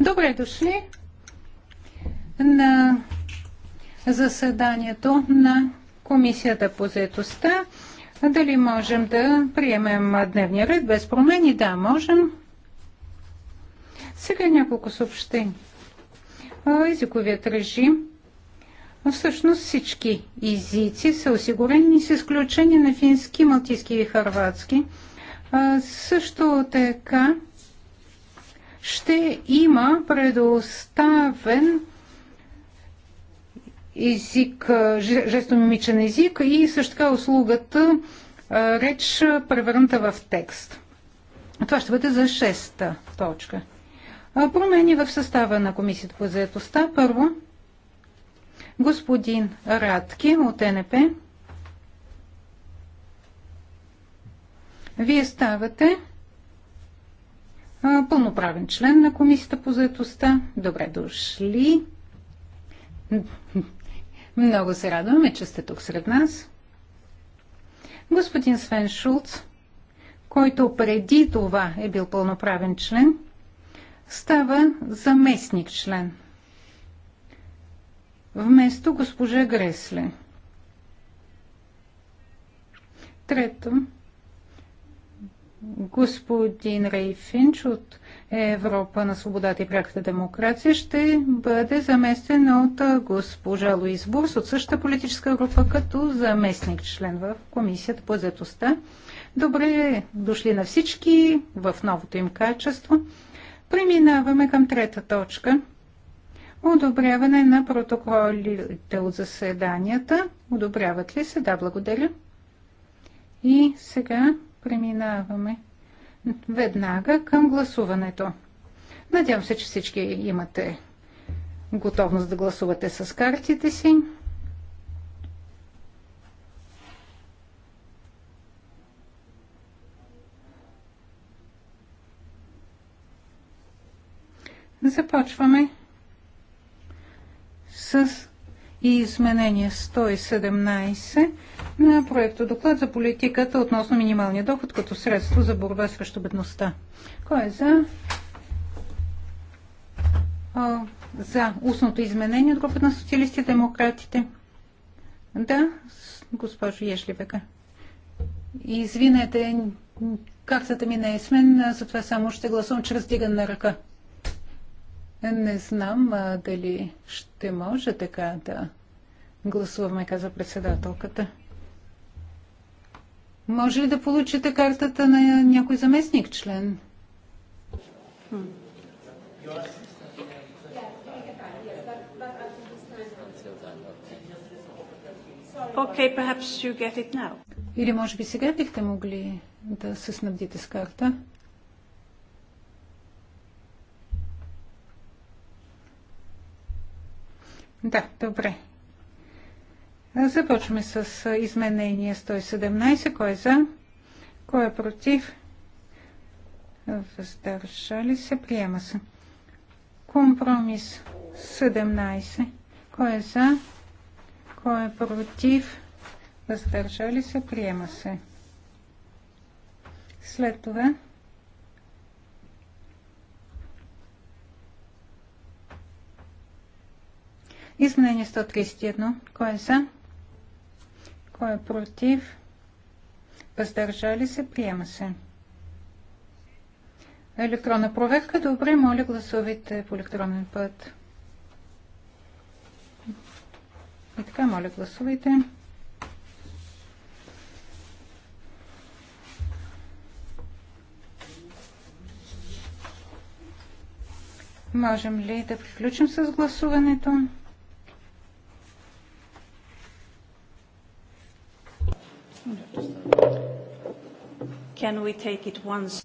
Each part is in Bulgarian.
Добре дошли на заседанието на Комисията по заедостта. Дали можем да приемем дневния ред без промени? Да, можем. Сега няколко съобщения. Езиковият режим Всъщност всички езици са осигурени с изключение на фински, малтийски и харватски. А, също така ще има предоставен език, жестомимичен език и също така услугата реч превърната в текст. Това ще бъде за шеста точка. Промени в състава на комисията по заедостта. Първо, Господин Радки от НП. Вие ставате пълноправен член на Комисията по заедостта. Добре дошли. Много се радваме, че сте тук сред нас. Господин Свен Шулц, който преди това е бил пълноправен член, става заместник член вместо госпожа Гресле. Трето, господин Рей Финч от Европа на свободата и пряката демокрация ще бъде заместен от госпожа Луис Бурс от същата политическа група като заместник член в Комисията по заедостта. Добре дошли на всички в новото им качество. Преминаваме към трета точка – одобряване на протоколите от заседанията. Одобряват ли се? Да, благодаря. И сега преминаваме веднага към гласуването. Надявам се, че всички имате готовност да гласувате с картите си. Започваме с и изменение 117 на проекта доклад за политиката относно минималния доход като средство за борба срещу бедността. Кой е за? за устното изменение от групата на социалисти и демократите. Да, госпожо Ешливека. Извинете, картата ми не е смен, затова само ще гласувам чрез дигане на ръка. Не знам а, дали ще може така да гласуваме, каза председателката. Може ли да получите картата на някой заместник член? Okay, perhaps you get it now. Или може би сега бихте могли да се снабдите с карта? Да, добре. Започваме с изменение 117. Кой е за? Кой е против? Въздържали се. Приема се. Компромис 17. Кой е за? Кой е против? Въздържали се. Приема се. След това Изменение 131. Кой е за? Кой е против? Въздържали се? Приема се. Електронна проверка. Добре, моля гласувайте по електронен път. И така, моля гласувайте. Можем ли да приключим с гласуването? Can we take it once?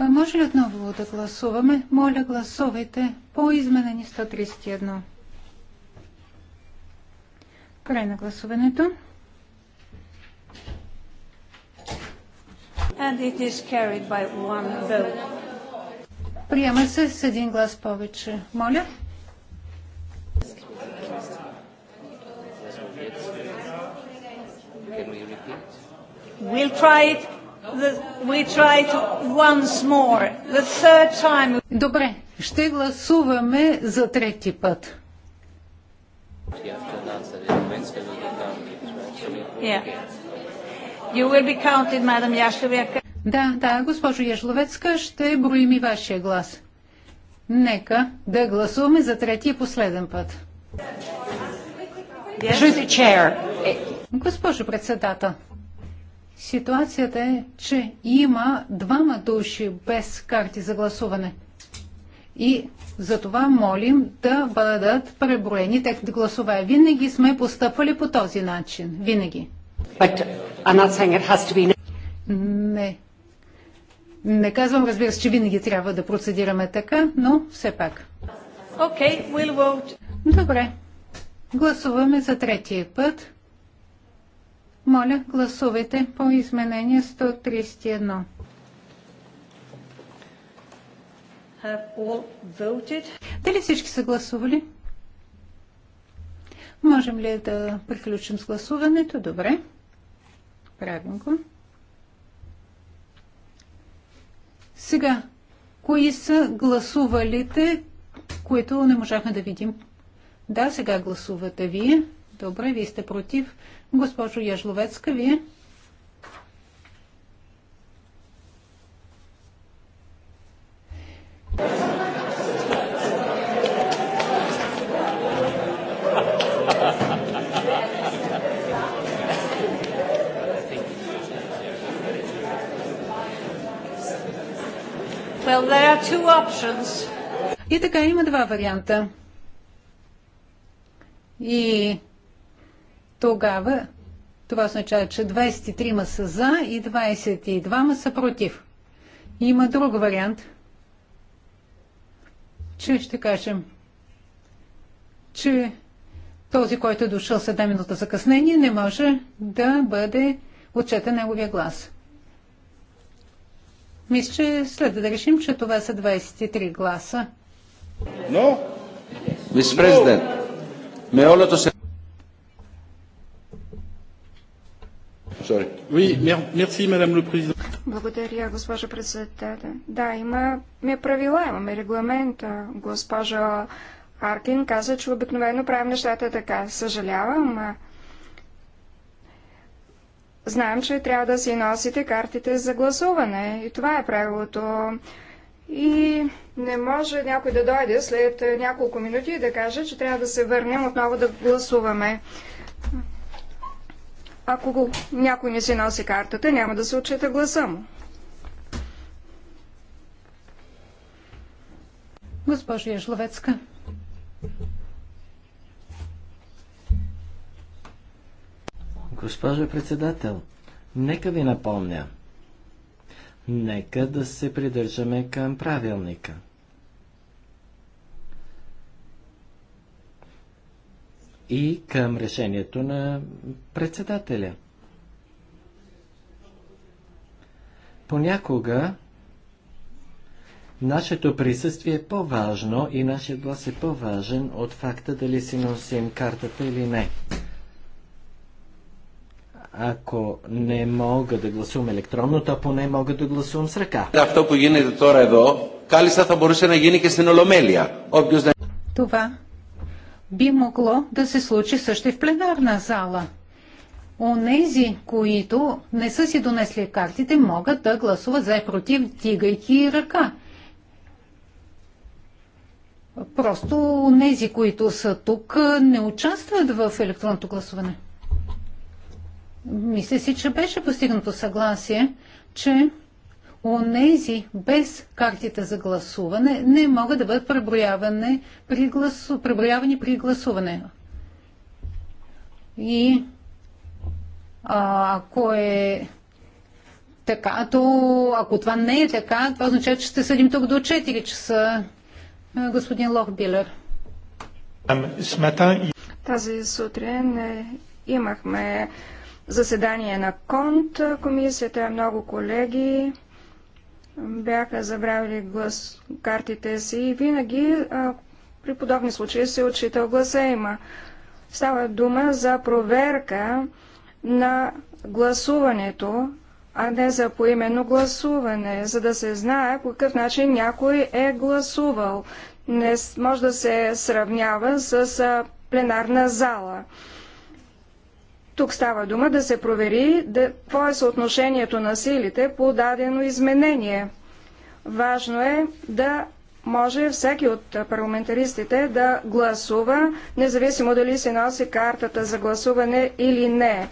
Може ли отново да гласуваме? Моля, гласувайте по изменени 131. Край на гласуването. And it is carried by one vote. Приема се с един глас повече. Моля. We'll try it. The, we try it once more. The third time. Добре, ще гласуваме за трети път. Yeah. You will be counted, Madam Яшлевека. Да, да, госпожо Яшловецка, ще броим и вашия глас. Нека да гласуваме за трети и последен път. Yes. Госпожо председател, Ситуацията е, че има двама души без карти за гласуване. И за това молим да бъдат преброени техните гласове. Винаги сме постъпвали по този начин. Винаги. Be... Не. Не казвам, разбира се, че винаги трябва да процедираме така, но все пак. Okay, we'll vote. Добре. Гласуваме за третия път. Моля, гласувайте по изменение 131. Дали всички са гласували? Можем ли да приключим с гласуването? Добре. Правим го. Сега, кои са гласувалите, които не можахме да видим? Да, сега гласувате вие. Добре, вие сте против. Госпожо Яжловецка, вие? И така има два варианта. И тогава това означава, че 23 са за и 22 са против. Има друг вариант, че ще кажем, че този, който е дошъл с една минута закъснение, не може да бъде отчетен неговия глас. Мисля, че следва да решим, че това са 23 гласа. Но, no. Мис no. ме се... Благодаря, госпожа председател. Да, има ми правила, имаме регламент. Госпожа Аркин каза, че обикновено правим нещата така. Съжалявам. Знаем, че трябва да си носите картите за гласуване. И това е правилото. И не може някой да дойде след няколко минути и да каже, че трябва да се върнем отново да гласуваме. Ако някой не си носи картата, няма да се отчита гласа му. Госпожо Яжловецка. Госпожо председател, нека ви напомня. Нека да се придържаме към правилника – и към решението на председателя. Понякога нашето присъствие е по-важно и нашия глас е по-важен от факта дали си носим картата или не. Ако не мога да гласувам електронно, то поне мога да гласувам с ръка. Това, е, което γίνεται τώρα εδώ, калиста θα μπορούσε να γίνει και στην Ολομέλεια. Това би могло да се случи също и в пленарна зала. Онези, които не са си донесли картите, могат да гласуват за и против, дигайки ръка. Просто онези, които са тук, не участват в електронното гласуване. Мисля си, че беше постигнато съгласие, че онези без картите за гласуване не могат да бъдат преброявани при, гласу, преброявани при гласуване. И а, ако е така, то ако това не е така, това означава, че ще седим тук до 4 часа, господин Лохбилер. Тази сутрин е, имахме заседание на КОНТ. Комисията много колеги бяха забравили глас, картите си и винаги а, при подобни случаи се отчита гласа има. Става дума за проверка на гласуването, а не за поименно гласуване, за да се знае по какъв начин някой е гласувал. Не може да се сравнява с пленарна зала. Тук става дума да се провери какво е съотношението на силите по дадено изменение. Важно е да може всеки от парламентаристите да гласува, независимо дали се носи картата за гласуване или не.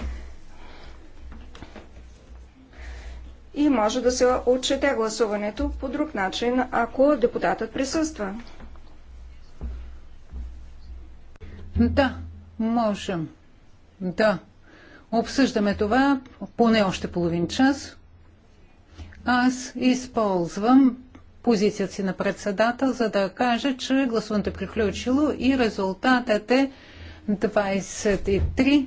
И може да се отчете гласуването по друг начин, ако депутатът присъства. Да, можем. Да, обсъждаме това поне още половин час. Аз използвам позицията си на председател, за да кажа, че гласуването е приключило и резултатът е 23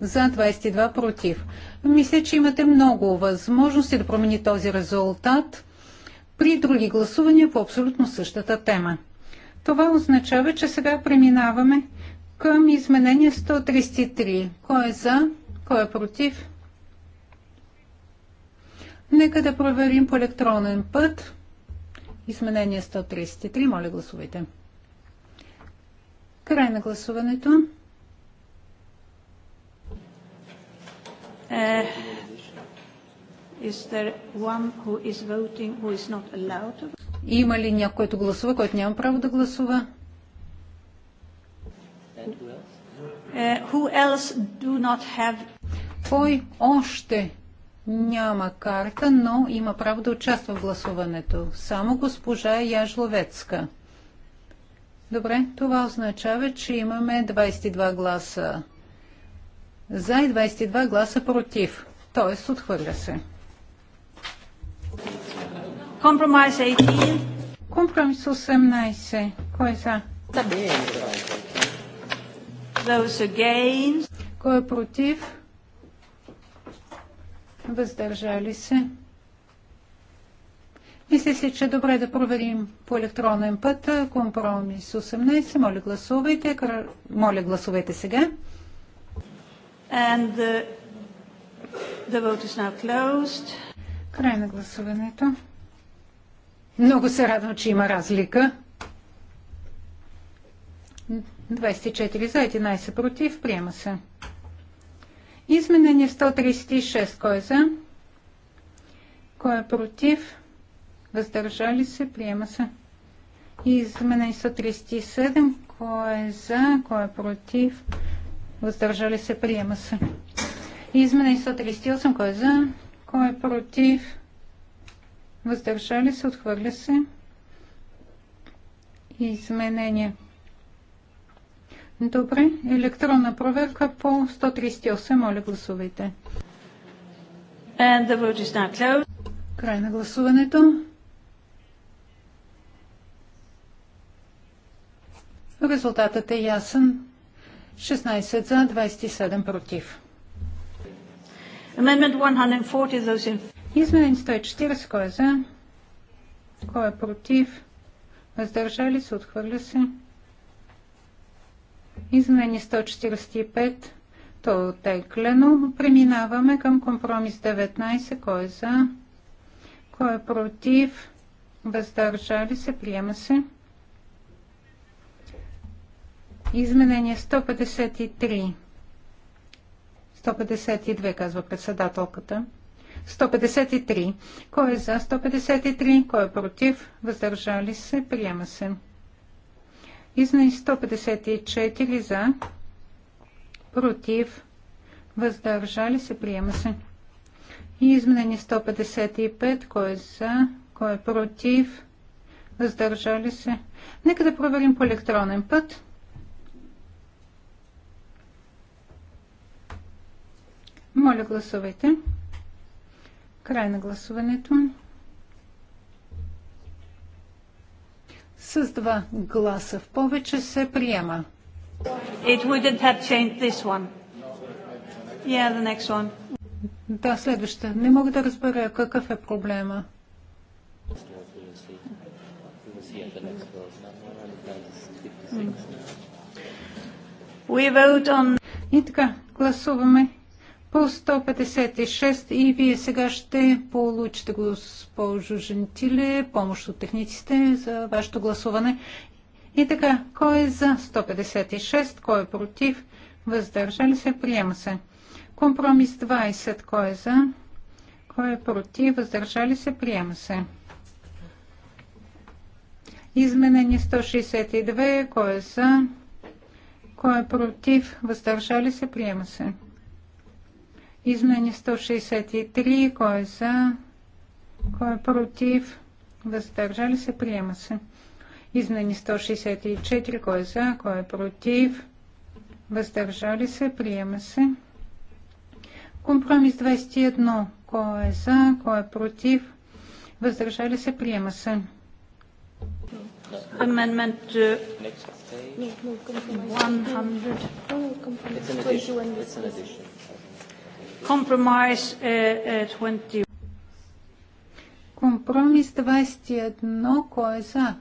за 22 против. Мисля, че имате много възможности да промени този резултат при други гласувания по абсолютно същата тема. Това означава, че сега преминаваме към изменение 133. Кой е за? Кой е против? Нека да проверим по електронен път. Изменение 133. Моля, гласувайте. Край на гласуването. Е, Има ли някой, който гласува, който няма право да гласува? Uh, who else do not have кой още няма карта, но има право да участва в гласуването? Само госпожа Яжловецка. Добре, това означава, че имаме 22 гласа за и 22 гласа против. Тоест, отхвърля се. Компромис 18. Компромис 18. Кой е за? Кой е против? въздържали се. Мисля си, че добре да проверим по електронен път компромис 18. Моля гласувайте. Моля гласувайте сега. And the, uh, the vote is now closed. Край на гласуването. Много се радвам, че има разлика. 24 за 11 против. Приема се. Изменение 136. Кой е за? Кой е против? Въздържали се? Приема се. Изменение 137. Кой е за? Кой е против? Въздържали се? Приема се. Изменение 138. Кой е за? Кой е против? Въздържали се? Отхвърля се. Изменение Добре, електронна проверка по 138. Моля, гласувайте. And the vote is now closed. Край на гласуването. Резултатът е ясен. 16 за, 27 против. Amendment 140, those in... Изменен 140, кой е за? Кой е против? Въздържали се, отхвърля се. Изменение 145. То е оттеглено. Преминаваме към компромис 19. Кой е за? Кой е против? Въздържали се? Приема се. Изменение 153. 152, казва председателката. 153. Кой е за 153? Кой е против? Въздържали се? Приема се. Изна 154 за, против, въздържали се, приема се. И изменени 155, кой е за, кой е против, въздържали се. Нека да проверим по електронен път. Моля, гласувайте. Край на гласуването. С два гласа в повече се приема. It wouldn't have changed this one. Yeah, the next one. Да, следваща. Не мога да разбера какъв е проблема. We vote on... И така, гласуваме по 156 и вие сега ще получите, госпожо Жентиле, помощ от техниците за вашето гласуване. И така, кой е за 156, кой е против, въздържали се, приема се. Компромис 20, кой е за, кой е против, въздържали се, приема се. Изменение 162, кой е за, кой е против, въздържали се, приема се. Измене 163. Кой е за? Кой е против? Въздържали се? Приема се. Измене 164. Кой е за? Кой е против? Въздържали се? Приема се. Компромис 21. Кой е за? Кой е против? Въздържали се? Приема се. Amendment 100. Uh, Компромис 21. Е, е, компромис 21, кой е за?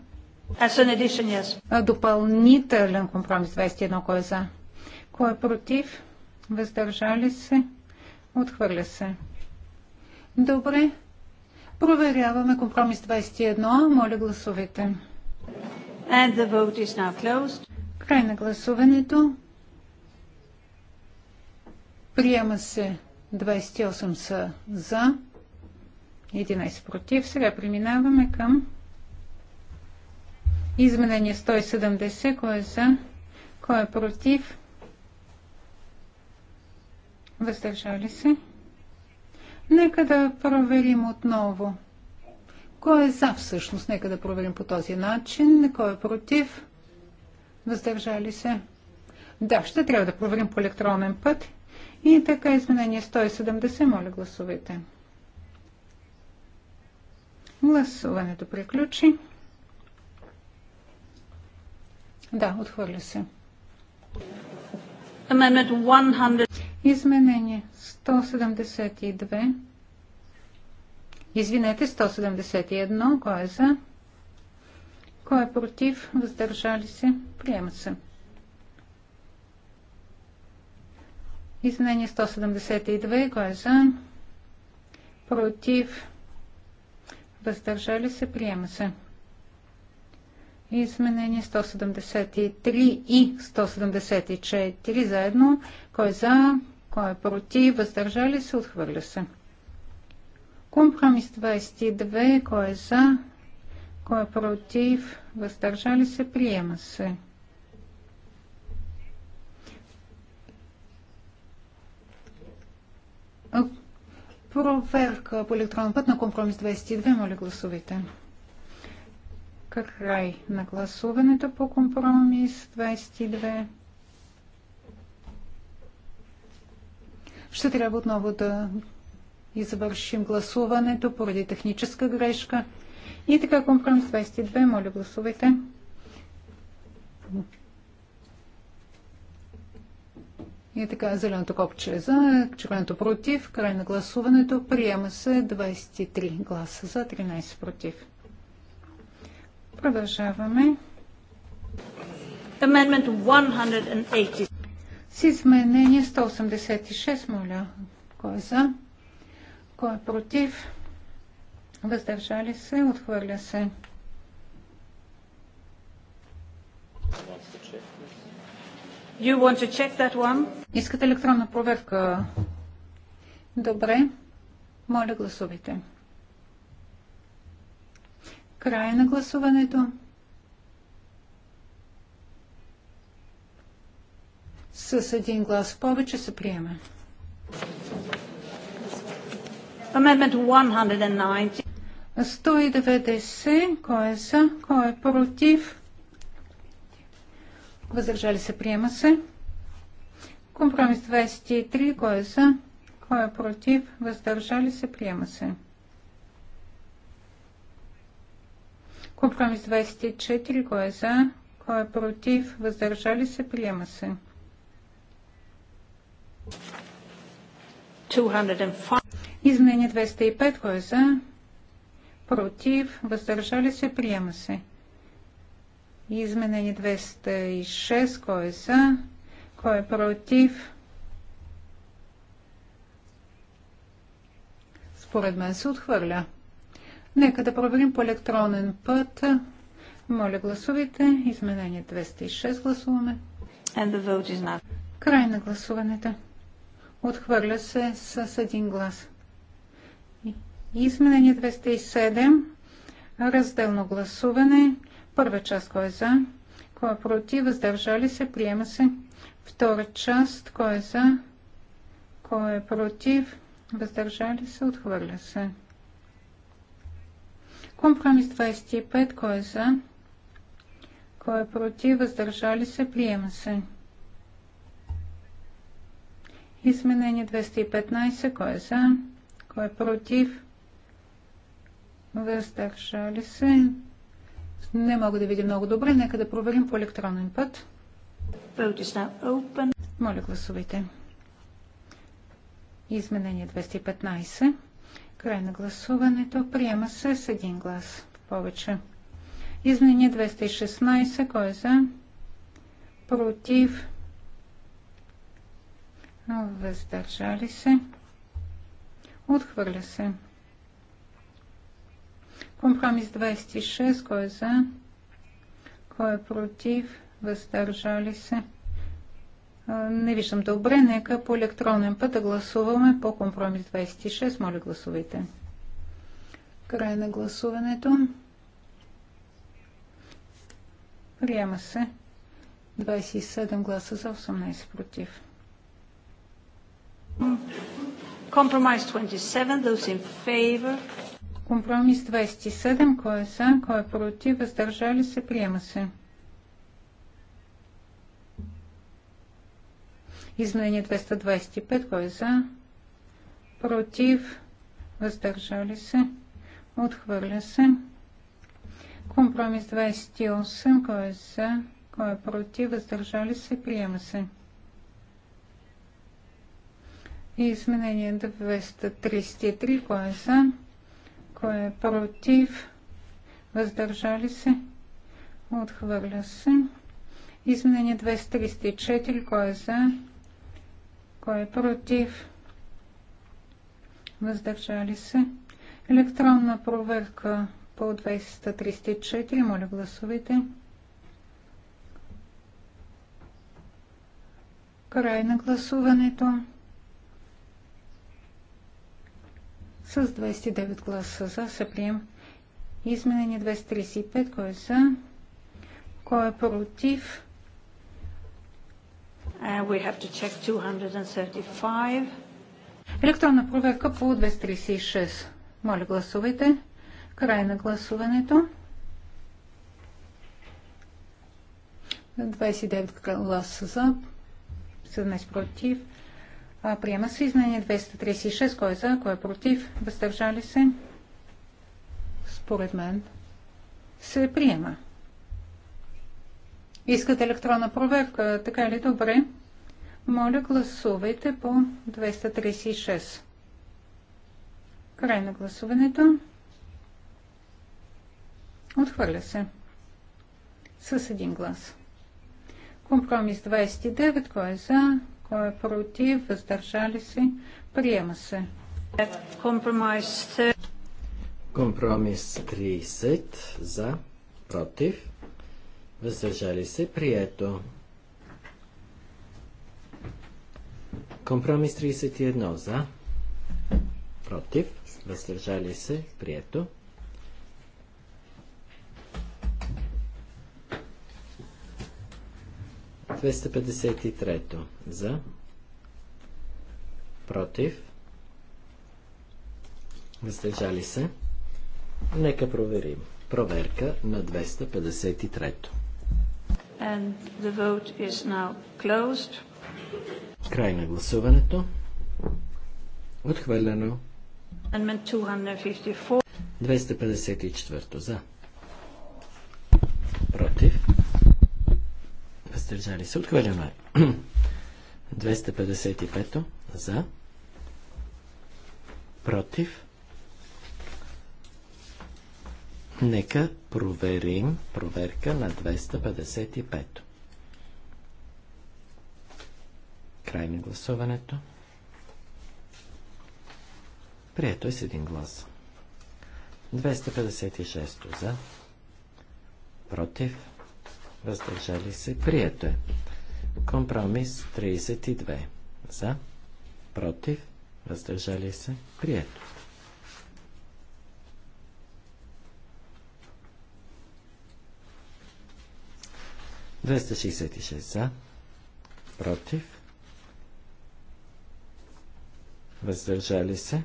As an addition, yes. Допълнителен компромис 21, кой е за? Кой е против? Въздържали се? Отхвърля се. Добре. Проверяваме компромис 21. Моля гласовете. And the vote is now closed. Край на гласуването. Приема се 28 са за, 11 против. Сега преминаваме към изменение 170. кое е за? Кой е против? Въздържали се? Нека да проверим отново. Кой е за всъщност? Нека да проверим по този начин. Кой е против? Въздържали се? Да, ще трябва да проверим по електронен път. И така изменение 170. Моля гласувайте. Гласуването приключи. Да, отхвърля се. Изменение 172. Извинете, 171. Кой е за? Кой е против? Въздържали се? Приема се. Изменение 172. Кой е за? Против. Въздържали се. Приема се. Изменение 173 и 174 заедно. Кой е за? Кой е против? Въздържали се. Отхвърля се. Компромис 22. Кой е за? Кой е против? Въздържали се. Приема се. Проверка по електронен път на компромис 22. Моля гласувайте. Край на гласуването по компромис 22. Ще трябва отново да извършим гласуването поради техническа грешка. И така компромис 22. Моля гласувайте. И така, зеленото копче е за, червеното против, край на гласуването, приема се 23 гласа за, 13 против. Продължаваме. Amendment 180. С изменение 186, моля. Кой е за? Кой е против? Въздържали се? Отхвърля се. You want to check that one? Искате електронна проверка? Добре. Моля, гласувайте. Края на гласуването. С един глас повече се приема. Amendment 190. 190. Кой е за? Кой е против? Въздържали се, приема се. Компромис 23. Кой е за? Кой е против? Въздържали се, приема се. Компромис 24. Кой е за? Кой е против? Въздържали се, приема се. 205. Изменение 205. Кой е за? Против? Въздържали се, приема се. 205. Изменение 206. Кой е за? Кой е против? Според мен се отхвърля. Нека да проверим по електронен път. Моля, гласувайте. Изменение 206 гласуваме. And the vote is not. Край на гласуването. Отхвърля се с един глас. Изменение 207. Разделно гласуване. Първа част, кой е за? Кой е против? Въздържали се? Приема се. Втора част, кой е за? Кой е против? Въздържали се? Отхвърля се. Компромис 25, кой е за? Кой е против? Въздържали се? Приема се. Изменение 215. Кой е за? Кой е против? Въздържали се? Не мога да видя много добре. Нека да проверим по електронен път. Моля, гласувайте. Изменение 215. Край на гласуването. Приема се с един глас повече. Изменение 216. Кой е за? Против. Въздържали се. Отхвърля се. Компромис 26. Кой е за? Кой е против? Въздържали се? Не виждам добре. Нека по електронен път да гласуваме по компромис 26. Моля, гласувайте. Край на гласуването. Приема се. 27 гласа за 18 против. Compromise 27, those in favor. Компромис 27. Кой е за, кой е против, въздържали се, приема се. Изменение 225. Кой е за, против, въздържали се, отхвърля се. Компромис 28. Кой е за, кой е против, въздържали се, приема се. Изменение 233. Кой е за? Кой е против? Въздържали се? Отхвърля се. Изменение 234. Кой е за? Кой е против? Въздържали се? Електронна проверка по 234. Моля, гласувайте. Край на гласуването. с 29 гласа за се прием Изменение 235, кой е за, кой е против. And uh, we have to check 235. Електронна проверка по 236. Моля, гласувайте. Край на гласуването. 29 гласа за, 17 против. Приема се изменение 236. Кой е за? Кой е против? Въздържали се? Според мен се приема. Искат електронна проверка, така ли? Добре. Моля, гласувайте по 236. Край на гласуването. Отхвърля се. С един глас. Компромис 29. Кой е за? Кой е против? Въздържали се? Приема се. Компромис. Компромис 30 за, против, въздържали се, прието. Компромис 31 за, против, въздържали се, прието. 253 за, против, въздържали се. Нека проверим. Проверка на 253 And the vote is now closed. Край на гласуването. Отхвърлено. 254 за. Против. Въздържали се. Отхвърлено е. 255 за. Против. Нека проверим проверка на 255. Край на гласуването. Прието е с един глас. 256 за. Против въздържали се, прието е. Компромис 32. За, против, въздържали се, прието. Двеста за, против, въздържали се.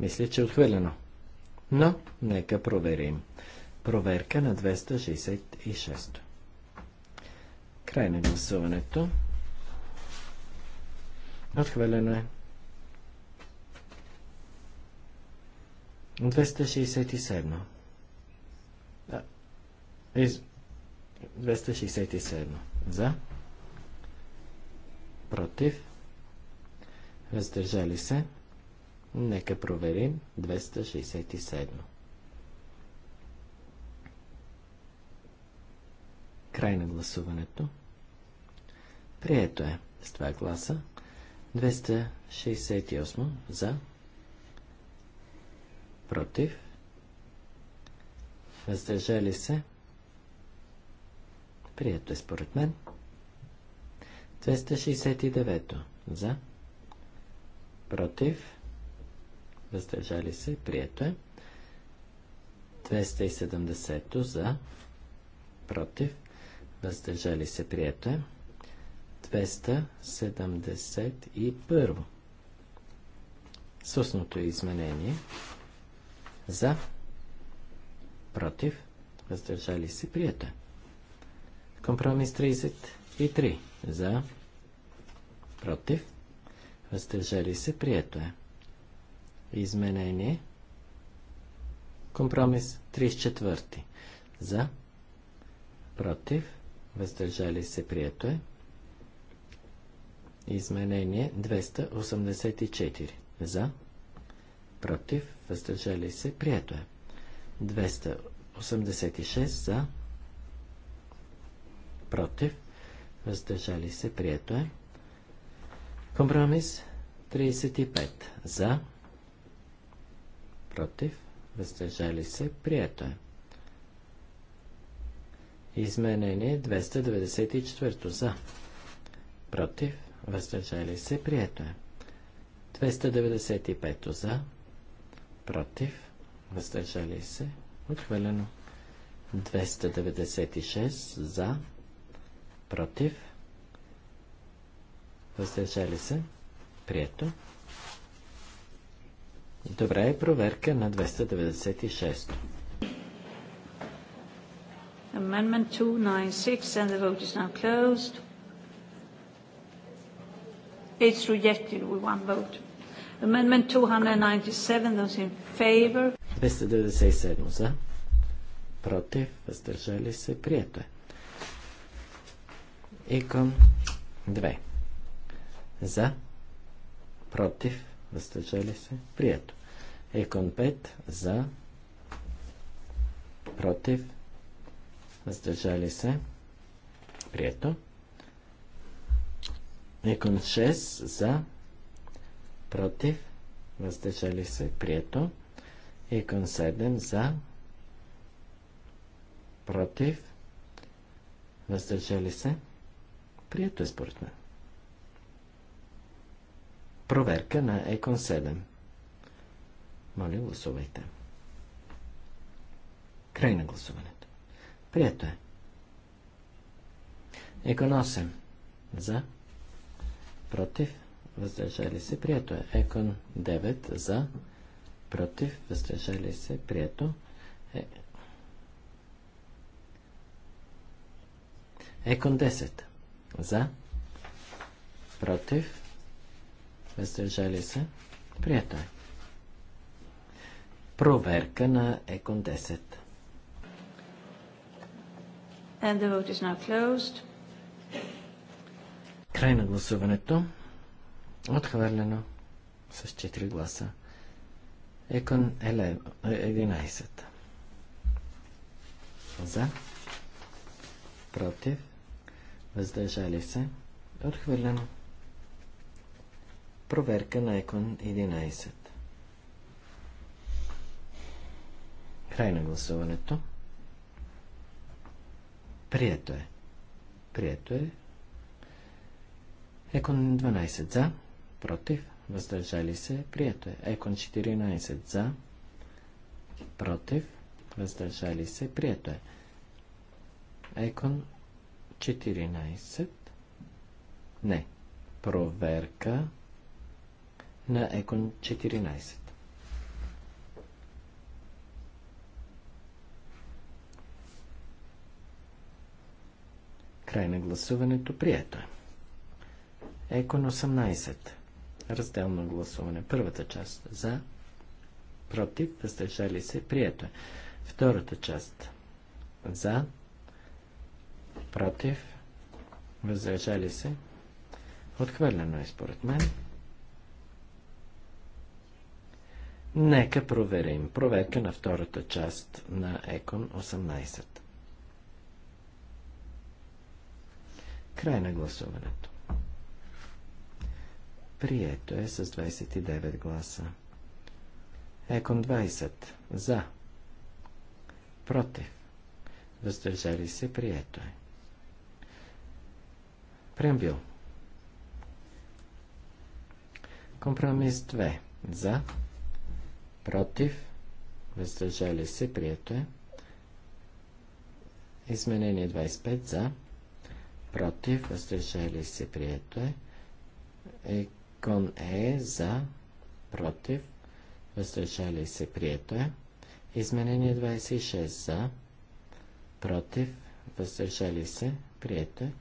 Мисля, че е отхвърлено. Но нека проверим. Проверка на 266. Край на гласуването. Отхвърлено е. 267. Из... 267. За. Против. Въздържали се. Нека проверим 267. Край на гласуването. Прието е с това гласа. 268 за. Против. Въздържали се. Прието е според мен. 269 за. Против. Въздържали се. Прието е. 270 за. Против въздържали се, прието е. 271. Сусното е изменение. За, против, въздържали се, прието е. Компромис 33. За, против, въздържали се, прието е. Изменение. Компромис 34. За, против, въздържали се, прието е. Изменение 284 за, против, въздържали се, прието е. 286 за, против, въздържали се, прието е. Компромис 35 за, против, въздържали се, прието е. Изменение 294 за. Против. Въздържали се. Прието е. 295 за. Против. Въздържали се. Отхвърлено. 296 за. Против. Въздържали се. Прието. Добре е проверка на 296. Amendment 296, and the vote is now closed. It's rejected with one vote. Amendment 297, those in favor. 297 за. Против. Въздържали се. Прието е. Икон 2. За. Против. Въздържали се. Прието. Икон 5. За. Против въздържали се, прието. Екон 6 за, против, въздържали се, прието. Екон 7 за, против, въздържали се, прието е според мен. Проверка на Екон 7. Моля, гласувайте. Край на гласуване. Прието е. Екон 8. За. Против. Въздържали се. Прието е. Екон 9. За. Против. Въздържали се. Прието. Е... Екон 10. За. Против. Въздържали се. Прието е. Проверка на Екон 10. And the vote is now closed. Край на гласуването. Отхвърлено с 4 гласа. Екон 11. Е, За. Против. Въздържали се. Отхвърлено. Проверка на Екон 11. Край на гласуването. Прието е. Прието е. Екон 12 за, против, въздържали се, прието е. Екон 14 за, против, въздържали се, прието е. Екон 14. Не. Проверка на Екон 14. Край на гласуването. Прието е. Екон 18. Разделно гласуване. Първата част. За. Против. Въздържали се. Прието е. Втората част. За. Против. Въздържали се. Отхвърлено е според мен. Нека проверим проверка на втората част на Екон 18. Край на гласуването. Прието е с 29 гласа. Екон 20. За. Против. Въздържали се. Прието е. Прембил. Компромис 2. За. Против. Въздържали се. Прието е. Изменение 25. За против, въздържали се, прието е. Екон е за, против, въздържали се, прието е. Изменение 26 за, против, въздържали се, прието е.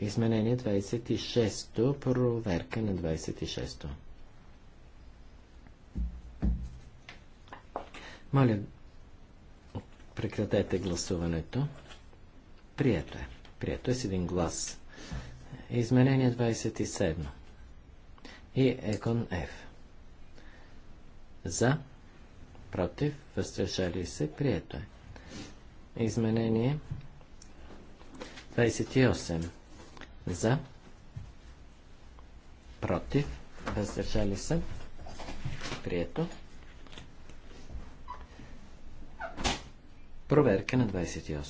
Изменение 26-то, проверка на 26-то. Моля, прекратете гласуването. Прието е. Прието е с един глас. Изменение 27. И Екон Ф. За. Против. Въздържали се. Прието е. Изменение 28. За. Против. Въздържали се. Прието. Проверка на 28.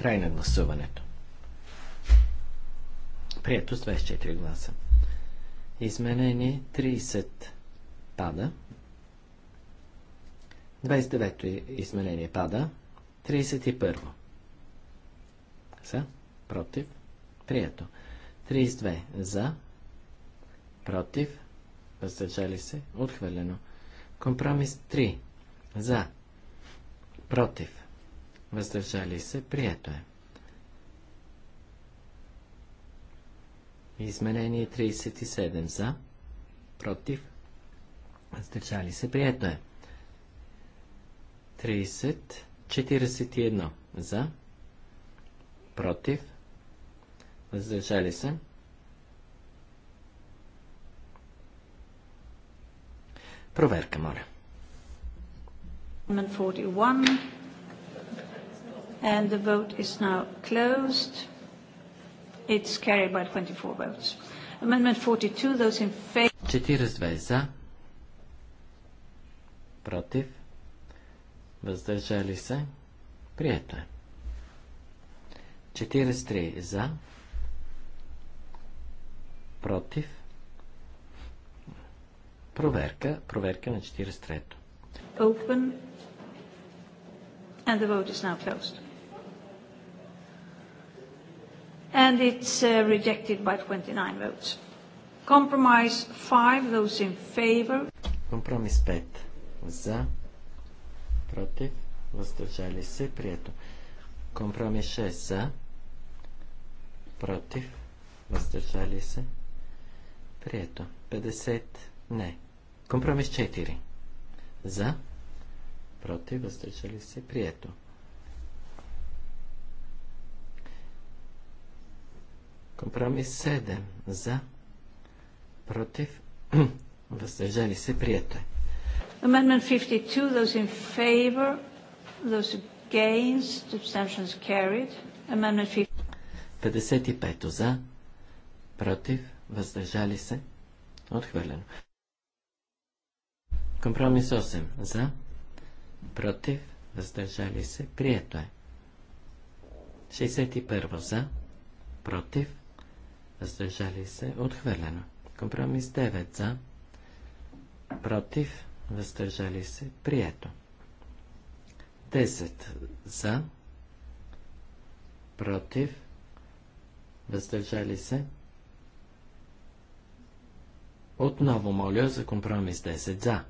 Край на гласуването. Прието с 24 гласа. Изменение 30 пада. 29-то изменение пада. 31-во. За. Против. Прието. 32. За. Против. Въздържали се. Отхвърлено. Компромис 3. За. Против въздържали се, прието е. Изменение 37 за, против, въздържали се, прието е. 30, 41 за, против, въздържали се. Проверка, моля. 41 and the vote is now closed. It's carried by 24 votes. Amendment 42, those in favor. 42 за. Против. Въздържали се. Прието е. 43 за. Против. Проверка. Проверка на 43-то. Open. And the vote is now closed. and it's uh, rejected by 29 votes. Compromise 5, those in favor. Компромис 5. За, против, въздържали се, прието. Компромис 6. За, против, въздържали се, прието. 50. Не. Компромис 4. За, против, въздържали се, прието. Компромис 7 за, против, въздържали се, прието е. Amendment 52, those in favor, those against, abstentions carried. Amendment 55 за, против, въздържали се, отхвърлено. Компромис 8 за, против, въздържали се, прието е. 61 за, против, въздържали се, отхвърлено. Компромис 9 за, против, въздържали се, прието. 10 за, против, въздържали се. Отново моля за компромис 10 за,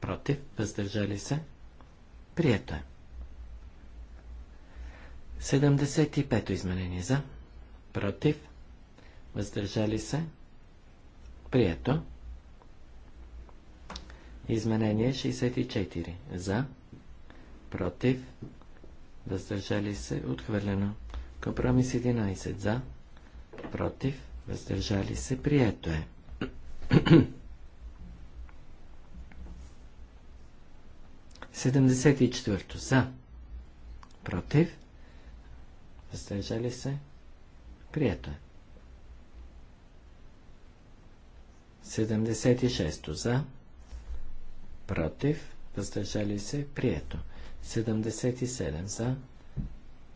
против, въздържали се, прието е. 75 изменение за, против, въздържали се, прието. Изменение 64. За, против, въздържали се, отхвърлено. Компромис 11. За, против, въздържали се, прието е. Седемдесет и четвърто. За. Против. Въздържали се. Прието е. 76 за, против, въздържали се, прието. 77 за,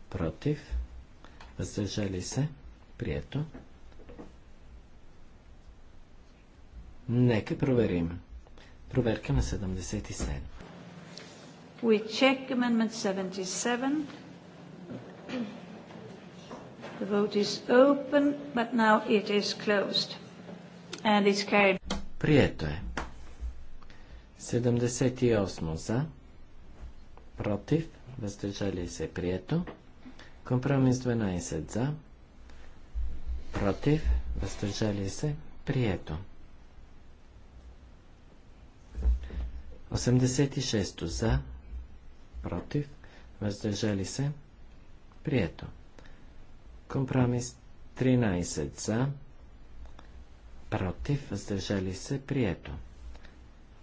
против, въздържали се, прието. Нека проверим. Проверка на 77. We check amendment 77. The vote is open, but now it is closed. Прието е. 78 за. Против. Въздържали се. Прието. Компромис 12 за. Против. Въздържали се. Прието. 86 за. Против. Въздържали се. Прието. Компромис 13 за против, въздържали се, прието.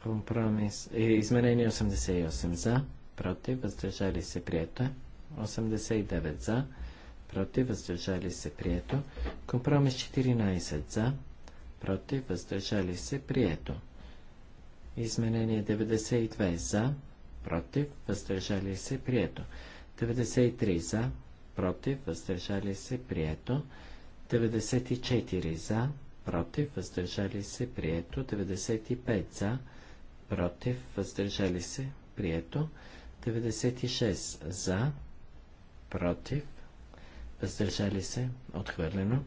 Компромис, е, изменение 88 за, против, въздържали се, прието. 89 е. за, против, въздържали се, прието. Компромис 14 за, против, въздържали се, прието. Изменение 92 за, против, въздържали се, прието. 93 за, против, въздържали се, прието. 94 за, против, въздържали се, прието. 95 за, против, въздържали се, прието. 96 за, против, въздържали се, отхвърлено.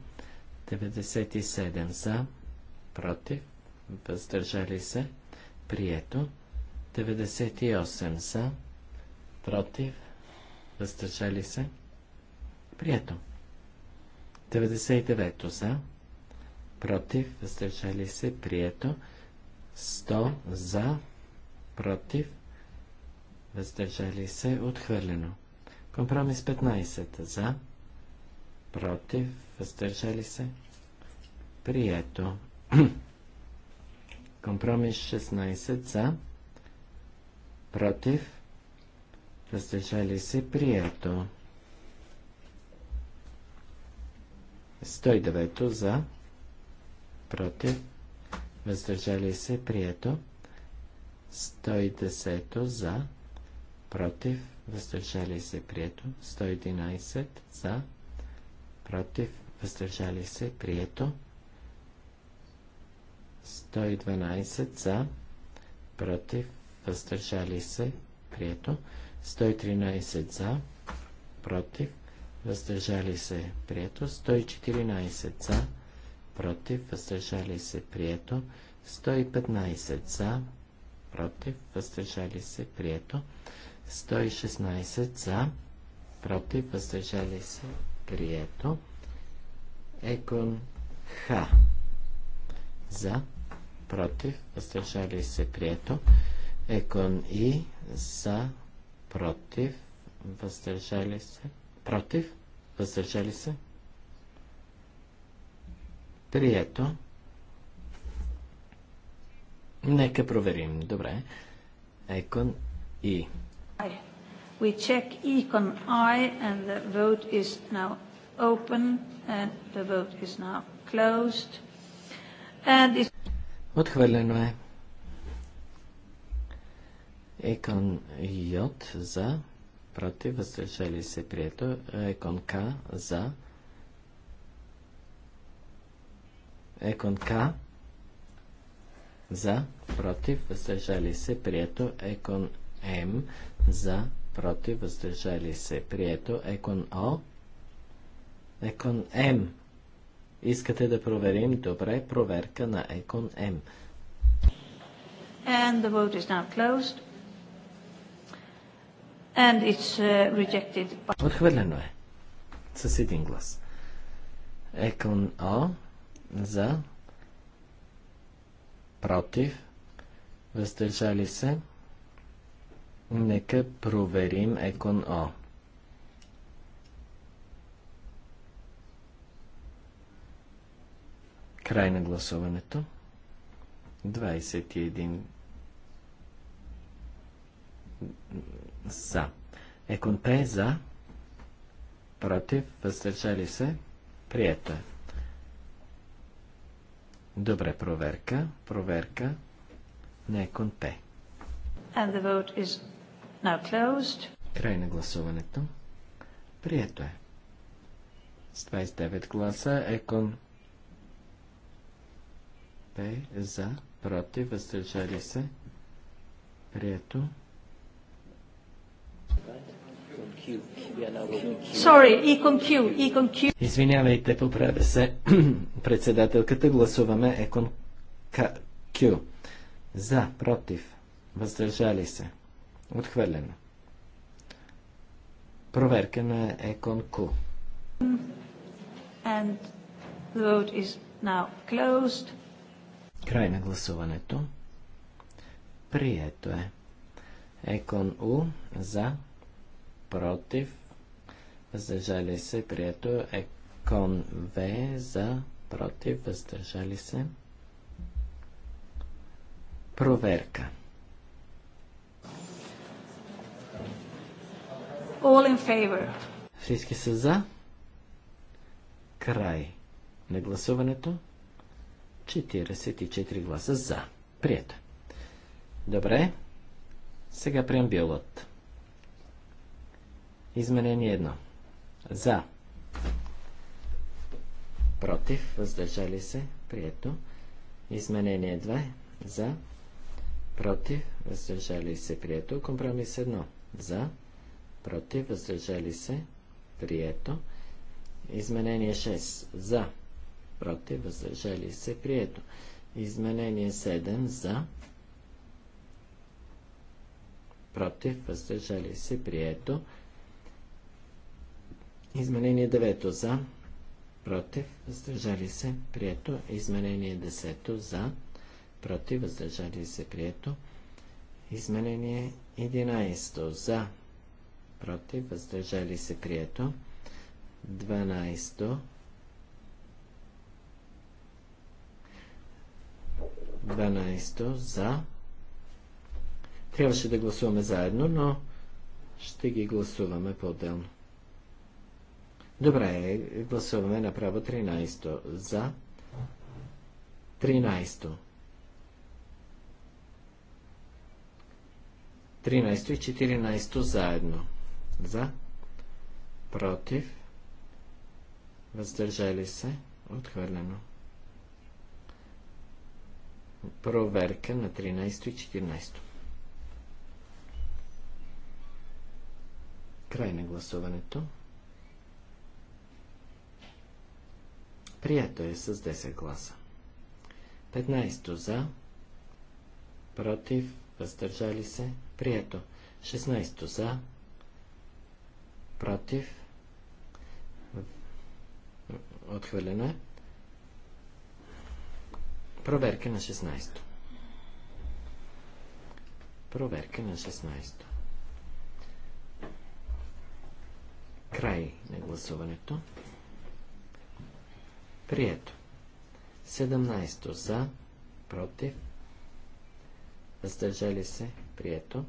97 за, против, въздържали се, прието. 98 за, против, въздържали се, прието. 99 за, против, въздържали се, прието. 100 за, против, въздържали се, отхвърлено. Компромис 15 за, против, въздържали се, прието. Компромис 16 за, против, въздържали се, прието. 109 за, против, въздържали се, прието. 110 за, против, въздържали се, прието. 111 за, против, въздържали се, прието. 112 за, против, въздържали се, прието. 113 за, против, въздържали се, прието. 114 за, против, въздържали се, прието. 115 за, против, въздържали се, прието. 116 за, против, въздържали се, прието. Екон Х. За, против, въздържали се, прието. Екон И. За, против, въздържали се, против, въздържали се, Прието. Нека проверим. Добре. Екон И. We check Econ I and the vote is now open and the vote is now closed. And is... Отхвърлено е. Екон Йот за, против, въздържали се прието. Екон К за, Екон К. За, против, въздържали се, прието. Екон М. За, против, въздържали се, прието. Екон О. Екон М. Искате да проверим? Добре, проверка на Екон М. And the vote is now closed. And it's uh, rejected by... Отхвърлено е. С един глас. Екон О за, против, въздържали се. Нека проверим Екон О. Край на гласуването. 21 за. Екон П е за. Против. Въздържали се. приятел е. Добре, проверка, проверка на Екон П. And the vote is now closed. Край на гласуването. Прието е. С 29 гласа Екон П за, против, въздържали се. Прието. Right. Sorry, Q, Q. Извинявайте, поправя се председателката. Гласуваме Екон Q. За, против, въздържали се. Отхвърлено. Проверка на Econ Q. And the vote is now closed. Край на гласуването. Прието е. Екон У за против, въздържали се, прието е кон В за, против, въздържали се. Проверка. All in favor. Всички са за. Край на гласуването. 44 гласа за. Прието. Добре. Сега прием преамбюлът. Изменение 1. За. Против. Въздържали се. Прието. Изменение 2. За. Против. Въздържали се. Прието. Компромис 1. За. Против. Въздържали се. Прието. Изменение 6. За. Против. Въздържали се. Прието. Изменение 7. За против, въздържали се, прието. Изменение 9 за, против, въздържали се, прието. Изменение 10 за, против, въздържали се, прието. Изменение 11 за, против, въздържали се, прието. 12 12 за. Трябваше да гласуваме заедно, но ще ги гласуваме по-отделно. Добре, гласуваме направо 13-то. За 13-то. 13 и 14 заедно. За, против, въздържали се, отхвърлено. Проверка на 13 и 14. Край на гласуването. Прието е с 10 гласа. 15 за, против, въздържали се, прието. 16 за, против, отхвърлено е. Проверка на 16. Проверка на 16. Край на гласуването. Прието. 17 за, против, въздържали се, прието.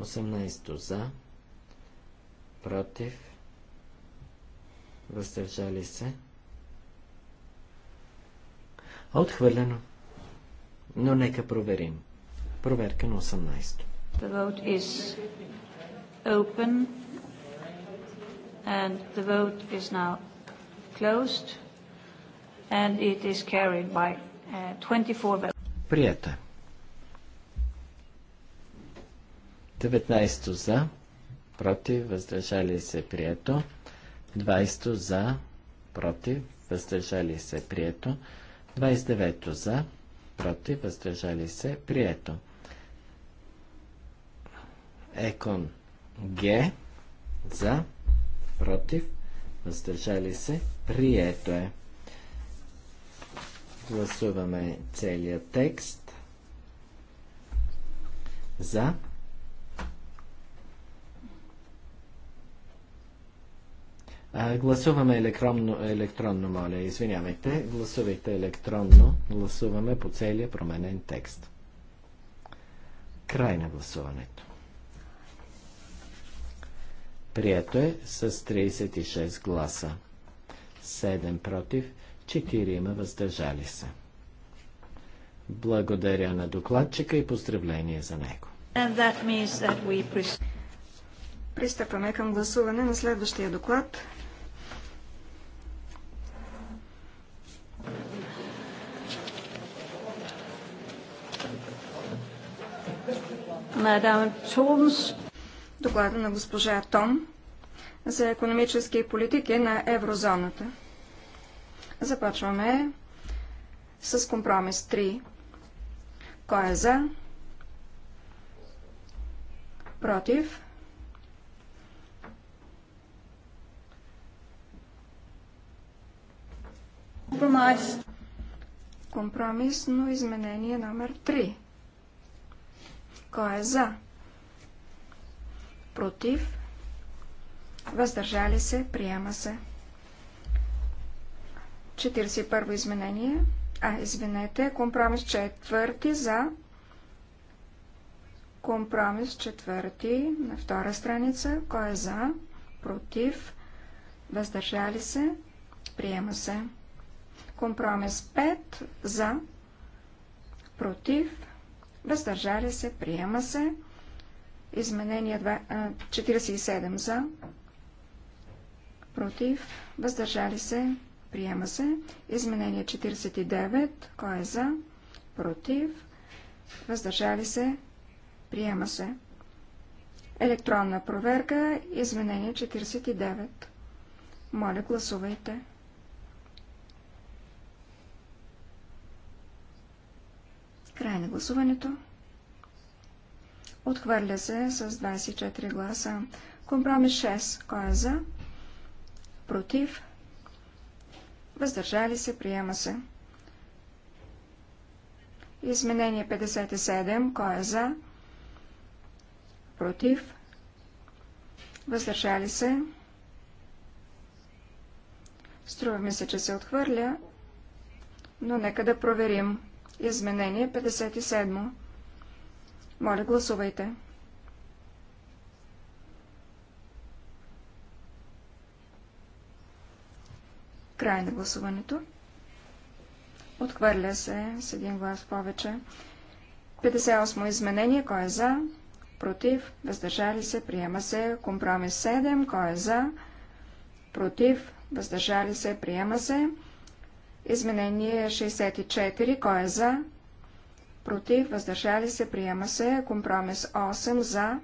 18 за, против, въздържали се. Отхвърлено. Но нека проверим. Проверка на 18. The vote is open and the vote is now closed and it is carried by 24 Прието е. 19 за, против, въздържали се, прието. 20 за, против, въздържали се, прието. 29 за, против, въздържали се, прието. Екон Г за, против, въздържали се, прието е. Гласуваме целият текст. За. А, гласуваме електронно, електронно, моля, извинявайте. Гласувайте електронно. Гласуваме по целия променен текст. Край на гласуването. Прието е с 36 гласа. 7 против, четирима въздържали се. Благодаря на докладчика и поздравление за него. Пристъпваме към гласуване на следващия доклад. Доклада на госпожа Том за економически политики на еврозоната. Започваме с компромис 3. Кой е за? Против? Компромис. Компромис, но изменение номер 3. Кой е за? Против? Въздържали се? Приема се. 41 изменение. А, извинете, компромис четвърти за компромис четвърти на втора страница. Кой е за? Против? Въздържали се? Приема се. Компромис 5 за против, въздържали се, приема се. Изменение 47 за, против, въздържали се, Приема се. Изменение 49. Кой е за? Против. Въздържали се. Приема се. Електронна проверка. Изменение 49. Моля, гласувайте. Край на гласуването. Отхвърля се с 24 гласа. Компромис 6. Кой е за? Против въздържали се, приема се. Изменение 57, кой е за, против, въздържали се. Струва ми се, че се отхвърля, но нека да проверим. Изменение 57. Моля, гласувайте. Край на гласуването. Отхвърля се с един глас повече. 58 изменение. Кой е за? Против. Въздържали се. Приема се. Компромис 7. Кой е за? Против. Въздържали се. Приема се. Изменение 64. Кой е за? Против. Въздържали се. Приема се. Компромис 8. За.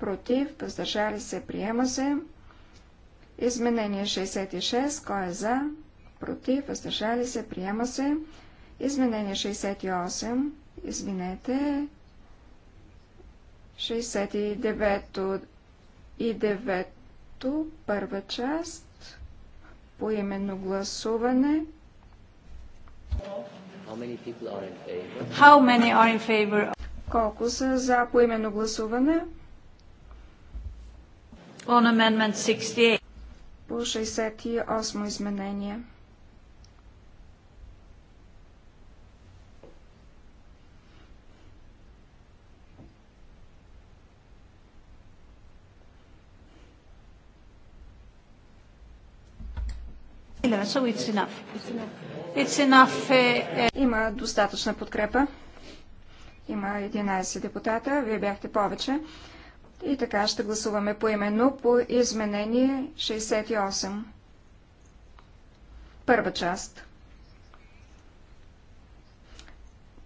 Против. Въздържали се. Приема се. Изменение 66. Кой е за? Против. Въздържали се. Приема се. Изменение 68. Извинете. 69 и 9 първа част по именно гласуване. Колко са за поименно гласуване? On amendment 68 по 68 изменение. Uh, uh, Има достатъчна подкрепа. Има 11 депутата. Вие бяхте повече. И така ще гласуваме поименно по изменение 68. Първа част.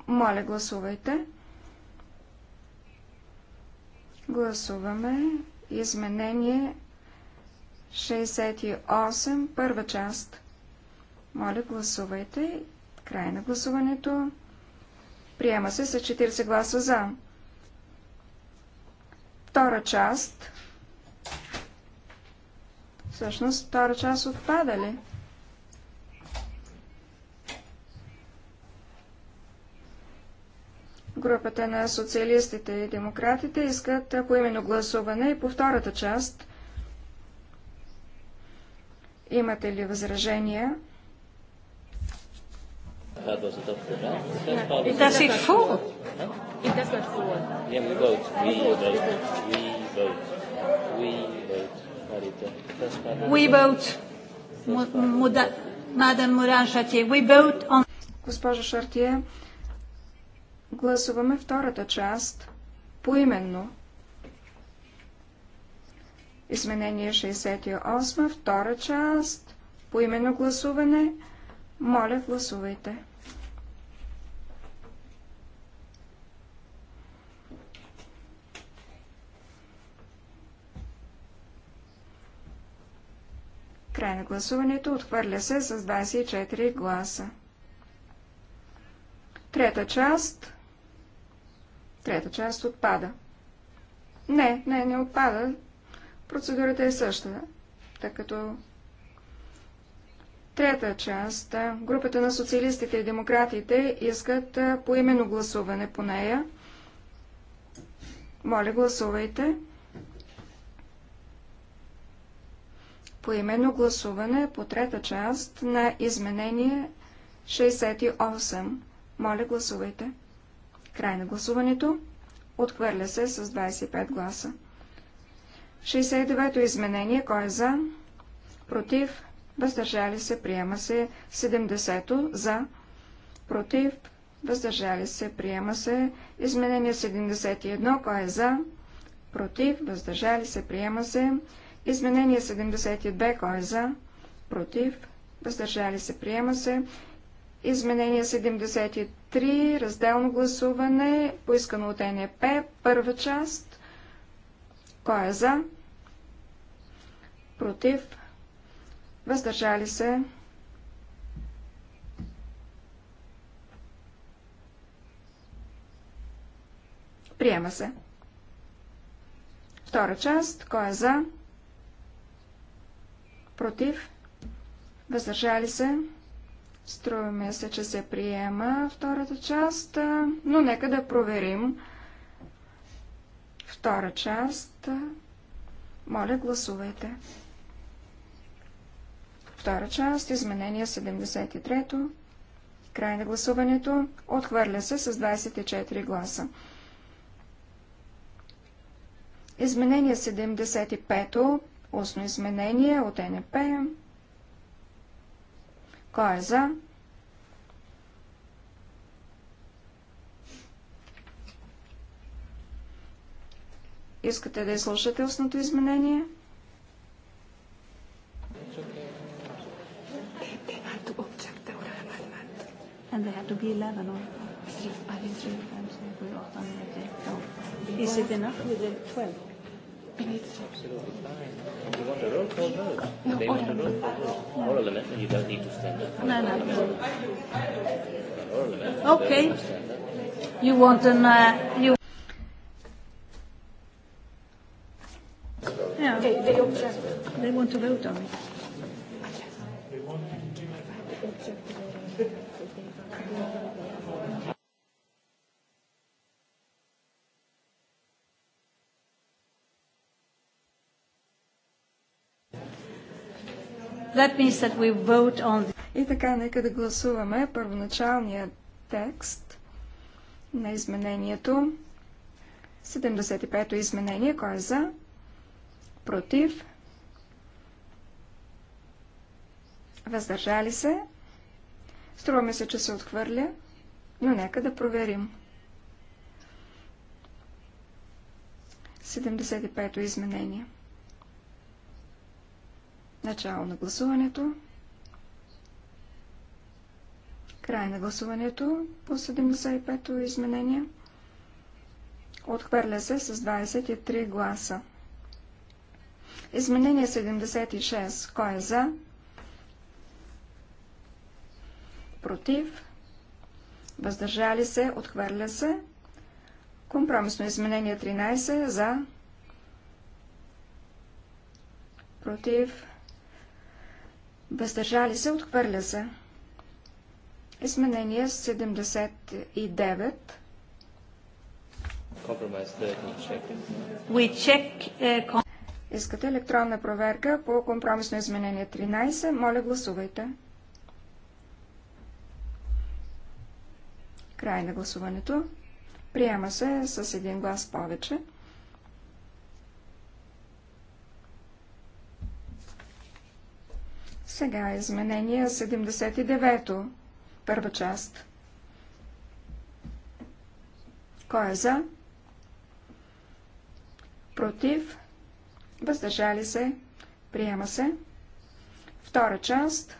Моля, гласувайте. Гласуваме изменение 68, първа част. Моля, гласувайте. Край на гласуването. Приема се с 40 гласа за. Втора част. Всъщност, втора част отпада ли? Групата на социалистите и демократите искат поименно гласуване и по втората част. Имате ли възражения? That was adopted, no? Yeah. It does it fall? No? It does not fall. Yeah, we vote. We vote. We vote. We vote. Marita. First part. We vote. Мадам Моран Шатие. We vote on... Госпожа Шартие, гласуваме втората част поименно. Изменение 68, втора част, поименно гласуване. гласуване моля, гласувайте. Край на гласуването отхвърля се с 24 гласа. Трета част. Трета част отпада. Не, не, не отпада. Процедурата е същата, тъй като Трета част. Групата на социалистите и демократите искат поимено гласуване по нея. Моля, гласувайте. Поимено гласуване по трета част на изменение 68. Моля, гласувайте. Край на гласуването. Отхвърля се с 25 гласа. 69-то изменение. Кой е за? Против? въздържали се, приема се 70-то за, против, въздържали се, приема се изменение 71, кой е за, против, въздържали се, приема се изменение 72, кой е за, против, въздържали се, приема се изменение 73, разделно гласуване, поискано от НЕП, първа част, кой е за, против, въздържали се. Приема се. Втора част. Кой е за? Против? Въздържали се? Струваме се, че се приема втората част, но нека да проверим. Втора част. Моля, гласувайте. Втора част. Изменение 73-то. Край на гласуването. Отхвърля се с 24 гласа. Изменение 75-то. Устно изменение от НП. Кой е за? Искате да изслушате устното изменение? and they had to be 11 or three, I think three times we wrote on the Is it enough with the 12? you want a roll call vote, no, you don't need to stand up. No, no. Okay. You want an. Uh, you yeah. They, they They want to vote on it. On... И така, нека да гласуваме първоначалния текст на изменението. 75-то изменение. Кой е за? Против? Въздържали се? Струваме се, че се отхвърля, но нека да проверим. 75-то изменение. 75 Начало на гласуването. Край на гласуването по 75-то изменение. Отхвърля се с 23 гласа. Изменение 76. Кой е за? Против? Въздържали се? Отхвърля се? Компромисно изменение 13. За? Против? въздържали се, отхвърля се. Изменение 79. Е, Искате електронна проверка по компромисно изменение 13. Моля, гласувайте. Край на гласуването. Приема се с един глас повече. Сега е изменение 79-то, първа част. Кой е за? Против? Въздържали се? Приема се. Втора част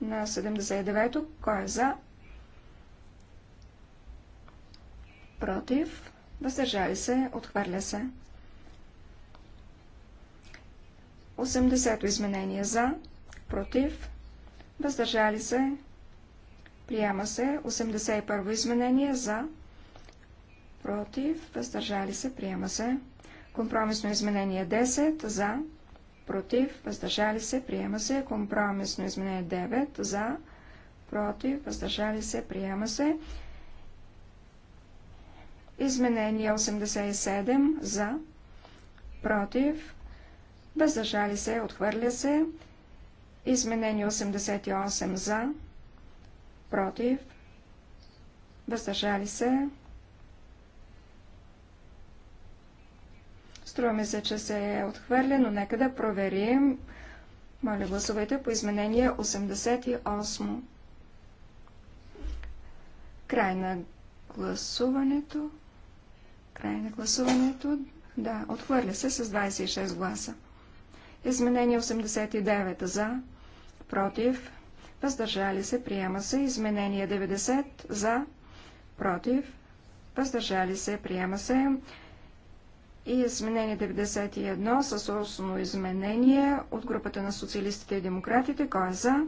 на 79-то. Кой е за? Против? Въздържали се? Отхвърля се. 80-то изменение за? Против? против, въздържали се, приема се. 81 изменение за, против, въздържали се, приема се. Компромисно изменение 10 за, против, въздържали се, приема се. Компромисно изменение 9 за, против, въздържали се, приема се. Изменение 87 за, против, въздържали се, отхвърля се. Изменение 88 за, против, въздържали се. Струваме се, че се е отхвърлено. Нека да проверим. Моля, гласувайте по изменение 88. Край на гласуването. Край на гласуването. Да, отхвърля се с 26 гласа. Изменение 89 за, против, въздържали се, приема се. Изменение 90 за, против, въздържали се, приема се. И изменение 91 с основно изменение от групата на социалистите и демократите. Кой е за?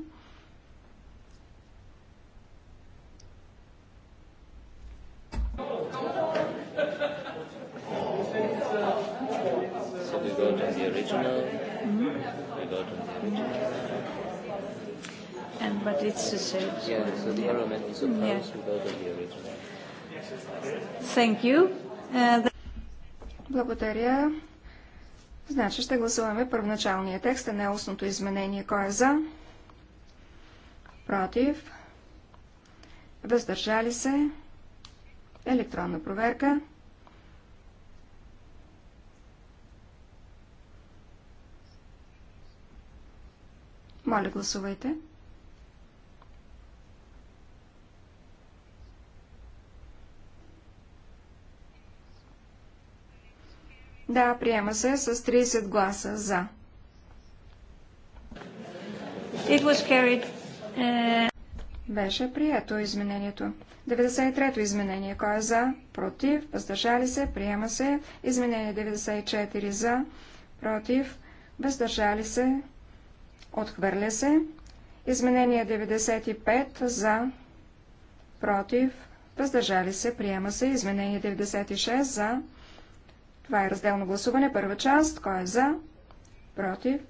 but it's the same. Yeah, so the element is opposed mm, yeah. to both of the original. Thank you. Uh, Благодаря. Значи ще гласуваме първоначалния текст, а не устното изменение. Кой е за? Против? Въздържали се? Електронна проверка. Моля, гласувайте. Да, приема се с 30 гласа за. It was carried. Uh... Беше прието изменението. 93-то изменение. Кой е за? Против. Въздържали се. Приема се. Изменение 94 за. Против. Въздържали се. Отхвърля се. Изменение 95 за. Против. Въздържали се. Приема се. Изменение 96 за. Това е разделно гласуване. Първа част. Кой е за? Против.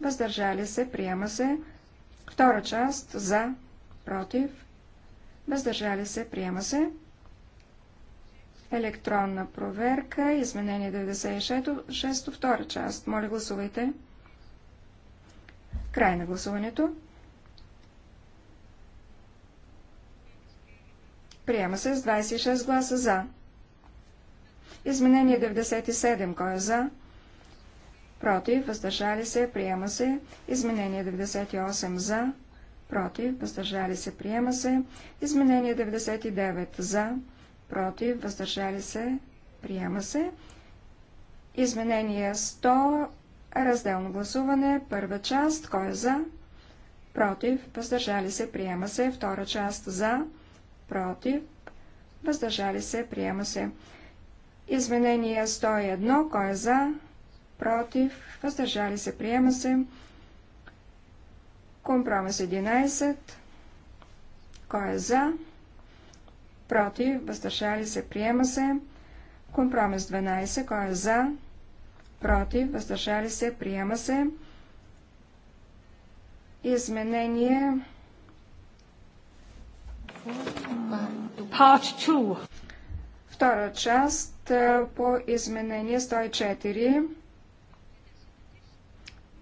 Въздържали се. Приема се. Втора част. За. Против. Въздържали се. Приема се. Електронна проверка. Изменение 96. 6. Втора част. Моля, гласувайте. Край на гласуването. Приема се с 26 гласа за. Изменение 97. Кой е за? Против. Въздържали се. Приема се. Изменение 98. За. Против. Въздържали се. Приема се. Изменение 99. За. Против. Въздържали се. Приема се. Изменение 100. Разделно гласуване. Първа част. Кой е за? Против. Въздържали се. Приема се. Втора част. За. Против. Въздържали се. Приема се. Изменение 101. Кой е за? Против. Въздържали се. Приема се. Компромис 11. Кой е за? Против. Въздържали се. Приема се. Компромис 12. Кой е за? Против. Въздържали се. Приема се. Изменение. Part 2. Втора част по изменение 104.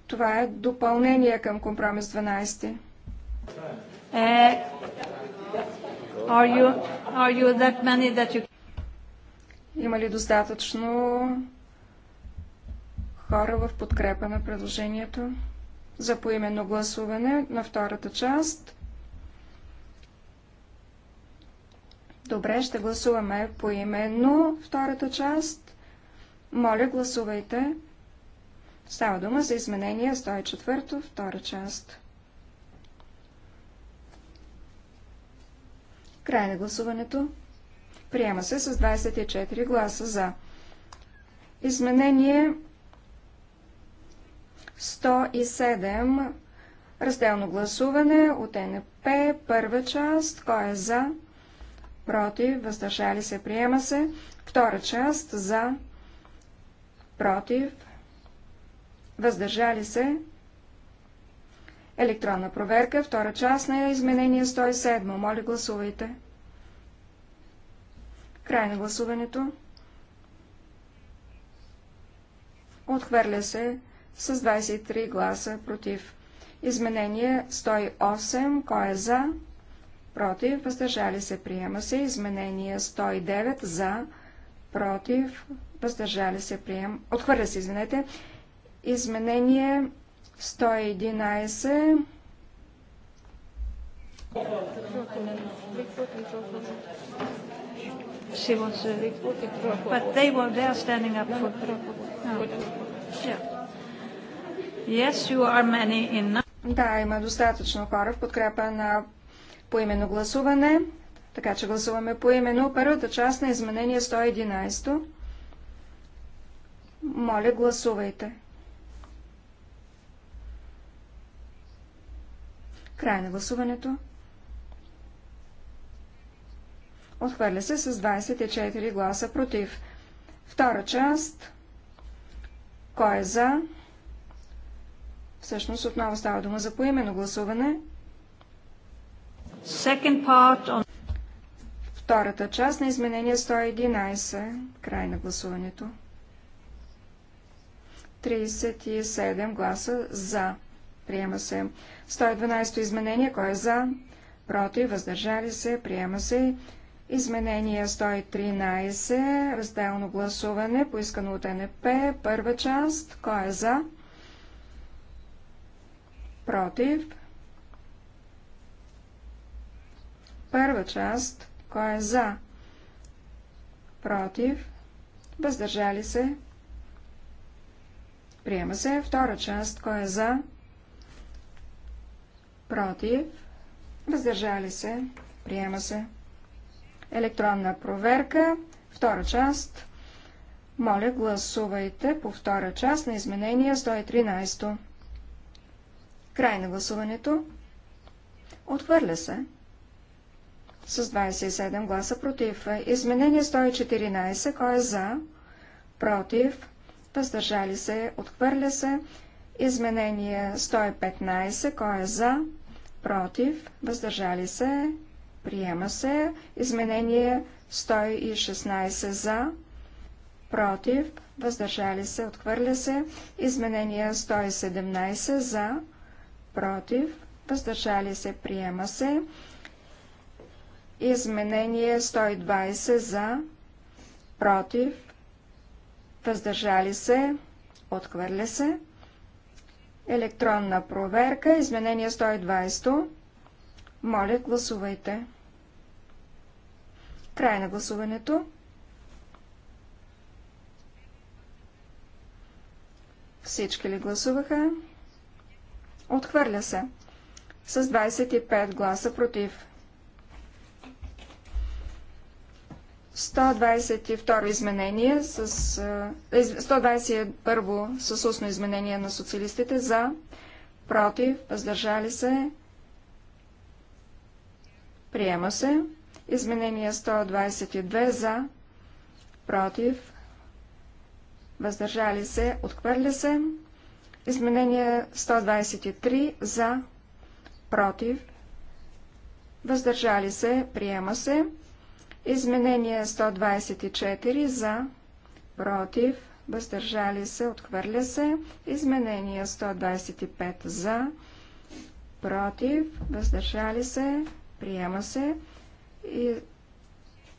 Това е допълнение към компромис 12. Е, are you, are you that many that you... Има ли достатъчно хора в подкрепа на предложението за поименно гласуване на втората част? Добре, ще гласуваме по именно втората част. Моля, гласувайте. Става дума за изменение 104, втора част. Край на гласуването. Приема се с 24 гласа за. Изменение 107. Разделно гласуване от НП. Първа част. Кой е за? против, въздържали се, приема се. Втора част за, против, въздържали се. Електронна проверка, втора част на изменение 107. Моля, гласувайте. Край на гласуването. Отхвърля се с 23 гласа против. Изменение 108. Кой е за? против, въздържали се, приема се. Изменение 109 за, против, въздържали се, приема. Отхвърля се, извинете. Изменение 111. She but they were there standing up for. Yes, you are many in. Да, има достатъчно хора в подкрепа на по именно гласуване. Така че гласуваме по първата част на изменение 111. Моля, гласувайте. Край на гласуването. Отхвърля се с 24 гласа против. Втора част. Кой е за? Всъщност отново става дума за поименно гласуване. Втората част на изменение 111. Край на гласуването. 37 гласа за. Приема се. 112 изменение. Кой е за? Против. Въздържали се. Приема се. Изменение 113. Разделно гласуване. Поискано от НП. Първа част. Кой е за? Против. Първа част. Кой е за? Против. Въздържали се. Приема се. Втора част. Кой е за? Против. Въздържали се. Приема се. Електронна проверка. Втора част. Моля, гласувайте по втора част на изменение 113. Край на гласуването. Отвърля се с 27 гласа против. Изменение 114. Кой е за? Против. Въздържали се. Отхвърля се. Изменение 115. Кой е за? Против. Въздържали се. Приема се. Изменение 116 за. Против. Въздържали се. Отхвърля се. Изменение 117 за. Против. Въздържали се. Приема се. Изменение 120 за, против, въздържали се, отхвърля се. Електронна проверка, изменение 120. Моля, гласувайте. Край на гласуването. Всички ли гласуваха? Отхвърля се. С 25 гласа против. 122 изменение с... 121 е, с устно изменение на социалистите за, против, въздържали се, приема се. Изменение 122 за, против, въздържали се, отхвърля се. Изменение 123 за, против, въздържали се, приема се. Изменение 124 за, против, въздържали се, отхвърля се. Изменение 125 за, против, въздържали се, приема се. И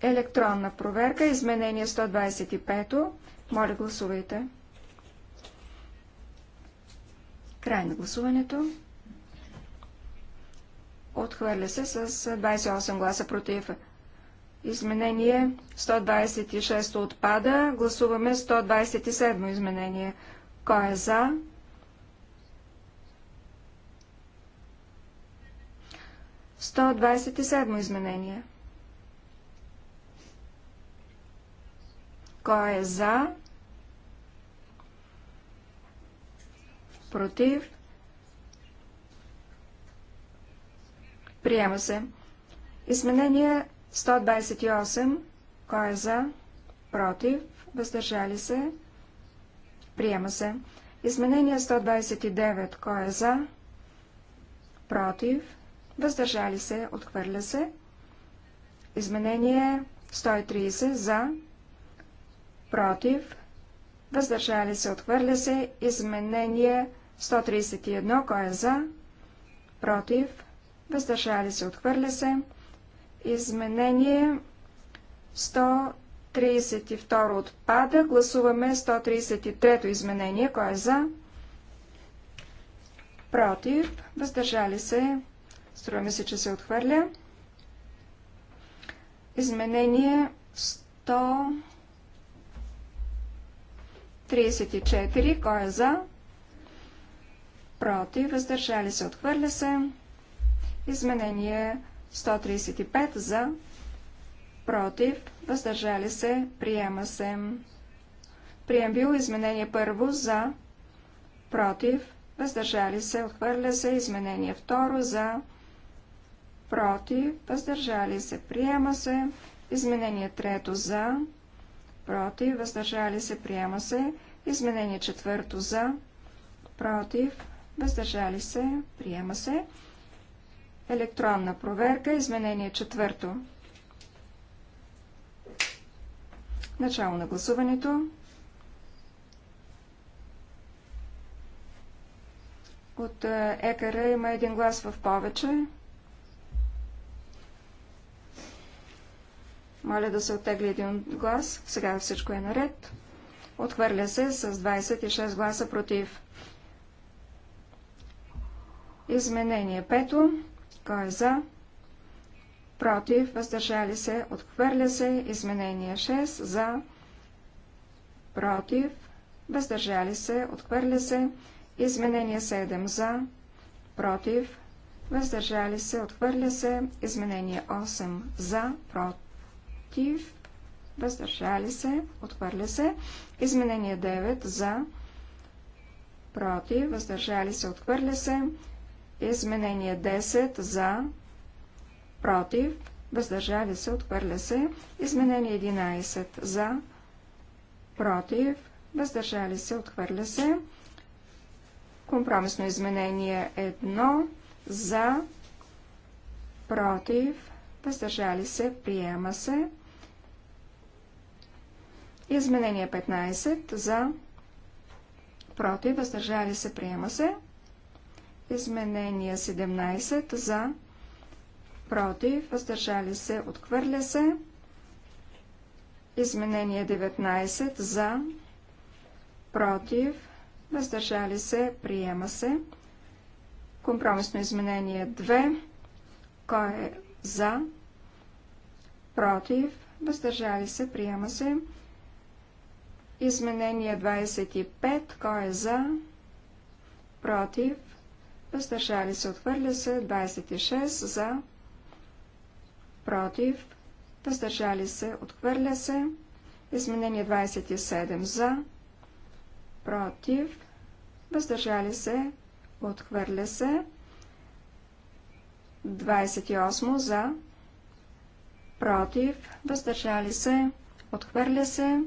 електронна проверка, изменение 125. Моля, гласувайте. Край на гласуването. Отхвърля се с 28 гласа против. Изменение 126 отпада. Гласуваме 127 изменение. Кой е за? Сто двадесет и седмо изменение. Кой е за? Против? Приема се. Изменение 128. Кой е за? Против. Въздържали се. Приема се. Изменение 129. Кой е за? Против. Въздържали се. Отхвърля се. Изменение 130. За. Против. Въздържали се. Отхвърля се. Изменение 131. Кой е за? Против. Въздържали се. Отхвърля се. Изменение 132 отпада. Гласуваме 133 изменение. Кой е за? Против. Въздържали се. Струваме се, че се отхвърля. Изменение 134. Кой е за? Против. Въздържали се. Отхвърля се. Изменение 135 за, против, въздържали се, приема се. Приембил изменение първо за, против, въздържали се, отхвърля се, изменение второ за, против, въздържали се, приема се, изменение трето за, против, въздържали се, приема се, изменение четвърто за, против, въздържали се, приема се. Електронна проверка. Изменение четвърто. Начало на гласуването. От е, екара има един глас в повече. Моля да се оттегли един глас. Сега всичко е наред. Отхвърля се с 26 гласа против. Изменение пето. Кой е за? Против. Въздържали се. Отхвърля се. Изменение 6. За. Против. Въздържали се. Отхвърля се. Изменение 7. За. Против. Въздържали се. Отхвърля се. Изменение 8. За. Против. Въздържали се. Отхвърля се. Изменение 9. За. Против. Въздържали се. Отхвърля се. Изменение 10 за, против, въздържали се, отхвърля се. Изменение 11 за, против, въздържали се, отхвърля се. Компромисно изменение 1 за, против, въздържали се, приема се. Изменение 15 за, против, въздържали се, приема се. Изменение 17 за, против, въздържали се, отхвърля се. Изменение 19 за, против, въздържали се, приема се. Компромисно изменение 2. Кой е за? Против, въздържали се, приема се. Изменение 25. Кой е за? Против, въздържали се, отхвърля се, 26 за, против, въздържали се, отхвърля се, изменение 27 за, против, въздържали се, отхвърля се, 28 за, против, въздържали се, отхвърля се,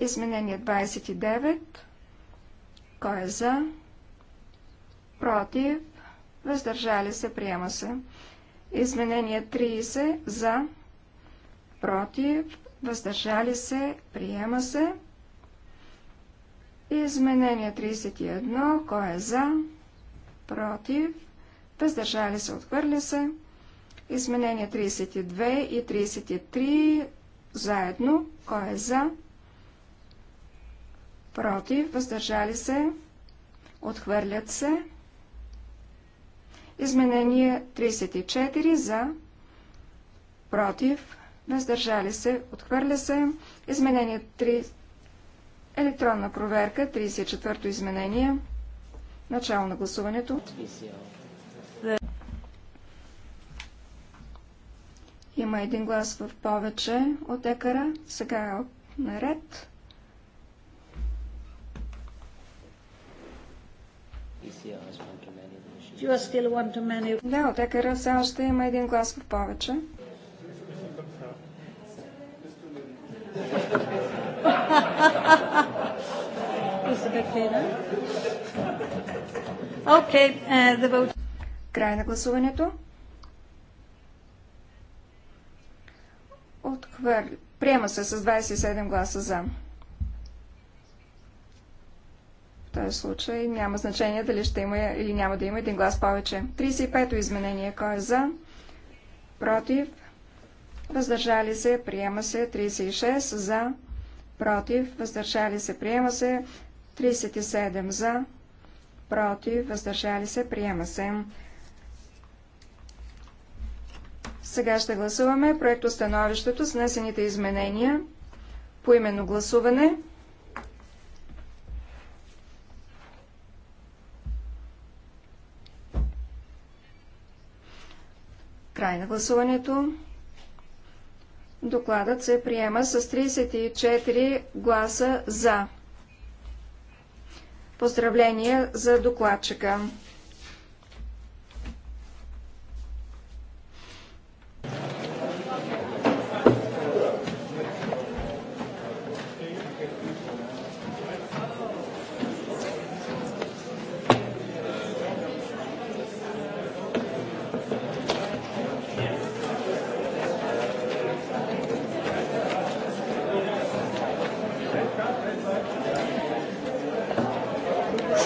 изменение 29, кой е за, против, въздържали се, приема се. Изменение 30 за, против, въздържали се, приема се. Изменение 31, кой е за, против, въздържали се, отхвърля се. Изменение 32 и 33 заедно, кой е за, против, въздържали се, отхвърлят се. Изменение 34 за, против, въздържали се, отхвърля се. Изменение 3, електронна проверка, 34-то изменение, начало на гласуването. Има един глас в повече от екара. Сега е наред. ECR is one You are still one many. Да, от ЕКР все още има един глас в повече. okay, uh, the vote. Край на гласуването. Приема се с 27 гласа за. този случай няма значение дали ще има или няма да има един глас повече. 35-то изменение. Кой е за? Против? Въздържали се? Приема се. 36 за? Против? Въздържали се? Приема се. 37 за? Против? Въздържали се? Приема се. Сега ще гласуваме проекто становището с внесените изменения по именно гласуване. Край на гласуването. Докладът се приема с 34 гласа за. Поздравления за докладчика.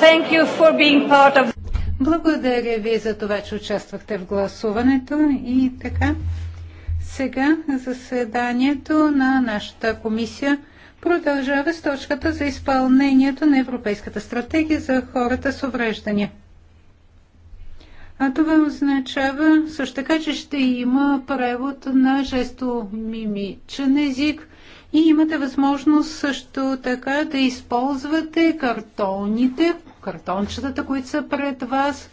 thank you for being part of... Благодаря ви за това, че участвахте в гласуването и така. Сега заседанието на нашата комисия продължава с точката за изпълнението на Европейската стратегия за хората с увреждания. А това означава също така, че ще има превод на жестомимичен език и имате възможност също така да използвате картоните, картончетата, които са пред вас.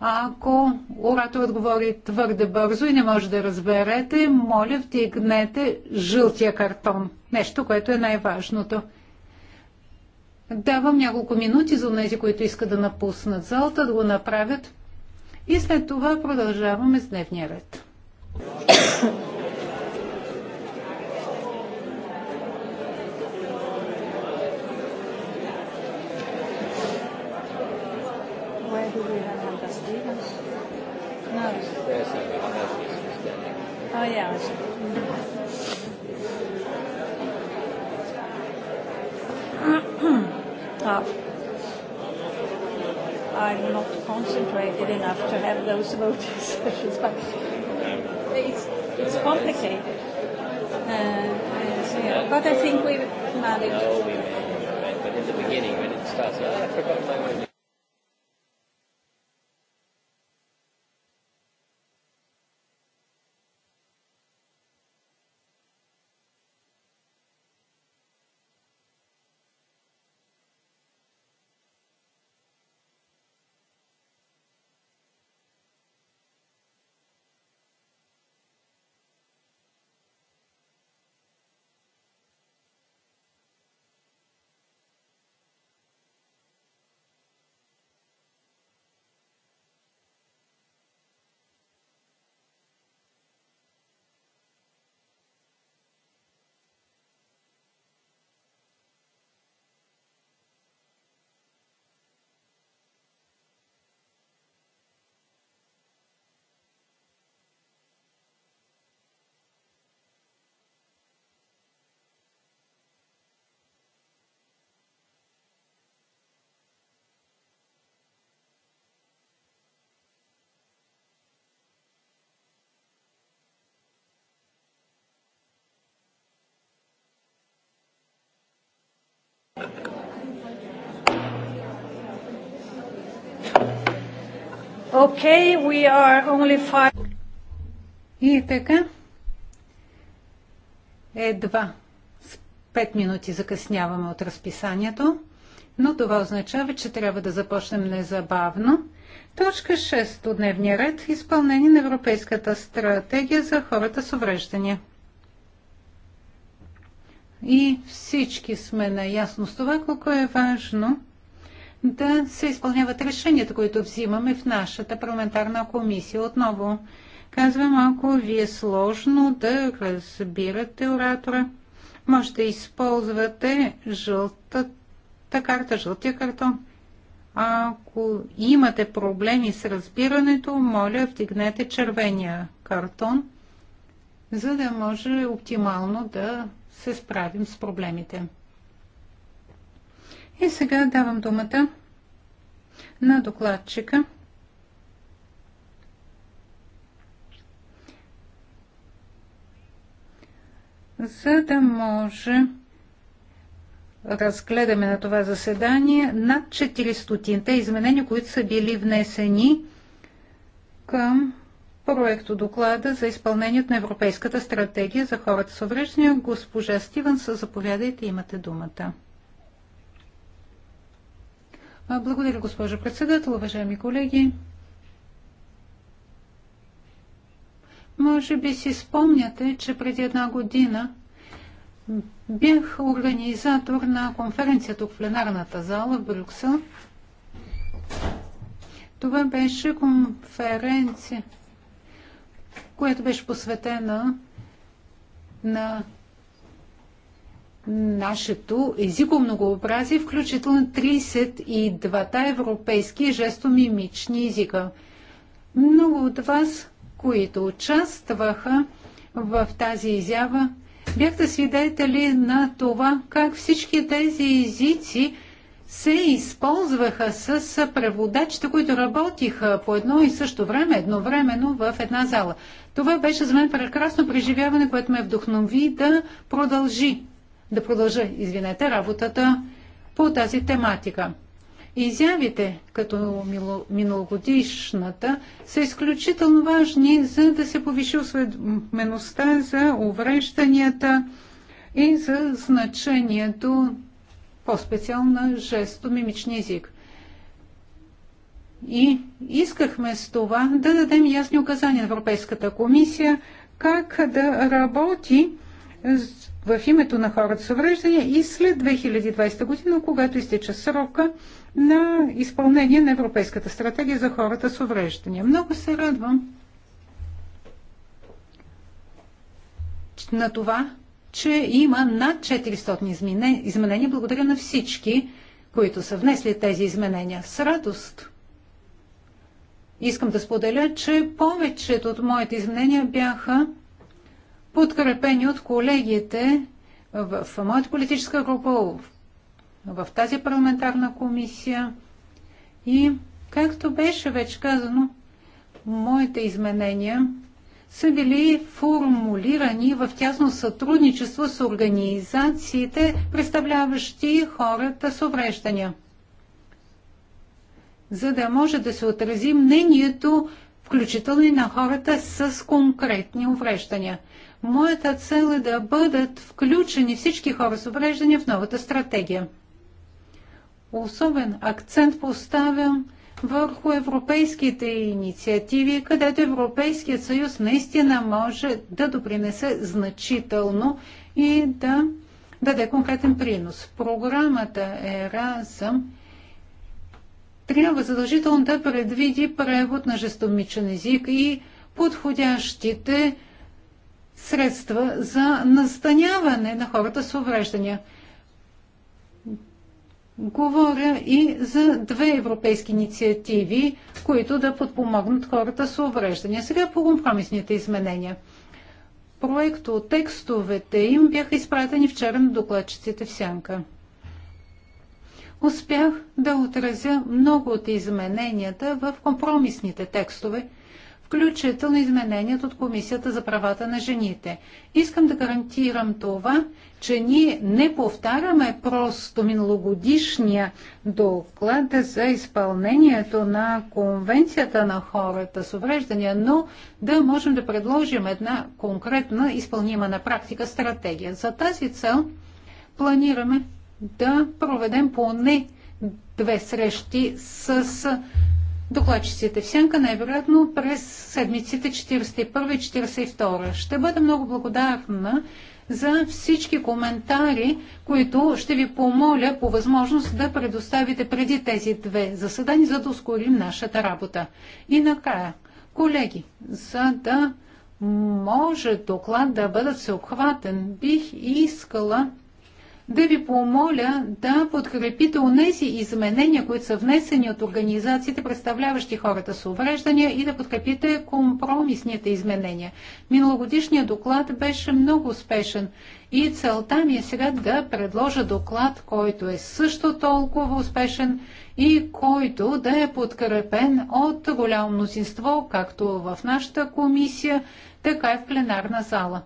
Ако ораторът говори твърде бързо и не може да разберете, моля вдигнете жълтия картон. Нещо, което е най-важното. Давам няколко минути за тези, които искат да напуснат залата, да го направят. И след това продължаваме с дневния ред. No. There's something on that she's standing. Oh, yeah. oh. I'm not concentrated enough to have those voting sessions, but it's, it's complicated. Uh, yeah. But I think we managed. No, we managed, but in the beginning, when it starts, I forgot my own Okay, we are only five. И така, едва с 5 минути закъсняваме от разписанието, но това означава, че трябва да започнем незабавно. Точка 6 от дневния ред – изпълнение на Европейската стратегия за хората с увреждания. И всички сме наясно с това, колко е важно – да се изпълняват решенията, които взимаме в нашата парламентарна комисия. Отново казвам, ако ви е сложно да разбирате оратора, може да използвате жълтата карта, жълтия картон. Ако имате проблеми с разбирането, моля, вдигнете червения картон, за да може оптимално да се справим с проблемите. И сега давам думата на докладчика. за да може разгледаме на това заседание над 400-те изменения, които са били внесени към проекто доклада за изпълнението на Европейската стратегия за хората с увреждания. Госпожа Стиванса, заповядайте, имате думата. Благодаря, госпожо председател, уважаеми колеги. Може би си спомняте, че преди една година бях организатор на конференция тук в пленарната зала в Брюксел. Това беше конференция, която беше посветена на нашето езико многообразие, включително 32-та европейски жестомимични езика. Много от вас, които участваха в тази изява, бяхте свидетели на това, как всички тези езици се използваха с преводачите, които работиха по едно и също време, едновременно в една зала. Това беше за мен прекрасно преживяване, което ме вдохнови да продължи да продължа, извинете, работата по тази тематика. Изявите, като миналогодишната, са изключително важни, за да се повиши осведомеността за уврежданията и за значението по-специално на жесто език. И искахме с това да дадем ясни указания на Европейската комисия как да работи в името на хората с увреждания и след 2020 година, когато изтича срока на изпълнение на Европейската стратегия за хората с увреждания. Много се радвам на това, че има над 400 изменения. Благодаря на всички, които са внесли тези изменения с радост. Искам да споделя, че повечето от моите изменения бяха подкрепени от колегите в моята политическа група, в тази парламентарна комисия. И, както беше вече казано, моите изменения са били формулирани в тясно сътрудничество с организациите, представляващи хората с увреждания. За да може да се отрази мнението, включително и на хората с конкретни увреждания. Моята цел е да бъдат включени всички хора с увреждания в новата стратегия. Особен акцент поставям върху европейските инициативи, където Европейският съюз наистина може да допринесе значително и да даде конкретен принос. Програмата Еразъм трябва задължително да предвиди превод на жестомичен език и подходящите средства за настаняване на хората с увреждания. Говоря и за две европейски инициативи, които да подпомогнат хората с увреждания. Сега по компромисните изменения. Проекто от текстовете им бяха изпратени вчера на докладчиците в Сянка. Успях да отразя много от измененията в компромисните текстове, включително изменението от Комисията за правата на жените. Искам да гарантирам това, че ние не повтаряме просто миналогодишния доклад за изпълнението на Конвенцията на хората с увреждания, но да можем да предложим една конкретна изпълнима на практика стратегия. За тази цел планираме да проведем поне две срещи с докладчиците в сянка, най-вероятно през седмиците 41 и 42. Ще бъда много благодарна за всички коментари, които ще ви помоля по възможност да предоставите преди тези две заседания, за да ускорим нашата работа. И накрая, колеги, за да може доклад да бъде съобхватен, бих искала да ви помоля да подкрепите онези изменения, които са внесени от организациите, представляващи хората с увреждания и да подкрепите компромисните изменения. Миналогодишният доклад беше много успешен и целта ми е сега да предложа доклад, който е също толкова успешен и който да е подкрепен от голямо мнозинство, както в нашата комисия, така и в пленарна зала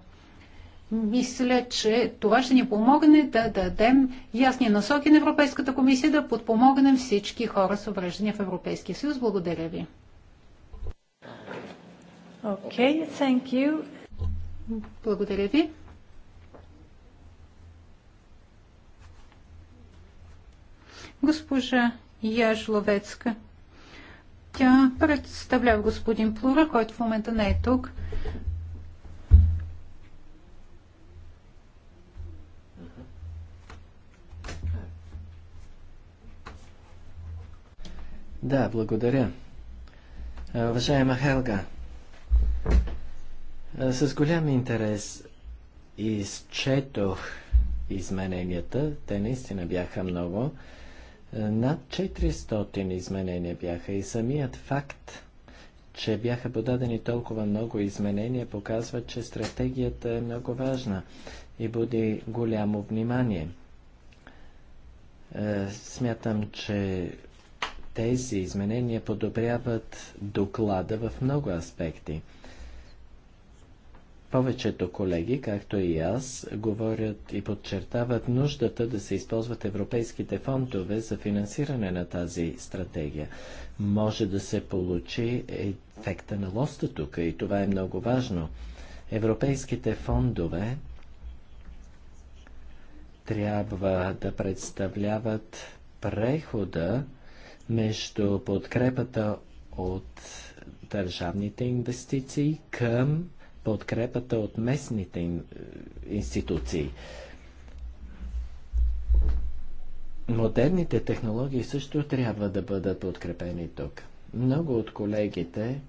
мисля, че това ще ни помогне да дадем ясни насоки на Европейската комисия да подпомогнем всички хора с увреждания в Европейския съюз. Благодаря ви. Okay, thank you. Благодаря ви. Госпожа Яжловецка. Тя представлява господин Плура, който в момента не е тук. Да, благодаря. Уважаема Хелга, с голям интерес изчетох измененията. Те наистина бяха много. Над 400 изменения бяха и самият факт, че бяха подадени толкова много изменения, показва, че стратегията е много важна и буди голямо внимание. Смятам, че тези изменения подобряват доклада в много аспекти. Повечето колеги, както и аз, говорят и подчертават нуждата да се използват европейските фондове за финансиране на тази стратегия. Може да се получи ефекта на лоста тук и това е много важно. Европейските фондове трябва да представляват прехода между подкрепата от държавните инвестиции към подкрепата от местните институции. Модерните технологии също трябва да бъдат подкрепени тук. Много от колегите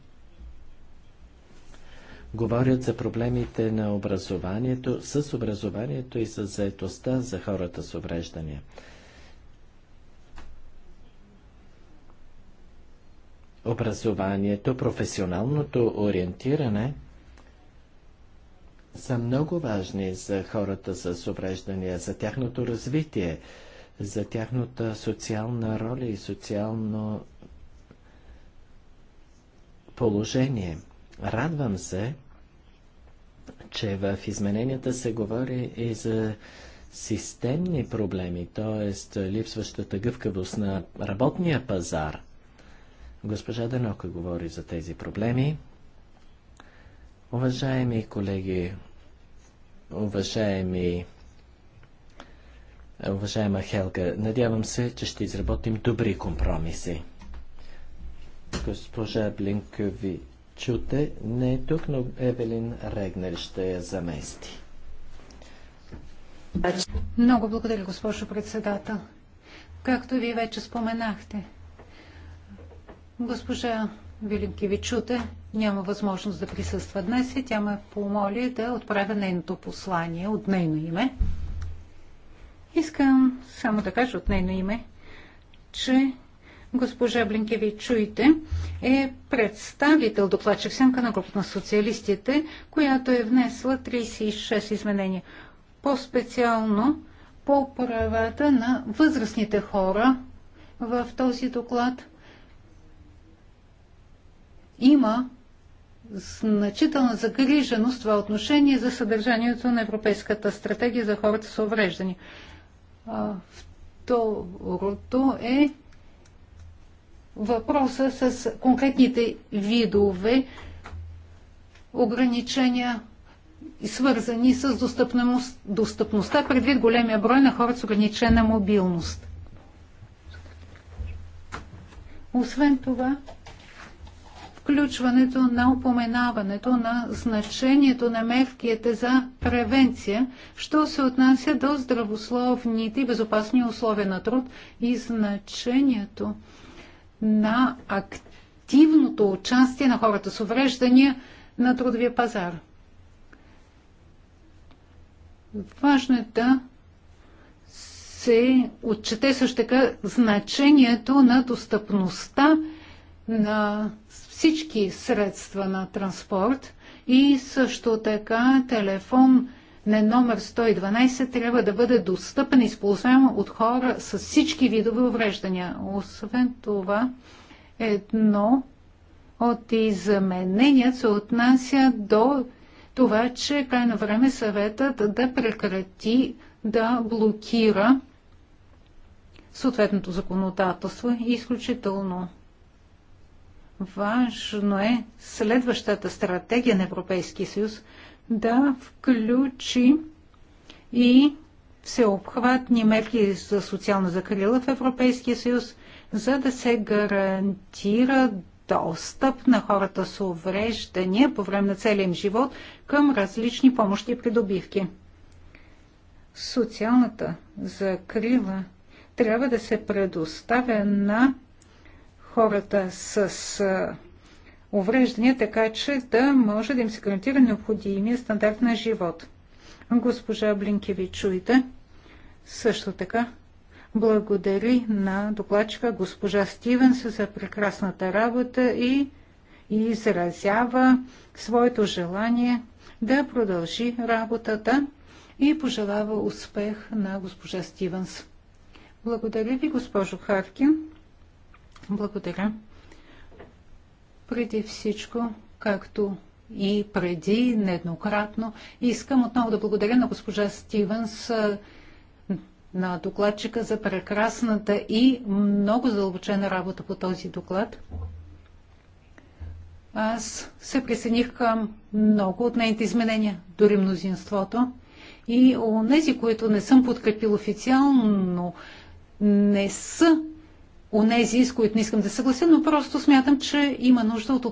говорят за проблемите на образованието, с образованието и с заетостта за хората с увреждания. образованието, професионалното ориентиране са много важни за хората с увреждания, за тяхното развитие, за тяхната социална роля и социално положение. Радвам се, че в измененията се говори и за системни проблеми, т.е. липсващата гъвкавост на работния пазар – Госпожа Данока говори за тези проблеми. Уважаеми колеги, уважаеми Уважаема Хелга, надявам се, че ще изработим добри компромиси. Госпожа ви Чуте не е тук, но Евелин Регнер ще я замести. Много благодаря, госпожо председател. Както ви вече споменахте, Госпожа Великевичуте няма възможност да присъства днес и тя ме помоли да отправя нейното послание от нейно име. Искам само да кажа от нейно име, че госпожа Блинкеви, чуйте, е представител докладчик сянка на група на социалистите, която е внесла 36 изменения. По-специално по правата на възрастните хора в този доклад – има значителна загриженост в това отношение за съдържанието на Европейската стратегия за хората с увреждания. Второто е въпроса с конкретните видове ограничения, свързани с достъпност, достъпността предвид големия брой на хора с ограничена мобилност. Освен това, включването на упоменаването на значението на мерките за превенция, що се отнася до здравословните и безопасни условия на труд и значението на активното участие на хората с увреждания на трудовия пазар. Важно е да се отчете също така значението на достъпността на всички средства на транспорт и също така телефон на номер 112 трябва да бъде достъпен и използваем от хора с всички видове увреждания. Освен това, едно от изменения се отнася до това, че крайно време съветът да прекрати да блокира съответното законодателство изключително Важно е следващата стратегия на Европейския съюз да включи и всеобхватни мерки за социална закрила в Европейския съюз, за да се гарантира достъп на хората с увреждания по време на целия им живот към различни помощи и придобивки. Социалната закрила трябва да се предоставя на хората с увреждания, така че да може да им се гарантира необходимия стандарт на живот. Госпожа чуйте, също така благодари на докладчика госпожа Стивенс за прекрасната работа и изразява своето желание да продължи работата и пожелава успех на госпожа Стивенс. Благодаря ви, госпожо Харкин. Благодаря. Преди всичко, както и преди нееднократно, искам отново да благодаря на госпожа Стивенс, на докладчика за прекрасната и много задълбочена работа по този доклад. Аз се присъединих към много от нейните изменения, дори мнозинството. И нези, които не съм подкрепил официално, не са онези, с които не искам да съглася, но просто смятам, че има нужда от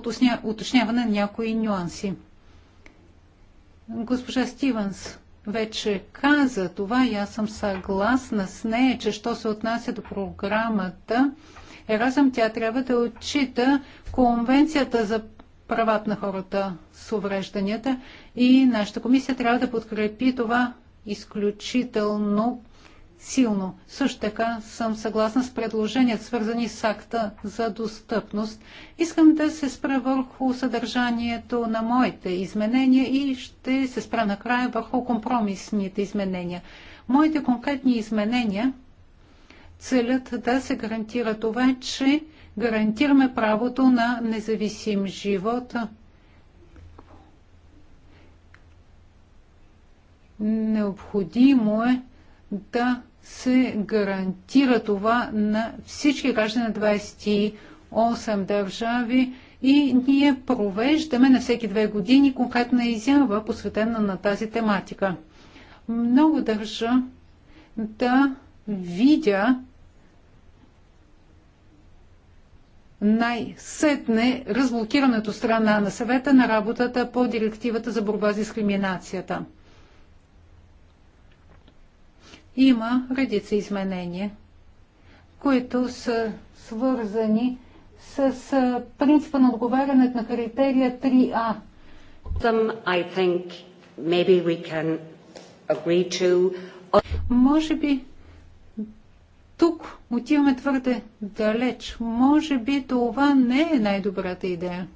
уточняване на някои нюанси. Госпожа Стивенс вече каза това и аз съм съгласна с нея, че що се отнася до програмата Еразъм, тя трябва да отчита Конвенцията за правата на хората с уврежданията и нашата комисия трябва да подкрепи това изключително силно. Също така съм съгласна с предложенията, свързани с акта за достъпност. Искам да се спра върху съдържанието на моите изменения и ще се спра накрая върху компромисните изменения. Моите конкретни изменения целят да се гарантира това, че гарантираме правото на независим живот. Необходимо е да се гарантира това на всички граждани на 28 държави и ние провеждаме на всеки две години конкретна изява, посветена на тази тематика. Много държа да видя най-сетне разблокирането страна на съвета на работата по директивата за борба с дискриминацията – има редица изменения, които са свързани с принципа на отговарянето на критерия 3А. To... Може би тук отиваме твърде далеч. Може би това не е най-добрата идея.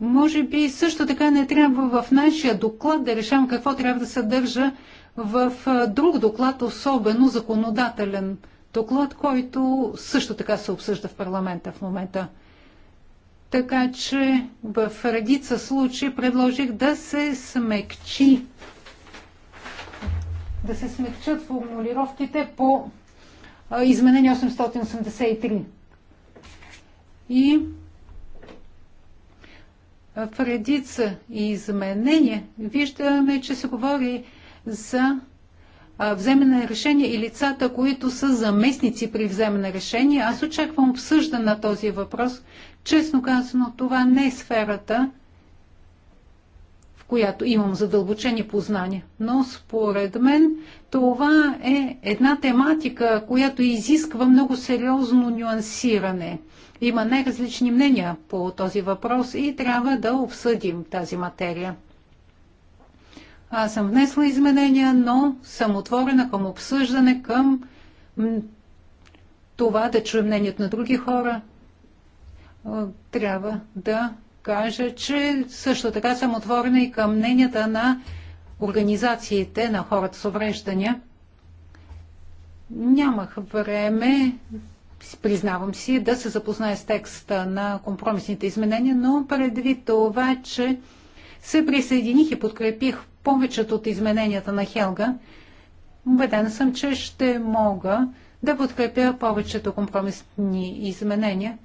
Може би също така не трябва в нашия доклад да решавам какво трябва да съдържа в друг доклад, особено законодателен доклад, който също така се обсъжда в парламента в момента. Така че в редица случаи предложих да се смекчи да се смекчат формулировките по изменение 883. И в редица изменения виждаме, че се говори за вземане на решение и лицата, които са заместници при вземане на решение. Аз очаквам обсъждане на този въпрос. Честно казано, това не е сферата, в която имам задълбочени познания. Но според мен това е една тематика, която изисква много сериозно нюансиране – има най-различни мнения по този въпрос и трябва да обсъдим тази материя. Аз съм внесла изменения, но съм отворена към обсъждане, към това да чуем мнението на други хора. Е, трябва да кажа, че също така съм отворена и към мненията на организациите на хората с увреждания. Нямах време признавам си, да се запозная с текста на компромисните изменения, но предвид това, че се присъединих и подкрепих повечето от измененията на Хелга, убеден съм, че ще мога да подкрепя повечето компромисни изменения,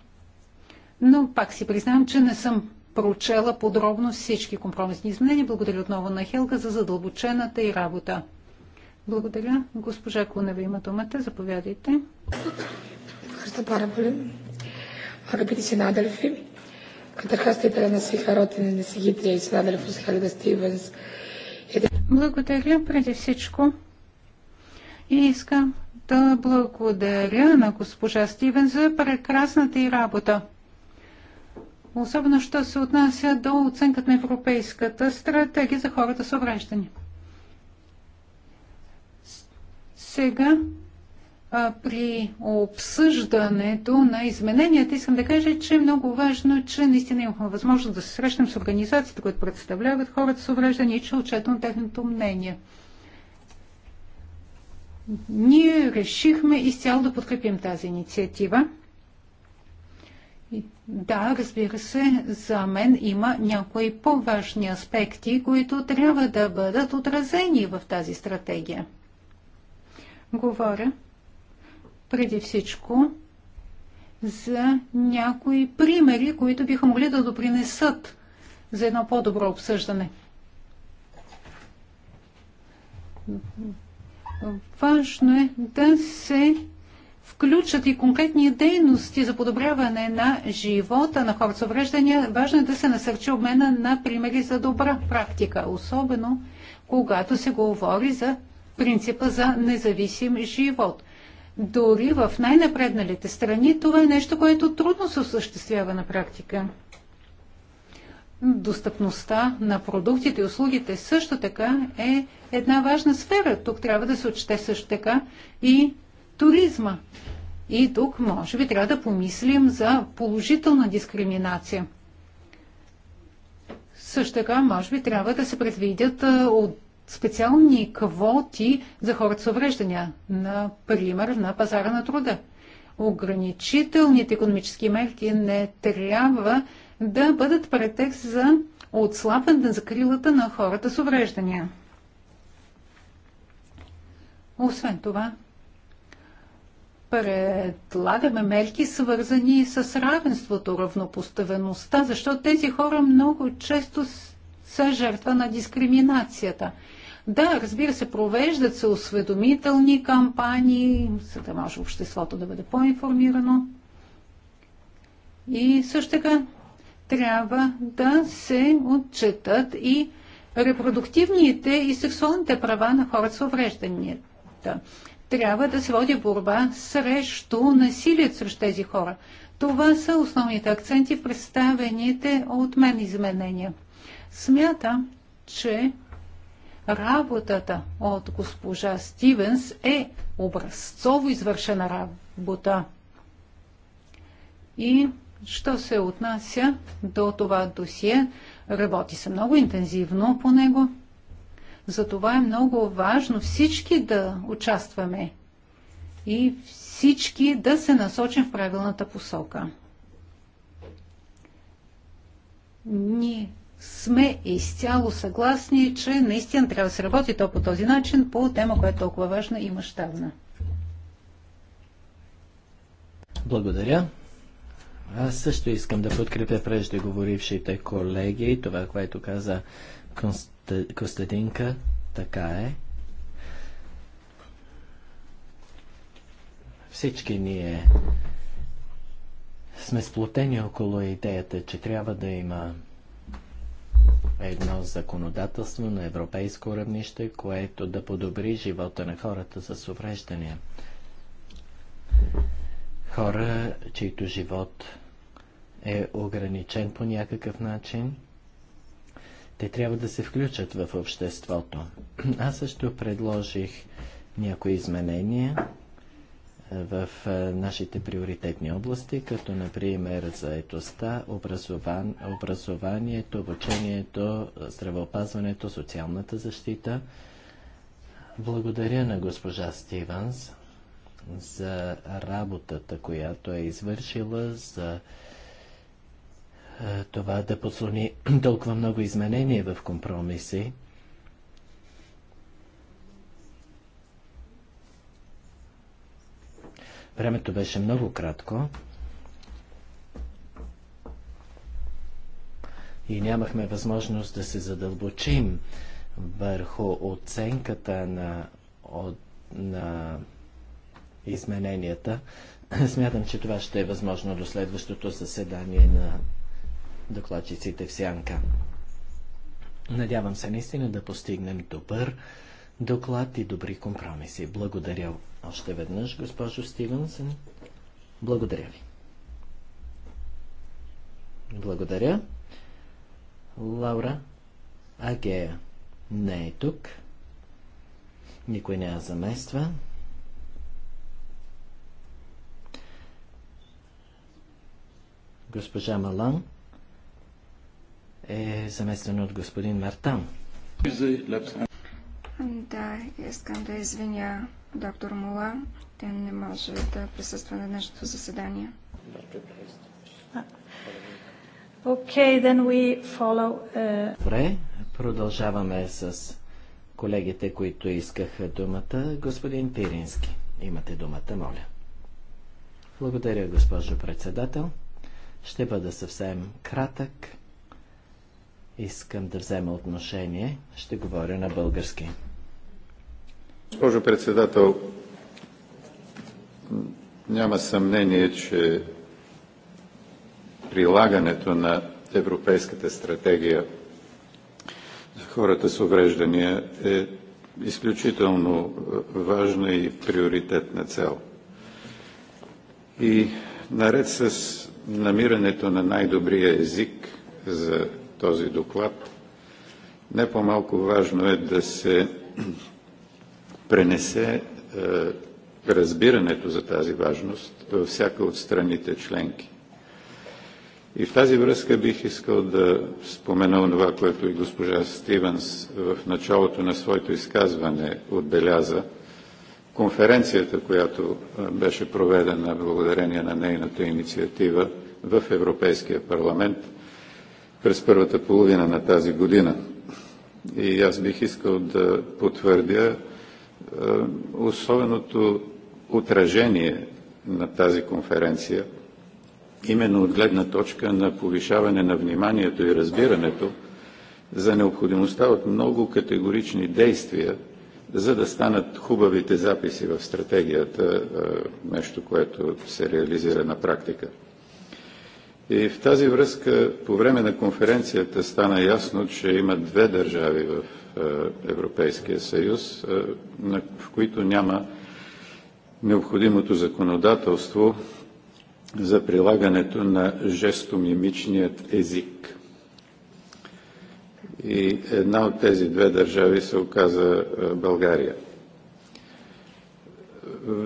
но пак си признавам, че не съм проучела подробно всички компромисни изменения. Благодаря отново на Хелга за задълбочената и работа. Благодаря. Госпожа Кунева има думата. Заповядайте στα πάρα πολύ. Αγαπητοί συνάδελφοι, καταρχά θα ήθελα να συγχαρώ την εισηγήτρια τη συνάδελφο Χαλίδα Στίβεν. Благодаря преди всичко. И искам да благодаря на госпожа Стивен за прекрасната й работа. Особено, що се отнася до оценката на Европейската стратегия за хората с увреждания. Сега при обсъждането на измененията искам да кажа, че е много важно, че наистина имахме възможност да се срещнем с организациите, които представляват хората с увреждания и че отчетно техното мнение. Ние решихме изцяло да подкрепим тази инициатива. Да, разбира се, за мен има някои по-важни аспекти, които трябва да бъдат отразени в тази стратегия. Говоря преди всичко за някои примери, които биха могли да допринесат за едно по-добро обсъждане. Важно е да се включат и конкретни дейности за подобряване на живота на хората с увреждания. Важно е да се насърчи обмена на примери за добра практика, особено когато се говори за принципа за независим живот. Дори в най-напредналите страни това е нещо, което трудно се осъществява на практика. Достъпността на продуктите и услугите също така е една важна сфера. Тук трябва да се отчете също така и туризма. И тук, може би, трябва да помислим за положителна дискриминация. Също така, може би, трябва да се предвидят от специални квоти за хората с увреждания, например на пазара на труда. Ограничителните економически мерки не трябва да бъдат претекст за отслабване на закрилата на хората с увреждания. Освен това, предлагаме мерки, свързани с равенството, равнопоставеността, защото тези хора много често са жертва на дискриминацията – да, разбира се, провеждат се осведомителни кампании, за да може обществото да бъде по-информирано. И също така трябва да се отчитат и репродуктивните и сексуалните права на хората с уврежданията. Трябва да се води борба срещу насилието срещу тези хора. Това са основните акценти в представените от мен изменения. Смятам, че Работата от госпожа Стивенс е образцово извършена работа. И що се отнася до това досие, работи се много интензивно по него. Затова е много важно всички да участваме и всички да се насочим в правилната посока. Ние сме изцяло съгласни, че наистина трябва да се работи то по този начин, по тема, която е толкова важна и мащабна. Благодаря. Аз също искам да подкрепя преждеговорившите колеги. Това, което каза Конст... Костадинка, така е. Всички ние сме сплотени около идеята, че трябва да има едно законодателство на европейско равнище, което да подобри живота на хората с увреждания. Хора, чийто живот е ограничен по някакъв начин, те трябва да се включат в обществото. Аз също предложих някои изменения в нашите приоритетни области, като например заедостта, образован, образованието, обучението, здравеопазването, социалната защита. Благодаря на госпожа Стиванс за работата, която е извършила, за това да послони толкова много изменения в компромиси. Времето беше много кратко. И нямахме възможност да се задълбочим върху оценката на, от, на измененията. Смятам, че това ще е възможно до следващото заседание на докладчиците в Сянка. Надявам се наистина да постигнем добър доклад и добри компромиси. Благодаря още веднъж, госпожо Стивенсен. благодаря ви. Благодаря. Лаура Агея не е тук. Никой не я замества. Госпожа Малан е заместена от господин Мартан. Да, искам да извиня Доктор Мула, тя не може да присъства на днешното заседание. Okay, then we follow, uh... Добре, продължаваме с колегите, които искаха думата. Господин Пирински, имате думата, моля. Благодаря, госпожо председател. Ще бъда съвсем кратък. Искам да взема отношение. Ще говоря на български. Госпожо председател, няма съмнение, че прилагането на Европейската стратегия за хората с увреждания е изключително важна и приоритетна цел. И наред с намирането на най-добрия език за този доклад, не по-малко важно е да се пренесе е, разбирането за тази важност във всяка от страните членки. И в тази връзка бих искал да спомена това, което и госпожа Стивенс в началото на своето изказване отбеляза. Конференцията, която е, беше проведена благодарение на нейната инициатива в Европейския парламент през първата половина на тази година. И аз бих искал да потвърдя е, особеното отражение на тази конференция, именно от гледна точка на повишаване на вниманието и разбирането за необходимостта от много категорични действия, за да станат хубавите записи в стратегията е, нещо, което се реализира на практика. И в тази връзка по време на конференцията стана ясно, че има две държави в е, Европейския съюз, е, в които няма необходимото законодателство за прилагането на жестомимичният език. И една от тези две държави се оказа е, България.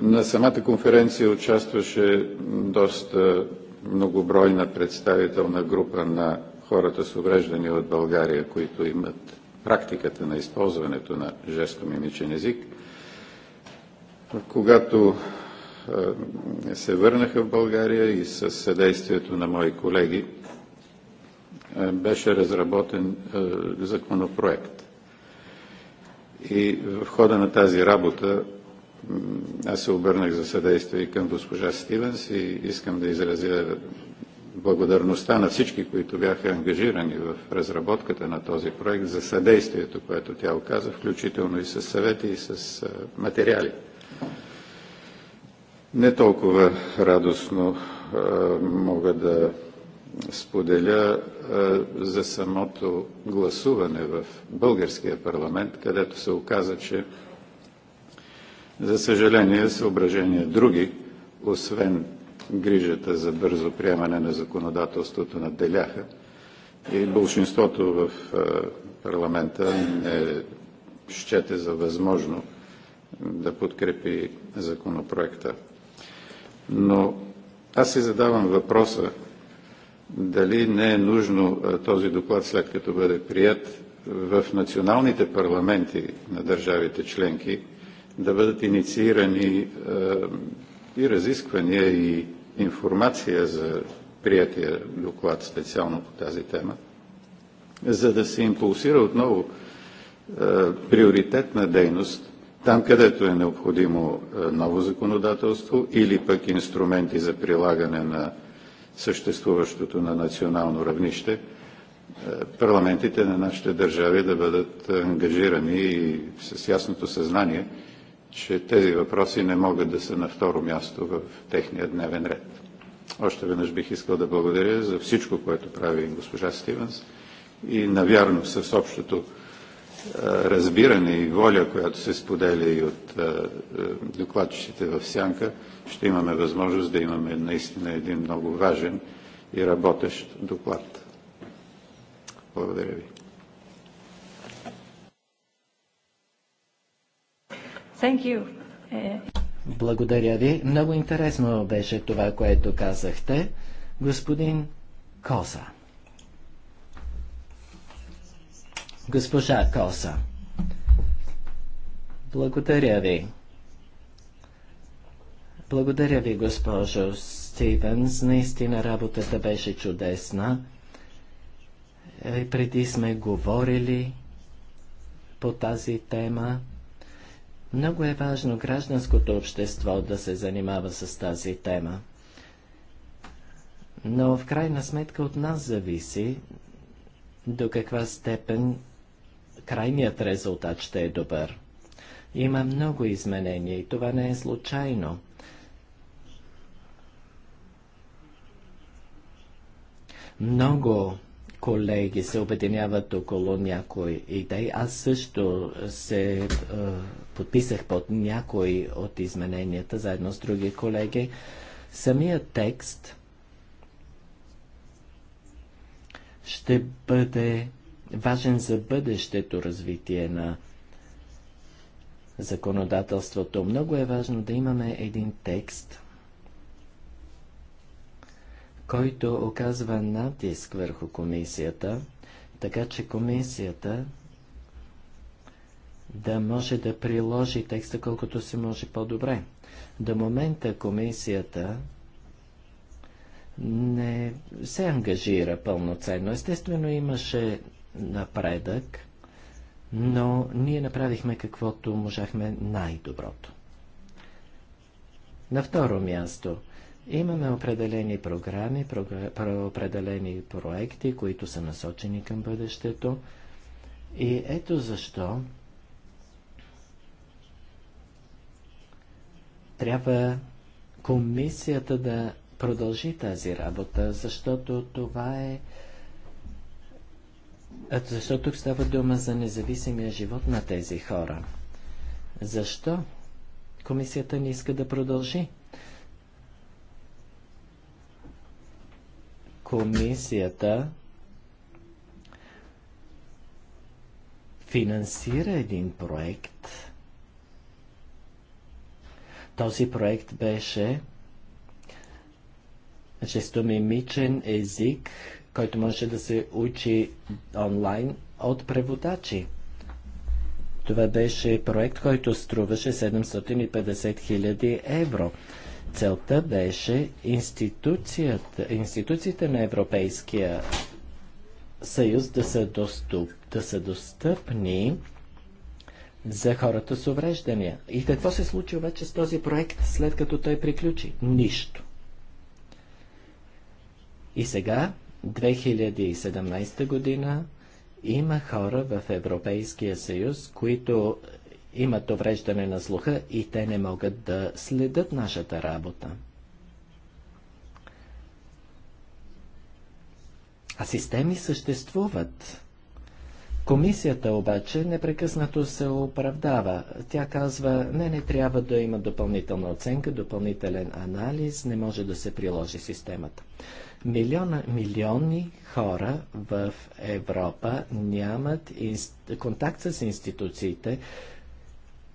На самата конференция участваше доста многобройна представителна група на хората с увреждания от България, които имат практиката на използването на жестомимичен език. Когато се върнаха в България и със съдействието на мои колеги беше разработен законопроект. И в хода на тази работа аз се обърнах за съдействие и към госпожа Стивенс и искам да изразя благодарността на всички, които бяха ангажирани в разработката на този проект за съдействието, което тя оказа, включително и с съвети и с материали. Не толкова радостно мога да споделя за самото гласуване в българския парламент, където се оказа, че за съжаление съображения други, освен грижата за бързо приемане на законодателството наделяха и большинството в е, парламента не счете за възможно да подкрепи законопроекта. Но аз си задавам въпроса дали не е нужно е, този доклад, след като бъде прият, в националните парламенти на държавите членки да бъдат инициирани е, и разисквания и информация за приятия доклад специално по тази тема, за да се импулсира отново е, приоритетна дейност там, където е необходимо е, ново законодателство или пък инструменти за прилагане на съществуващото на национално равнище, е, парламентите на нашите държави да бъдат ангажирани и с ясното съзнание, че тези въпроси не могат да са на второ място в техния дневен ред. Още веднъж бих искал да благодаря за всичко, което прави госпожа Стивенс и навярно с общото е, разбиране и воля, която се споделя и от е, е, докладчиците в Сянка, ще имаме възможност да имаме наистина един много важен и работещ доклад. Благодаря ви. Thank you. Благодаря ви. Много интересно беше това, което казахте. Господин Коса. Госпожа Коса. Благодаря ви. Благодаря ви, госпожо Стивенс. Наистина работата беше чудесна. Е, преди сме говорили по тази тема. Много е важно гражданското общество да се занимава с тази тема. Но в крайна сметка от нас зависи до каква степен крайният резултат ще е добър. Има много изменения и това не е случайно. Много колеги се обединяват около някои идеи. Аз също се е, подписах под някои от измененията, заедно с други колеги. Самият текст ще бъде важен за бъдещето развитие на законодателството. Много е важно да имаме един текст – който оказва натиск върху комисията, така че комисията да може да приложи текста колкото се може по-добре. До момента комисията не се ангажира пълноценно. Естествено имаше напредък, но ние направихме каквото можахме най-доброто. На второ място – Имаме определени програми, програ... определени проекти, които са насочени към бъдещето. И ето защо трябва комисията да продължи тази работа, защото това е защото тук става дума за независимия живот на тези хора. Защо комисията не иска да продължи? комисията финансира един проект. Този проект беше жестомимичен език, който може да се учи онлайн от преводачи. Това беше проект, който струваше 750 000 евро. Целта беше институциите на Европейския съюз да са, доступ, да са достъпни за хората с увреждания. И какво се случи вече с този проект, след като той приключи? Нищо. И сега, 2017 година, има хора в Европейския съюз, които имат увреждане на слуха и те не могат да следят нашата работа. А системи съществуват. Комисията обаче непрекъснато се оправдава. Тя казва, не, не трябва да има допълнителна оценка, допълнителен анализ, не може да се приложи системата. Милиона, милиони хора в Европа нямат инст... контакт с институциите,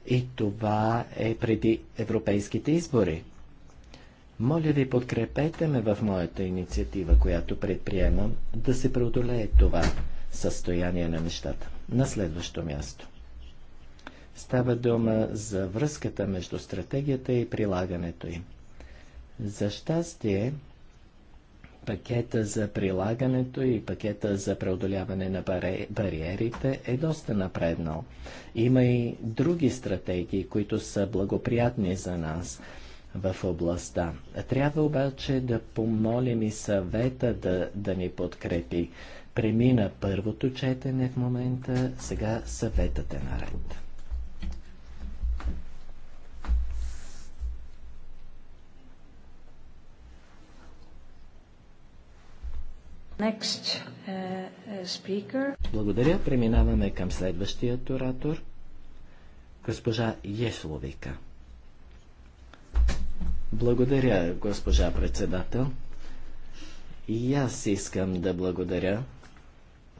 и това е преди европейските избори. Моля ви, подкрепете ме в моята инициатива, която предприемам, да се преодолее това състояние на нещата. На следващо място. Става дума за връзката между стратегията и прилагането им. За щастие, пакета за прилагането и пакета за преодоляване на бариерите е доста напреднал. Има и други стратегии, които са благоприятни за нас в областта. Трябва обаче да помолим и съвета да, да ни подкрепи. Премина първото четене в момента, сега съветът е наред. Next, uh, uh, speaker. Благодаря. Преминаваме към следващия оратор. Госпожа Есловика. Благодаря, госпожа председател. И аз искам да благодаря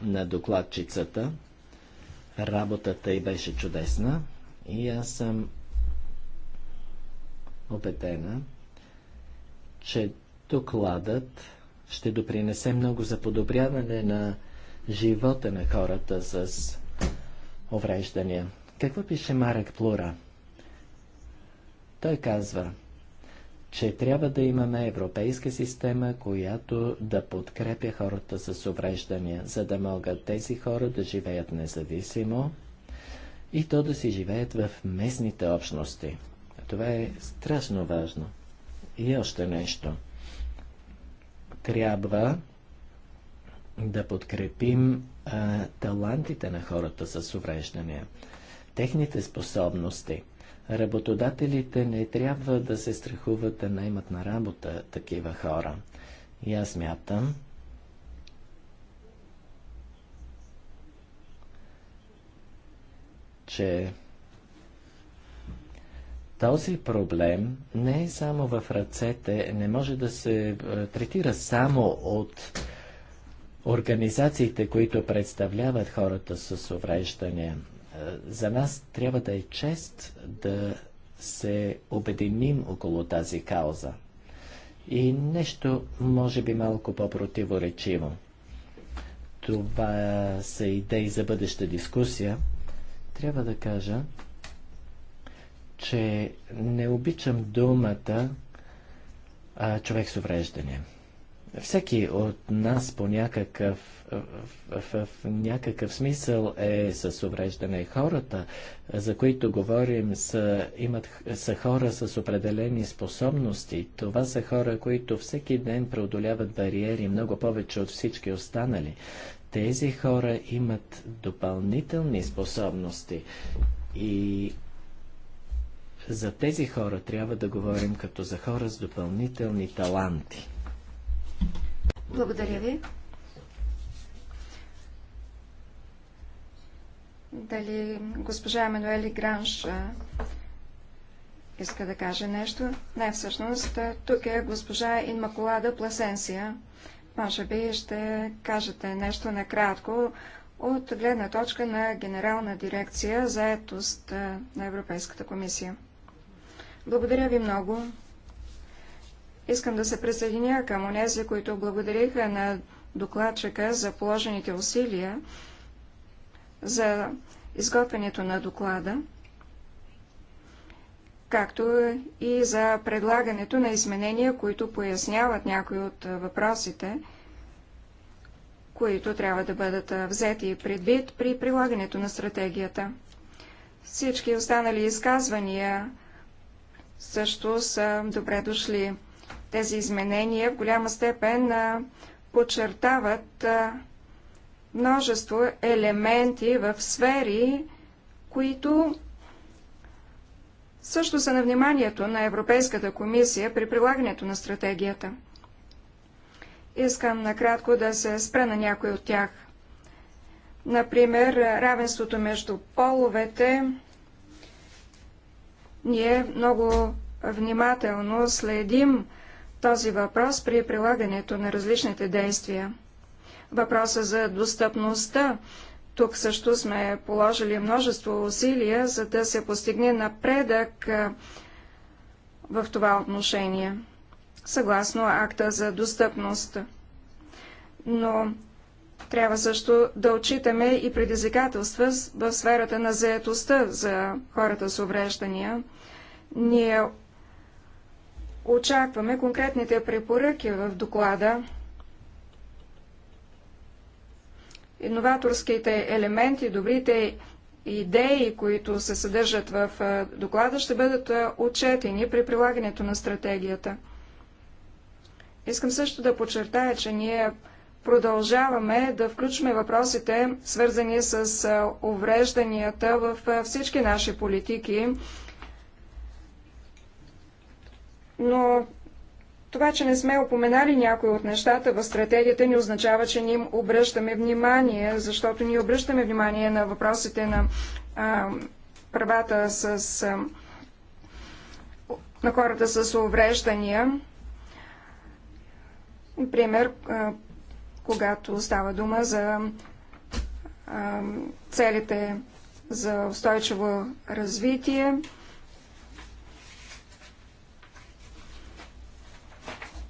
на докладчицата. Работата й беше чудесна и аз съм убедена, че докладът ще допринесе много за подобряване на живота на хората с увреждания. Какво пише Марек Плура? Той казва, че трябва да имаме европейска система, която да подкрепя хората с увреждания, за да могат тези хора да живеят независимо и то да си живеят в местните общности. Това е страшно важно. И още нещо – трябва да подкрепим а, талантите на хората с увреждания, техните способности. Работодателите не трябва да се страхуват да наймат на работа такива хора. И аз мятам, че този проблем не е само в ръцете, не може да се е, третира само от организациите, които представляват хората с увреждания. Е, за нас трябва да е чест да се обединим около тази кауза. И нещо, може би, малко по-противоречиво. Това са идеи за бъдеща дискусия. Трябва да кажа, че не обичам думата а, човек с увреждане. Всеки от нас по някакъв, в, в, в някакъв смисъл е с увреждане. Хората, за които говорим, са, имат, са хора с определени способности. Това са хора, които всеки ден преодоляват бариери много повече от всички останали. Тези хора имат допълнителни способности и за тези хора трябва да говорим като за хора с допълнителни таланти. Благодаря ви. Дали госпожа Емануели Гранш иска да каже нещо? Не, всъщност, тук е госпожа Инмакулада Пласенсия. Може би ще кажете нещо накратко от гледна точка на Генерална дирекция за етост на Европейската комисия. Благодаря ви много. Искам да се присъединя към онези, които благодариха на докладчика за положените усилия за изготвянето на доклада, както и за предлагането на изменения, които поясняват някои от въпросите, които трябва да бъдат взети и предвид при прилагането на стратегията. Всички останали изказвания също са добре дошли. Тези изменения в голяма степен подчертават множество елементи в сфери, които също са на вниманието на Европейската комисия при прилагането на стратегията. Искам накратко да се спра на някой от тях. Например, равенството между половете, ние много внимателно следим този въпрос при прилагането на различните действия. Въпроса за достъпността. Тук също сме положили множество усилия, за да се постигне напредък в това отношение, съгласно акта за достъпност. Но трябва също да отчитаме и предизвикателства в сферата на заетостта за хората с увреждания. Ние очакваме конкретните препоръки в доклада. Инноваторските елементи, добрите идеи, които се съдържат в доклада, ще бъдат отчетени при прилагането на стратегията. Искам също да подчертая, че ние продължаваме да включваме въпросите, свързани с уврежданията в всички наши политики. Но това, че не сме упоменали някои от нещата в стратегията, не означава, че ние им обръщаме внимание, защото ние обръщаме внимание на въпросите на а, правата с, а, на хората с увреждания. Например, когато става дума за целите за устойчиво развитие.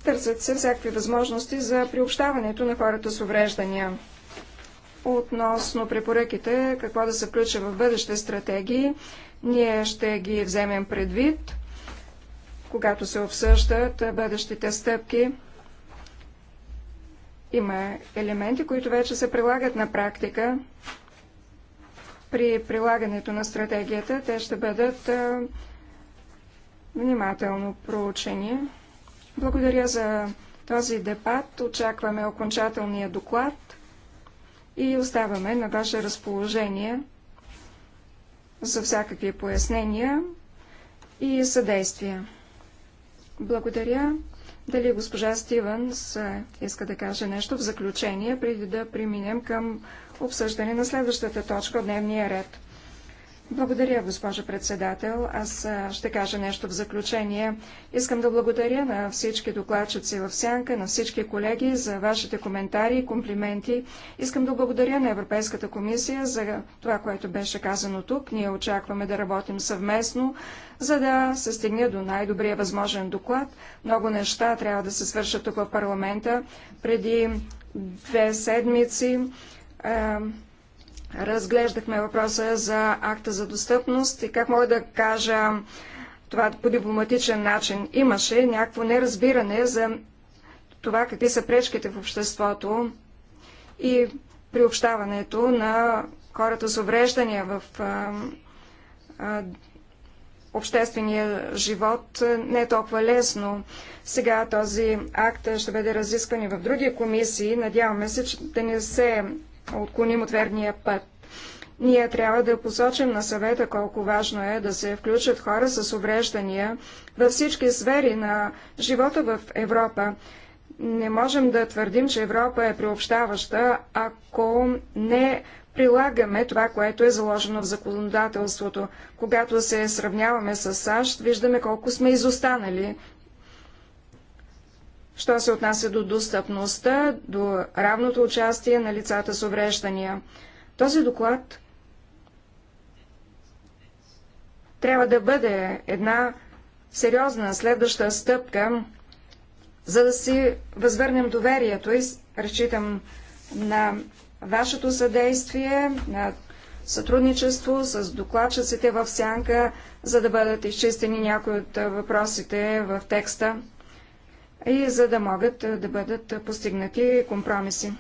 Търсят се всякакви възможности за приобщаването на хората с увреждания. Относно препоръките, какво да се включи в бъдеще стратегии, ние ще ги вземем предвид, когато се обсъждат бъдещите стъпки има елементи, които вече се прилагат на практика. При прилагането на стратегията те ще бъдат внимателно проучени. Благодаря за този дебат. Очакваме окончателния доклад и оставаме на ваше разположение за всякакви пояснения и съдействия. Благодаря. Дали госпожа Стивенс иска да каже нещо в заключение, преди да преминем към обсъждане на следващата точка от дневния ред. Благодаря, госпожо председател. Аз ще кажа нещо в заключение. Искам да благодаря на всички докладчици в Сянка, на всички колеги за вашите коментари и комплименти. Искам да благодаря на Европейската комисия за това, което беше казано тук. Ние очакваме да работим съвместно, за да се стигне до най-добрия възможен доклад. Много неща трябва да се свършат тук в парламента. Преди две седмици разглеждахме въпроса за акта за достъпност и как мога да кажа това по дипломатичен начин. Имаше някакво неразбиране за това какви са пречките в обществото и приобщаването на хората с увреждания в а, а, обществения живот не е толкова лесно. Сега този акт ще бъде разискван и в други комисии. Надяваме се, че да не се отклоним от верния път. Ние трябва да посочим на съвета колко важно е да се включат хора с увреждания във всички сфери на живота в Европа. Не можем да твърдим, че Европа е приобщаваща, ако не прилагаме това, което е заложено в законодателството. Когато се сравняваме с САЩ, виждаме колко сме изостанали що се отнася до достъпността, до равното участие на лицата с увреждания. Този доклад трябва да бъде една сериозна следваща стъпка, за да си възвърнем доверието и разчитам на вашето съдействие, на сътрудничество с докладчиците в сянка, за да бъдат изчистени някои от въпросите в текста и за да могат да бъдат постигнати компромиси.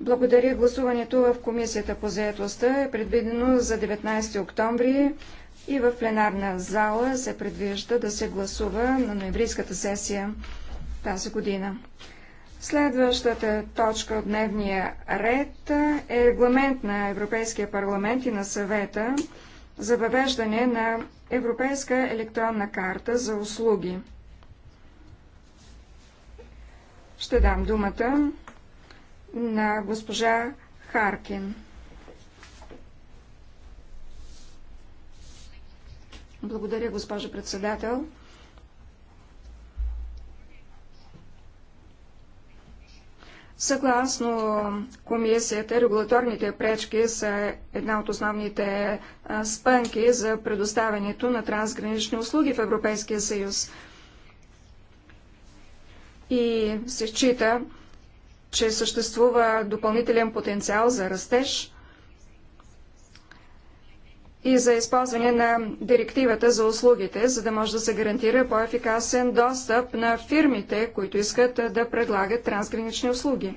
Благодаря гласуването в Комисията по заедостта е предвидено за 19 октомври и в пленарна зала се предвижда да се гласува на ноябрийската сесия тази година. Следващата точка от дневния ред е регламент на Европейския парламент и на съвета за въвеждане на Европейска електронна карта за услуги ще дам думата на госпожа Харкин. Благодаря, госпожа председател. Съгласно комисията, регулаторните пречки са една от основните спънки за предоставянето на трансгранични услуги в Европейския съюз и се счита, че съществува допълнителен потенциал за растеж и за използване на директивата за услугите, за да може да се гарантира по-ефикасен достъп на фирмите, които искат да предлагат трансгранични услуги.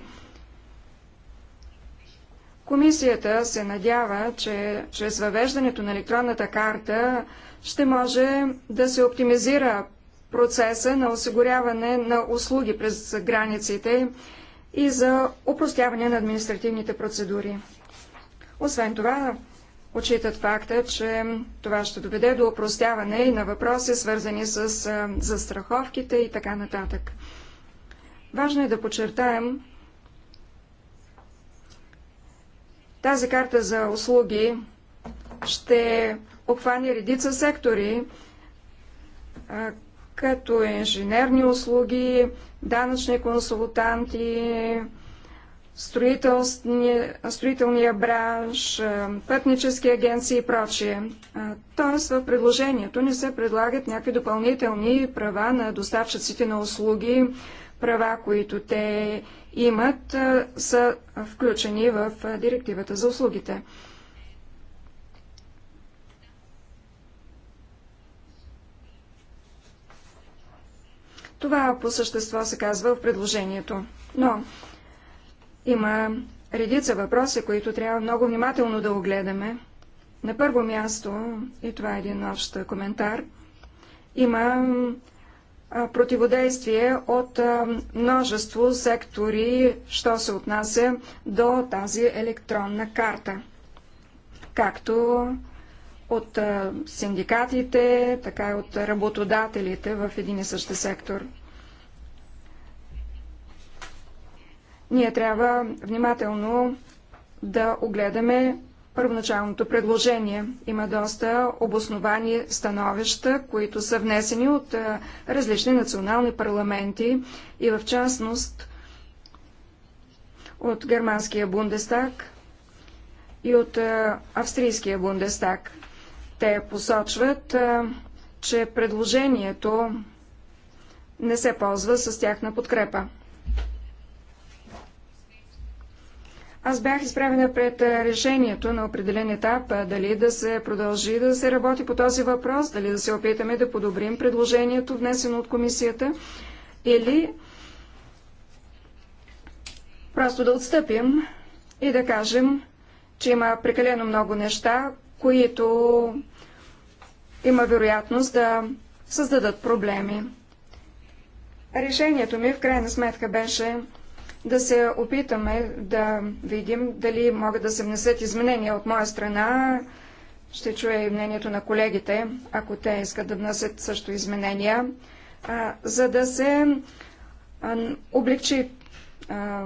Комисията се надява, че чрез въвеждането на електронната карта ще може да се оптимизира процеса на осигуряване на услуги през границите и за упростяване на административните процедури. Освен това, отчитат факта, че това ще доведе до упростяване и на въпроси, свързани с застраховките и така нататък. Важно е да подчертаем, тази карта за услуги ще обхване редица сектори, като инженерни услуги, данъчни консултанти, строителния бранш, пътнически агенции и прочие. Тоест в предложението не се предлагат някакви допълнителни права на доставчиците на услуги, права, които те имат, са включени в директивата за услугите. Това по същество се казва в предложението. Но има редица въпроси, които трябва много внимателно да огледаме. На първо място, и това е един общ коментар, има противодействие от множество сектори, що се отнася до тази електронна карта, както от синдикатите, така и от работодателите в един и същи сектор. Ние трябва внимателно да огледаме първоначалното предложение. Има доста обосновани становища, които са внесени от различни национални парламенти и в частност от германския Бундестаг и от австрийския Бундестаг. Те посочват, че предложението не се ползва с тяхна подкрепа. Аз бях изправена пред решението на определен етап, дали да се продължи да се работи по този въпрос, дали да се опитаме да подобрим предложението, внесено от комисията, или просто да отстъпим и да кажем, че има прекалено много неща, които има вероятност да създадат проблеми. Решението ми в крайна сметка беше да се опитаме да видим дали могат да се внесат изменения от моя страна. Ще чуя и мнението на колегите, ако те искат да внесат също изменения, а, за да се а, облегчи а,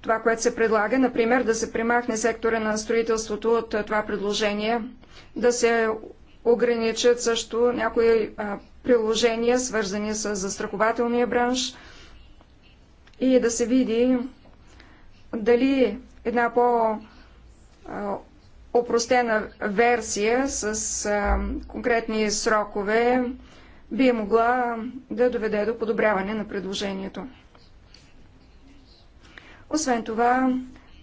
това, което се предлага. Например, да се примахне сектора на строителството от това предложение да се ограничат също някои а, приложения, свързани с застрахователния бранш и да се види дали една по- опростена версия с а, конкретни срокове би могла да доведе до подобряване на предложението. Освен това,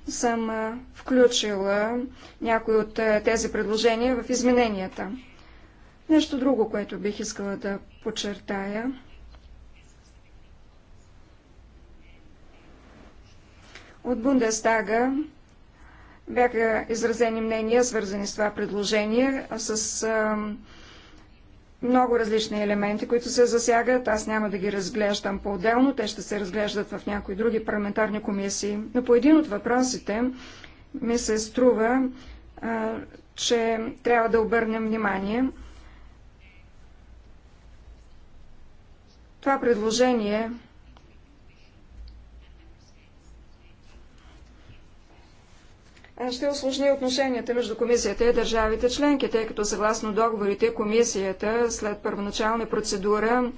съм включила някои от тези предложения в измененията. Нещо друго, което бих искала да подчертая. От Бундестага бяха изразени мнения, свързани с това предложение, с много различни елементи, които се засягат. Аз няма да ги разглеждам по-отделно, те ще се разглеждат в някои други парламентарни комисии. Но по един от въпросите ми се струва, че трябва да обърнем внимание. Това предложение ще осложни отношенията между комисията и държавите членки, тъй като съгласно договорите комисията след първоначална процедура,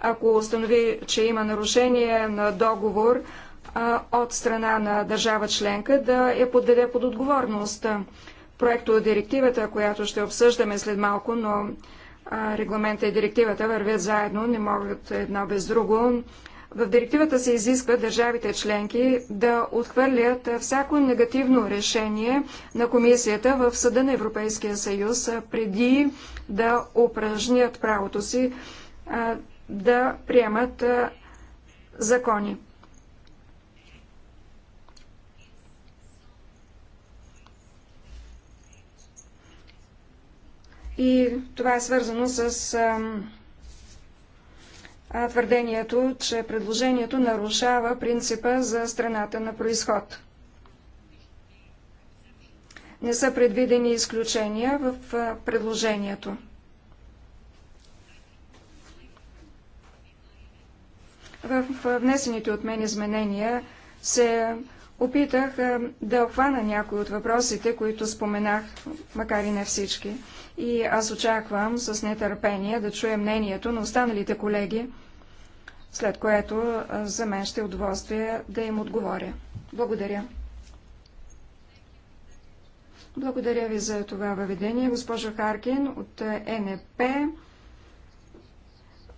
ако установи, че има нарушение на договор от страна на държава членка, да я подведе под отговорност. Проекто директивата, която ще обсъждаме след малко, но регламента и директивата вървят заедно, не могат едно без друго. В директивата се изисква държавите членки да отхвърлят всяко негативно решение на комисията в Съда на Европейския съюз преди да упражнят правото си да приемат закони. И това е свързано с твърдението, че предложението нарушава принципа за страната на происход. Не са предвидени изключения в предложението. В внесените от мен изменения се опитах е, да обхвана някои от въпросите, които споменах, макар и не всички. И аз очаквам с нетърпение да чуя мнението на останалите колеги, след което е, за мен ще е удоволствие да им отговоря. Благодаря. Благодаря ви за това въведение, госпожо Харкин от е, НП.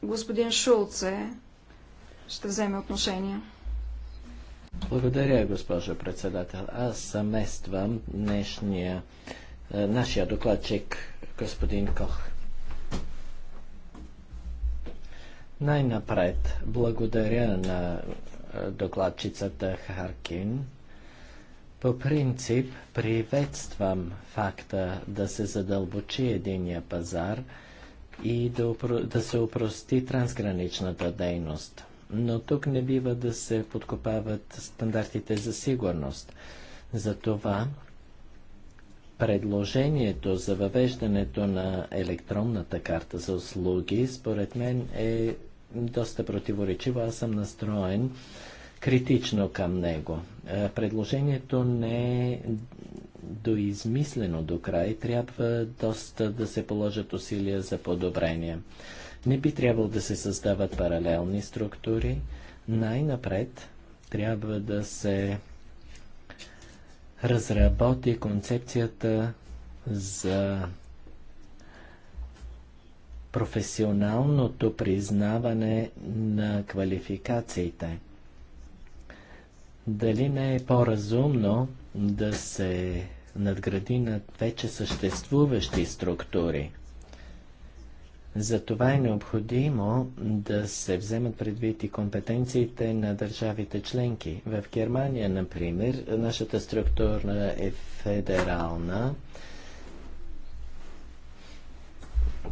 Господин Шулце ще вземе отношение. Благодаря, госпожо председател. Аз съмествам днешния, е, нашия докладчик, господин Кох. Най-напред благодаря на е, докладчицата Харкин. По принцип приветствам факта да се задълбочи единия пазар и да, да се упрости трансграничната дейност – но тук не бива да се подкопават стандартите за сигурност. Затова предложението за въвеждането на електронната карта за услуги, според мен е доста противоречиво. Аз съм настроен критично към него. Е, предложението не е доизмислено до край. Трябва доста да се положат усилия за подобрение. Не би трябвало да се създават паралелни структури. Най-напред трябва да се разработи концепцията за професионалното признаване на квалификациите. Дали не е по-разумно да се надгради над вече съществуващи структури? Затова е необходимо да се вземат предвид и компетенциите на държавите членки. В Германия, например, нашата структура е федерална,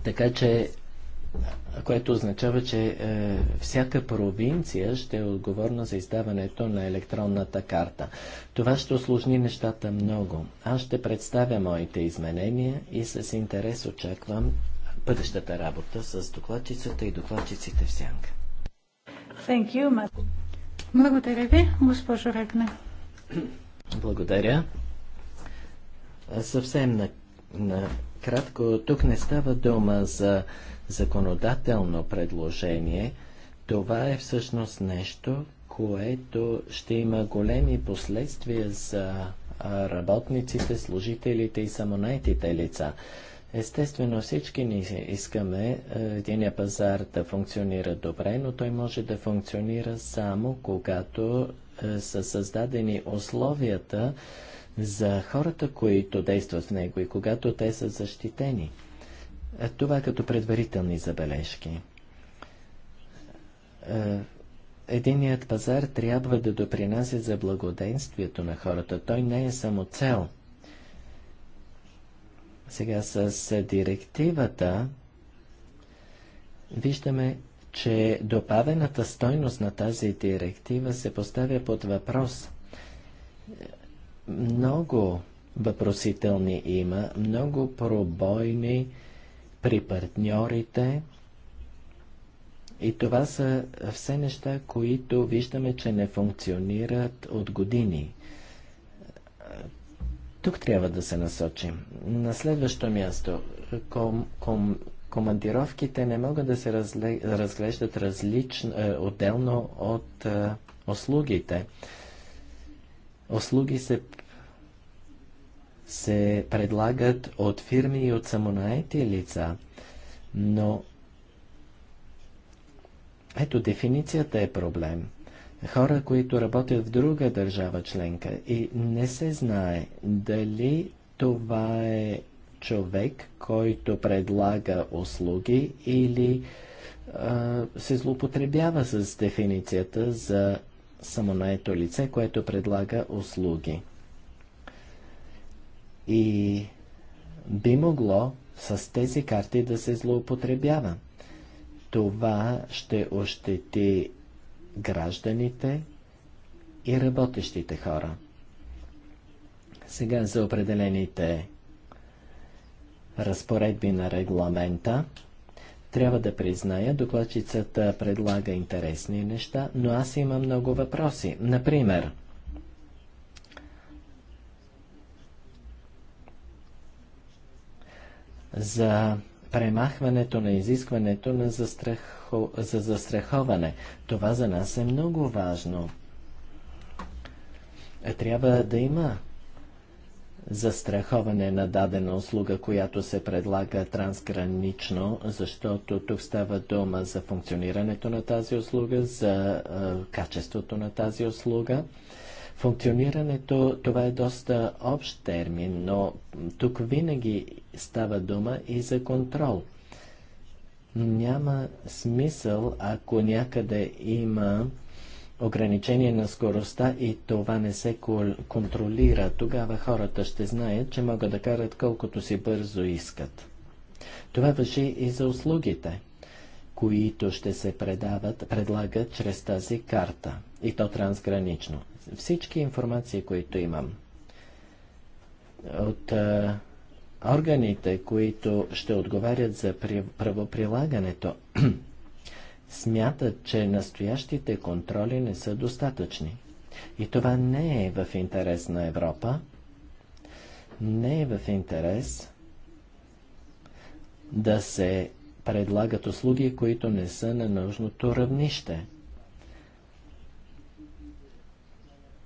така че което означава, че е, всяка провинция ще е отговорна за издаването на електронната карта. Това ще осложни нещата много. Аз ще представя моите изменения и с интерес очаквам бъдещата работа с докладчицата и докладчиците в сянка. Thank you, Благодаря ви, госпожо Регна. Благодаря. Съвсем на, на кратко, тук не става дума за законодателно предложение. Това е всъщност нещо, което ще има големи последствия за работниците, служителите и самонайтите лица. Естествено, всички ни искаме е, единия пазар да функционира добре, но той може да функционира само когато е, са създадени условията за хората, които действат в него и когато те са защитени. Е, това като предварителни забележки. единият пазар трябва да допринася за благоденствието на хората. Той не е само цел – сега с директивата виждаме, че добавената стойност на тази директива се поставя под въпрос. Много въпросителни има, много пробойни при партньорите. И това са все неща, които виждаме, че не функционират от години. Тук трябва да се насочим. На следващо място, ком, ком, командировките не могат да се разле, разглеждат различно, е, отделно от е, услугите. Услуги се, се предлагат от фирми и от самонаети лица, но ето дефиницията е проблем – хора, които работят в друга държава членка и не се знае дали това е човек, който предлага услуги или а, се злоупотребява с дефиницията за самонаето лице, което предлага услуги. И би могло с тези карти да се злоупотребява. Това ще ощети гражданите и работещите хора. Сега за определените разпоредби на регламента. Трябва да призная, докладчицата предлага интересни неща, но аз имам много въпроси. Например, за премахването на изискването на застрах за застраховане. Това за нас е много важно. Трябва да има застраховане на дадена услуга, която се предлага трансгранично, защото тук става дума за функционирането на тази услуга, за е, качеството на тази услуга. Функционирането, това е доста общ термин, но тук винаги става дума и за контрол няма смисъл, ако някъде има ограничение на скоростта и това не се контролира. Тогава хората ще знаят, че могат да карат колкото си бързо искат. Това въжи и за услугите, които ще се предават, предлагат чрез тази карта, и то трансгранично. Всички информации, които имам от органите, които ще отговарят за правоприлагането, смятат, че настоящите контроли не са достатъчни. И това не е в интерес на Европа, не е в интерес да се предлагат услуги, които не са на нужното равнище.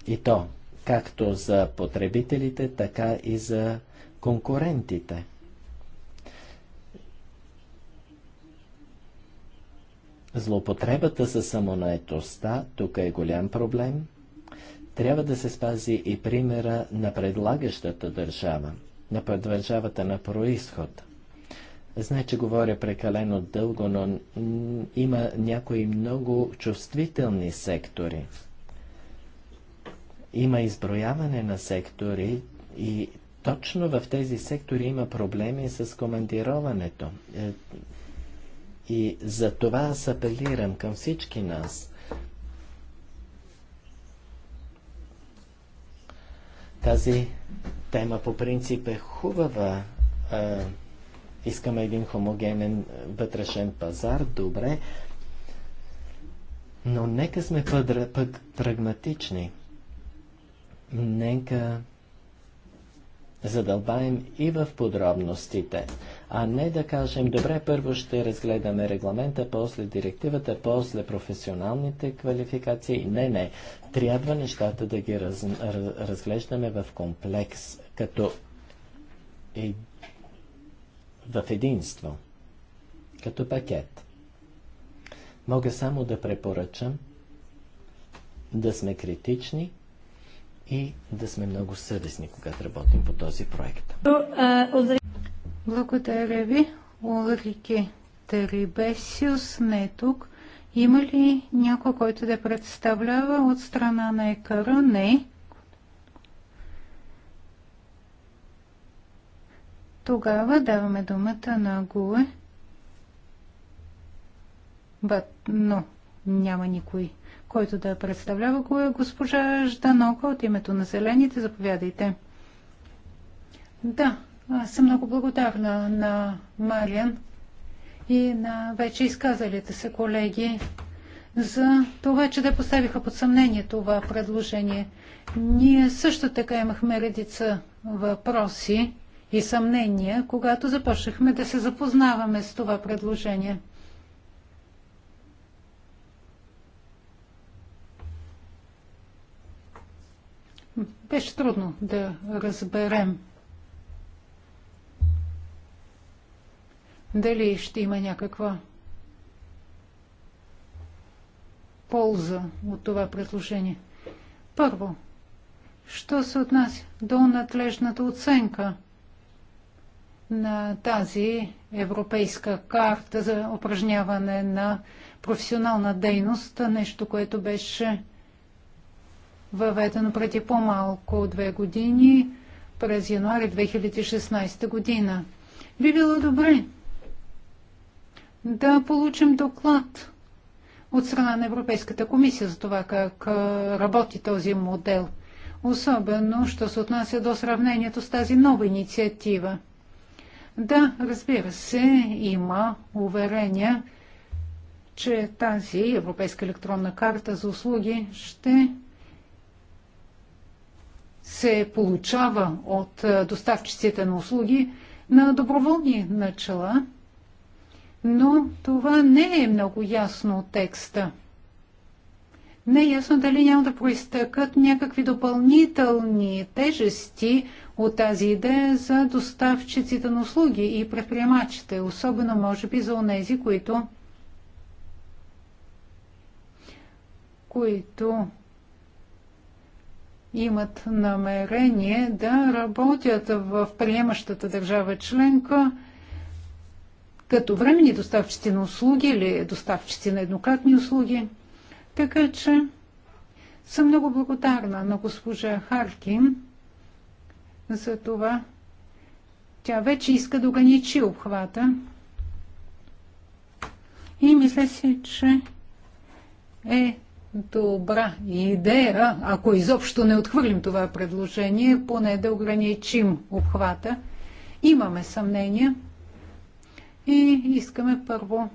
И то, както за потребителите, така и за конкурентите. Злоупотребата със самонаетостта тук е голям проблем. Трябва да се спази и примера на предлагащата държава, на държавата на происход. Знай, че говоря прекалено дълго, но има някои много чувствителни сектори. Има изброяване на сектори и точно в тези сектори има проблеми с командироването. Е, и за това аз апелирам към всички нас. Тази тема по принцип е хубава. Е, искаме един хомогенен вътрешен пазар, добре, но нека сме пък прагматични. Нека задълбаем и в подробностите, а не да кажем, добре, първо ще разгледаме регламента, после директивата, после професионалните квалификации. Не, не. Трябва нещата да ги раз, разглеждаме в комплекс, като и в единство, като пакет. Мога само да препоръчам да сме критични и да сме много съвестни, когато работим по този проект. Благодаря ви. Улрике Терибесиус не е тук. Има ли някой, който да представлява от страна на екара? Не. Тогава даваме думата на Гуе. Бат, но няма никой който да представлява го е госпожа Жданока от името на Зелените. Заповядайте. Да, аз съм много благодарна на Мариан и на вече изказалите се колеги за това, че те поставиха под съмнение това предложение. Ние също така имахме редица въпроси и съмнения, когато започнахме да се запознаваме с това предложение. Беше трудно да разберем дали ще има някаква полза от това предложение. Първо, що се отнася до надлежната оценка на тази европейска карта за упражняване на професионална дейност, нещо, което беше въведено преди по-малко от две години през януари 2016 година. Би било добре да получим доклад от страна на Европейската комисия за това как работи този модел, особено що се отнася до сравнението с тази нова инициатива. Да, разбира се, има уверения, че тази Европейска електронна карта за услуги ще се получава от е, доставчиците на услуги на доброволни начала, но това не е много ясно от текста. Не е ясно дали няма да проистъкат някакви допълнителни тежести от тази идея за доставчиците на услуги и предприемачите, особено може би за онези, които които имат намерение да работят в приемащата държава членка като времени доставчици на услуги или доставчици на еднократни услуги. Така че съм много благодарна на госпожа Харкин за това. Тя вече иска да ограничи обхвата. И мисля си, че е добра идея, ако изобщо не отхвърлим това предложение, поне да ограничим обхвата. Имаме съмнения и искаме първо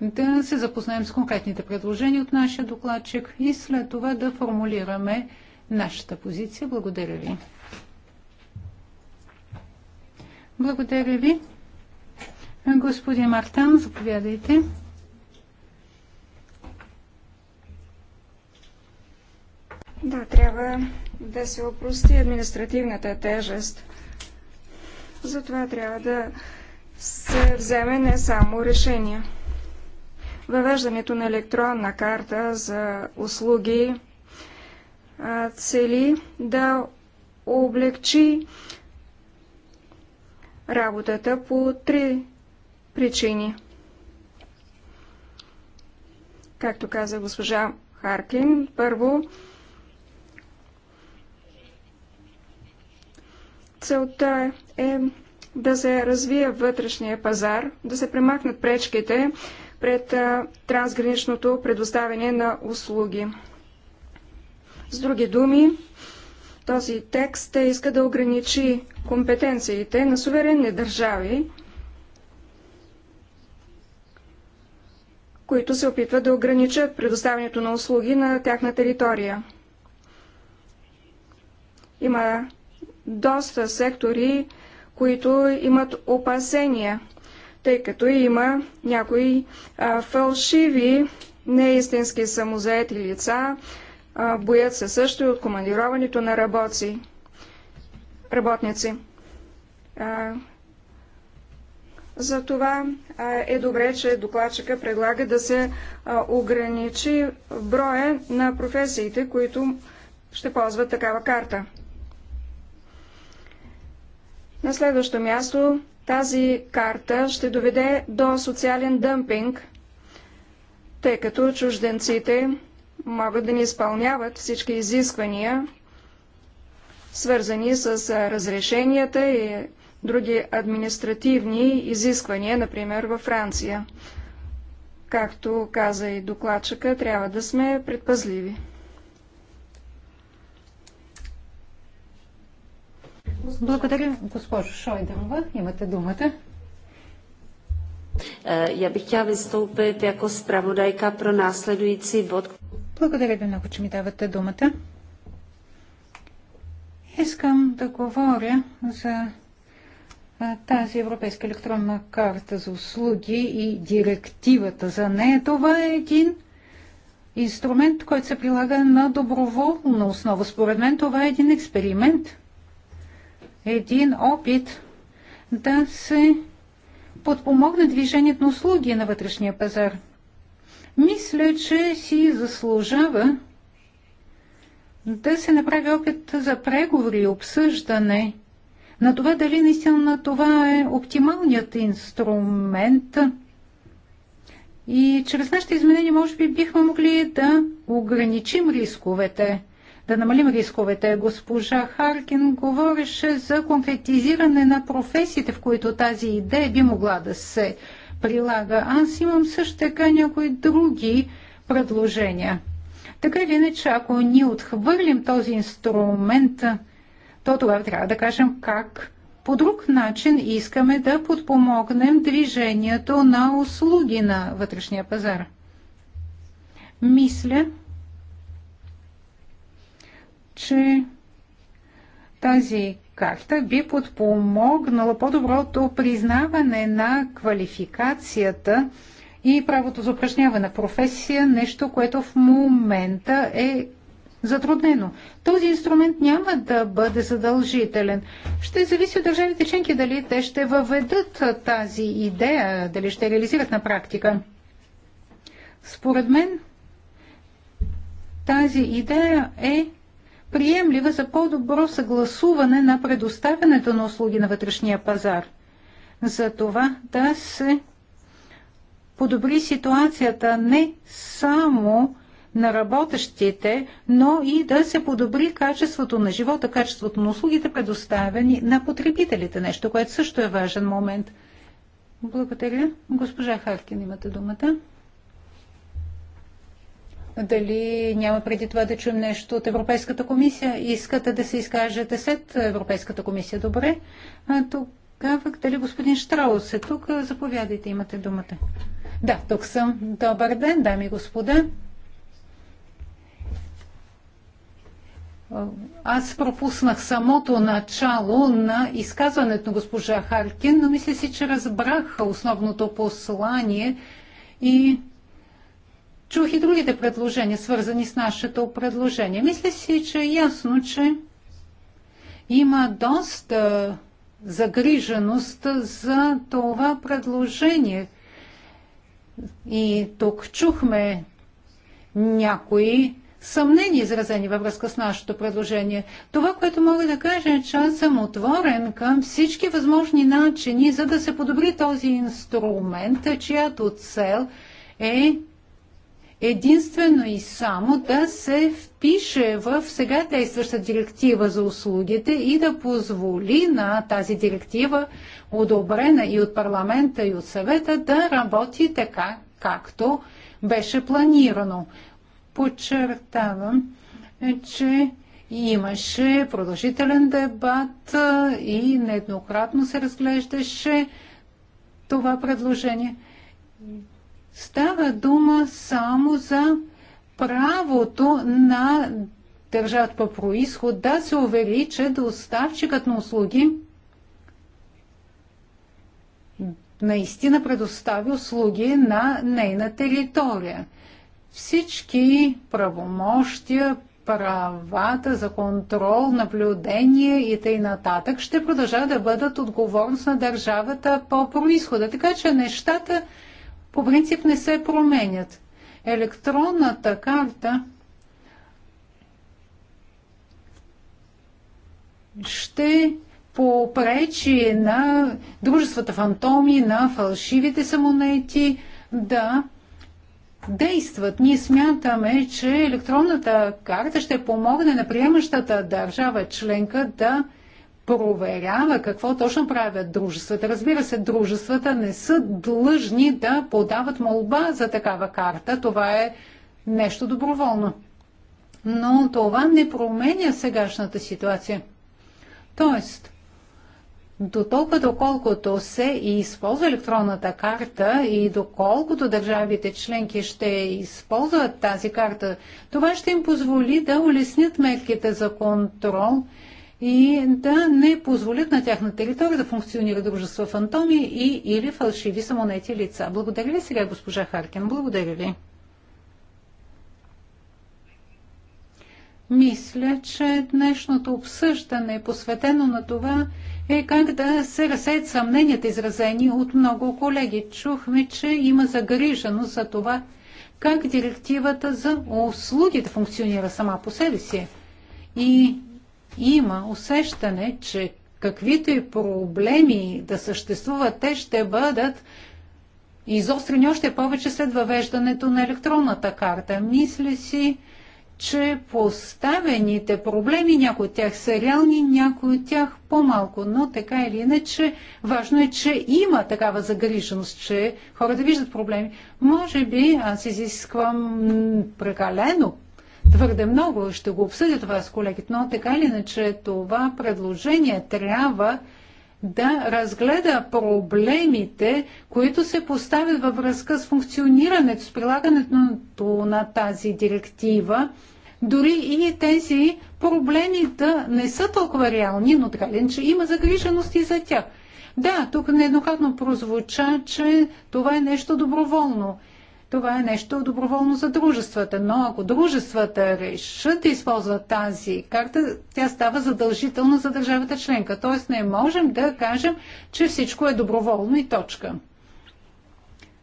да се запознаем с конкретните предложения от нашия докладчик и след това да формулираме нашата позиция. Благодаря ви. Благодаря ви. Господин Мартан, заповядайте. Да, трябва да се опрости административната тежест. Затова трябва да се вземе не само решение. Въвеждането на електронна карта за услуги цели да облегчи работата по три причини. Както каза госпожа Харкин, първо, Целта е да се развие вътрешния пазар, да се премахнат пречките пред трансграничното предоставяне на услуги. С други думи, този текст е иска да ограничи компетенциите на суверенни държави, които се опитват да ограничат предоставянето на услуги на тяхна територия. Има доста сектори, които имат опасения, тъй като има някои а, фалшиви, неистински самозаети лица, а, боят се също и от командироването на работци, работници. А, затова е добре, че докладчика предлага да се ограничи броя на професиите, които ще ползват такава карта. На следващо място тази карта ще доведе до социален дъмпинг, тъй като чужденците могат да не изпълняват всички изисквания, свързани с разрешенията и други административни изисквания, например във Франция. Както каза и докладчика, трябва да сме предпазливи. Благодаря, госпожо Шойданова. Имате думата. Е, я бих тя виступит jako справодайка про následující бод. Благодаря ви много, че ми давате думата. Искам да говоря за е, тази европейска електронна карта за услуги и директивата за нея. Това е един инструмент, който се прилага на доброволна основа. Според мен това е един експеримент, един опит да се подпомогне движението на услуги на вътрешния пазар. Мисля, че си заслужава да се направи опит за преговори и обсъждане на това дали наистина това е оптималният инструмент. И чрез нашите изменения, може би, бихме могли да ограничим рисковете да намалим рисковете. Госпожа Харкин говореше за конкретизиране на професиите, в които тази идея би могла да се прилага. Аз имам също така някои други предложения. Така или иначе, ако ние отхвърлим този инструмент, то тогава трябва да кажем как по друг начин искаме да подпомогнем движението на услуги на вътрешния пазар. Мисля, че тази карта би подпомогнала по-доброто признаване на квалификацията и правото за упражняване на професия, нещо, което в момента е затруднено. Този инструмент няма да бъде задължителен. Ще зависи от държавите членки дали те ще въведат тази идея, дали ще реализират на практика. Според мен тази идея е приемлива за по-добро съгласуване на предоставянето на услуги на вътрешния пазар. За това да се подобри ситуацията не само на работещите, но и да се подобри качеството на живота, качеството на услугите, предоставени на потребителите. Нещо, което също е важен момент. Благодаря. Госпожа Харкин, имате думата дали няма преди това да чуем нещо от Европейската комисия? Искате да се изкажете след Европейската комисия? Добре. А тогава, дали господин Штраус е тук? Заповядайте, имате думата. Да, тук съм. Добър ден, дами и господа. Аз пропуснах самото начало на изказването на госпожа Харкин, но мисля си, че разбрах основното послание и чух и другите предложения, свързани с нашето предложение. Мисля си, че е ясно, че има доста загриженост за това предложение. И тук чухме някои съмнения, изразени във връзка с нашето предложение. Това, което мога да кажа е, че аз съм отворен към всички възможни начини, за да се подобри този инструмент, чиято цел е единствено и само да се впише в сега действаща директива за услугите и да позволи на тази директива, одобрена и от парламента и от съвета, да работи така, както беше планирано. Подчертавам, че имаше продължителен дебат и нееднократно се разглеждаше това предложение – Става дума само за правото на държавата по происход да се увери, че доставчикът на услуги наистина предостави услуги на нейна територия. Всички правомощия, правата за контрол, наблюдение и т.н. нататък ще продължават да бъдат отговорност на държавата по происхода. Така че нещата по принцип не се променят. Електронната карта ще попречи на дружествата фантоми, на фалшивите самонети да действат. Ние смятаме, че електронната карта ще помогне на приемащата държава членка да проверява какво точно правят дружествата. Разбира се, дружествата не са длъжни да подават молба за такава карта. Това е нещо доброволно. Но това не променя сегашната ситуация. Тоест, до толкова доколкото се използва електронната карта и доколкото държавите членки ще използват тази карта, това ще им позволи да улеснят мерките за контрол – и да не позволят на тяхна територия да функционира дружество фантоми и или фалшиви самонети лица. Благодаря ви сега, госпожа Харкен. Благодаря ви. Мисля, че днешното обсъждане е посветено на това, е как да се разсеят съмненията, изразени от много колеги. Чухме, че има загриженост за това, как директивата за услугите функционира сама по себе си. И има усещане, че каквито и проблеми да съществуват, те ще бъдат изострени още повече след въвеждането на електронната карта. Мисля си, че поставените проблеми, някои от тях са реални, някои от тях по-малко, но така или иначе важно е, че има такава загриженост, че хората да виждат проблеми. Може би аз изисквам прекалено твърде много. Ще го обсъдя това с колегите, но така или иначе това предложение трябва да разгледа проблемите, които се поставят във връзка с функционирането, с прилагането на тази директива. Дори и тези проблеми да не са толкова реални, но така ли, че има загриженост и за тях. Да, тук нееднократно прозвуча, че това е нещо доброволно това е нещо доброволно за дружествата. Но ако дружествата решат да използват тази карта, тя става задължителна за държавата членка. Тоест не можем да кажем, че всичко е доброволно и точка.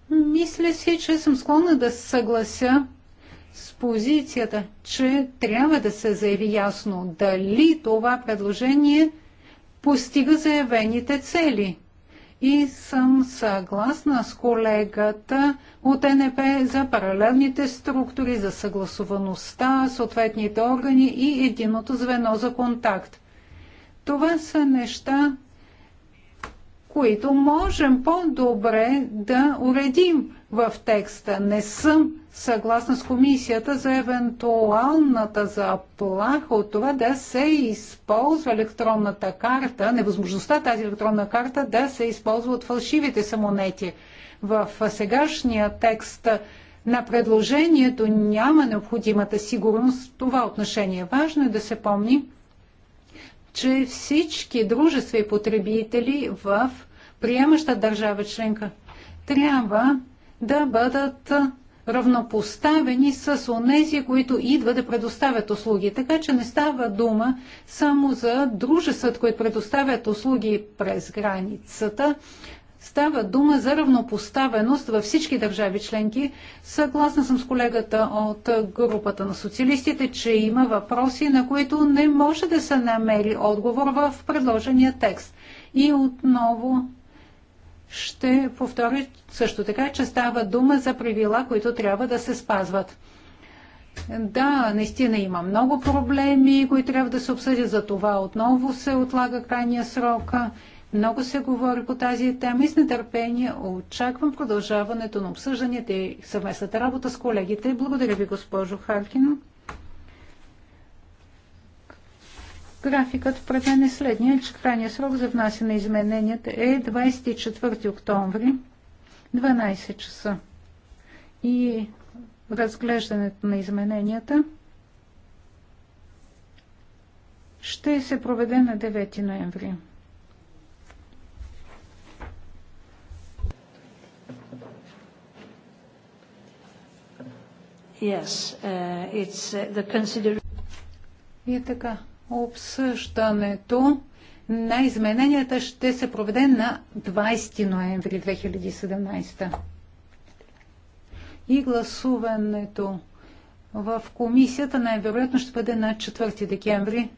Мисля си, че съм склонна да съглася с позицията, че трябва да се заяви ясно дали това предложение постига заявените цели – и съм съгласна с колегата от НП за паралелните структури, за съгласуваността, съответните органи и единото звено за контакт. Това са неща, които можем по-добре да уредим в текста. Не съм съгласна с комисията за евентуалната заплаха от това да се използва електронната карта, невъзможността тази електронна карта да се използва от фалшивите самонети. В сегашния текст на предложението няма необходимата сигурност в това отношение. Важно е да се помни, че всички дружества и потребители в приемаща държава членка трябва да бъдат равнопоставени с онези, които идват да предоставят услуги. Така че не става дума само за дружествата, които предоставят услуги през границата, Става дума за равнопоставеност във всички държави членки. Съгласна съм с колегата от групата на социалистите, че има въпроси, на които не може да се намери отговор в предложения текст. И отново ще повторя също така, че става дума за правила, които трябва да се спазват. Да, наистина има много проблеми, които трябва да се обсъдят. За това отново се отлага крайния срок много се говори по тази тема и с нетърпение очаквам продължаването на обсъжданията и съвместната работа с колегите. Благодаря ви, госпожо Харкин. Графикът пред мен е следния, че крайния срок за внасяне на измененията е 24 октомври, 12 часа. И разглеждането на измененията ще се проведе на 9 ноември. Yes, uh, it's uh, the consider... И е така, обсъждането на измененията ще се проведе на 20 ноември 2017. И гласуването в комисията най-вероятно ще бъде на 4 декември.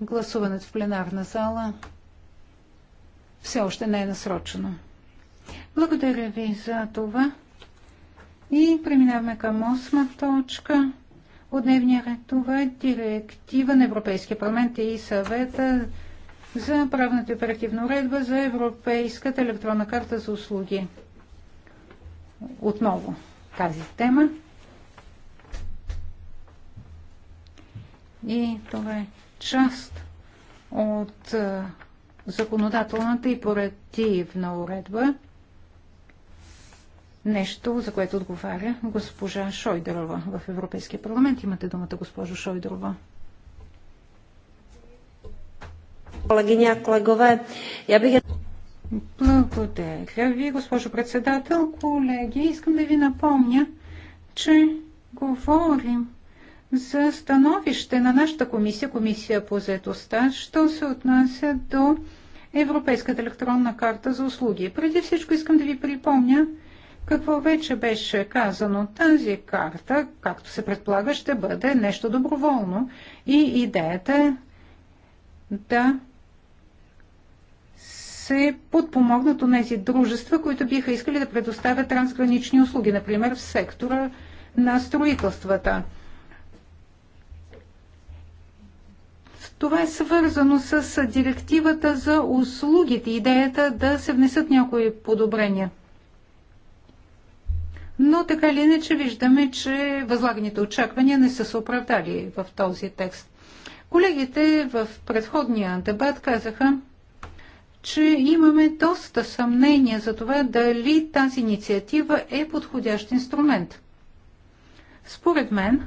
Гласуването в пленарна зала все още не е насрочено. Благодаря ви за това. И преминаваме към осма точка от дневния ред. Това е директива на Европейския парламент и съвета за правната оперативна уредба за Европейската електронна карта за услуги. Отново тази тема. И това е част от законодателната и поративна уредба нещо, за което отговаря госпожа Шойдерова в Европейския парламент. Имате думата, госпожо Шойдерова. Колегиня, колегове, я бих... Благодаря ви, госпожо председател. Колеги, искам да ви напомня, че говорим за становище на нашата комисия, комисия по заедостта, що се отнася до Европейската електронна карта за услуги. Преди всичко искам да ви припомня, какво вече беше казано, тази карта, както се предполага, ще бъде нещо доброволно и идеята е да се подпомогнат от тези дружества, които биха искали да предоставят трансгранични услуги, например в сектора на строителствата. Това е свързано с директивата за услугите, идеята е да се внесат някои подобрения но така или иначе виждаме, че възлаганите очаквания не са се оправдали в този текст. Колегите в предходния дебат казаха, че имаме доста съмнения за това дали тази инициатива е подходящ инструмент. Според мен,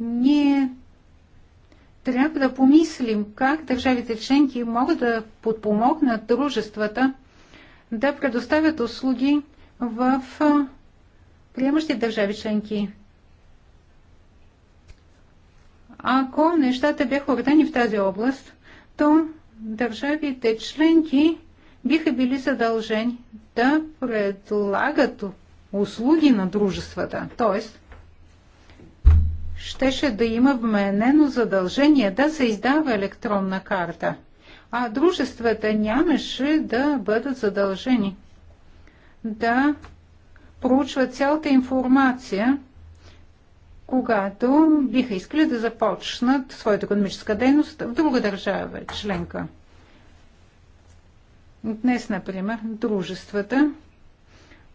ние трябва да помислим как държавите членки могат да подпомогнат дружествата да предоставят услуги в приемащи държави членки. Ако нещата бяха уредени в тази област, то държавите членки биха били задължени да предлагат услуги на дружествата, т.е щеше да има вменено задължение да се издава електронна карта, а дружествата нямаше да бъдат задължени да проучват цялата информация, когато биха искали да започнат своята економическа дейност в друга държава членка. Днес, например, дружествата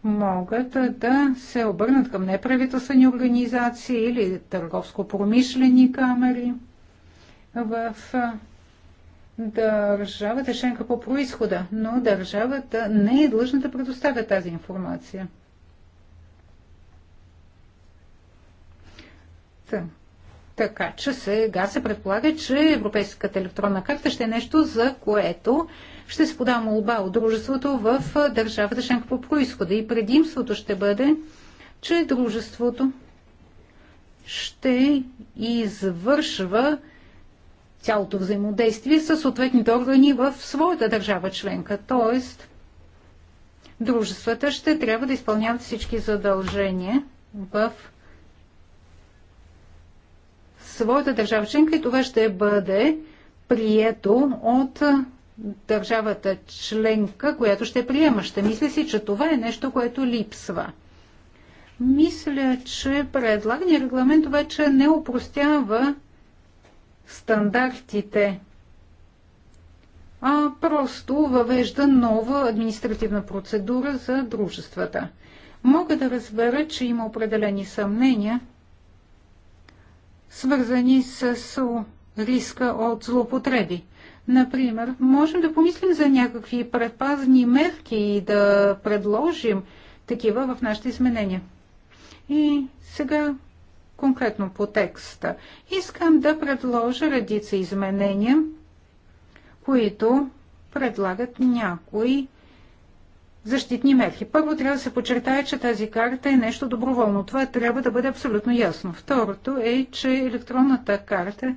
могат да се обърнат към неправителствени организации или търговско-промишлени камери в държавата шенка по происхода, но държавата не е длъжна да предоставя тази информация. Та. Така че сега се предполага, че Европейската електронна карта ще е нещо, за което ще се подава молба от дружеството в държавата членка по происхода. И предимството ще бъде, че дружеството ще извършва цялото взаимодействие с съответните органи в своята държава членка. Тоест, дружествата ще трябва да изпълняват всички задължения в своята държава членка и това ще бъде прието от държавата членка, която ще приема. Ще мисля си, че това е нещо, което липсва. Мисля, че предлагания регламент вече не упростява стандартите, а просто въвежда нова административна процедура за дружествата. Мога да разбера, че има определени съмнения, свързани с риска от злоупотреби. Например, можем да помислим за някакви предпазни мерки и да предложим такива в нашите изменения. И сега конкретно по текста. Искам да предложа редица изменения, които предлагат някои защитни мерки. Първо трябва да се подчертая, че тази карта е нещо доброволно. Това трябва да бъде абсолютно ясно. Второто е, че електронната карта е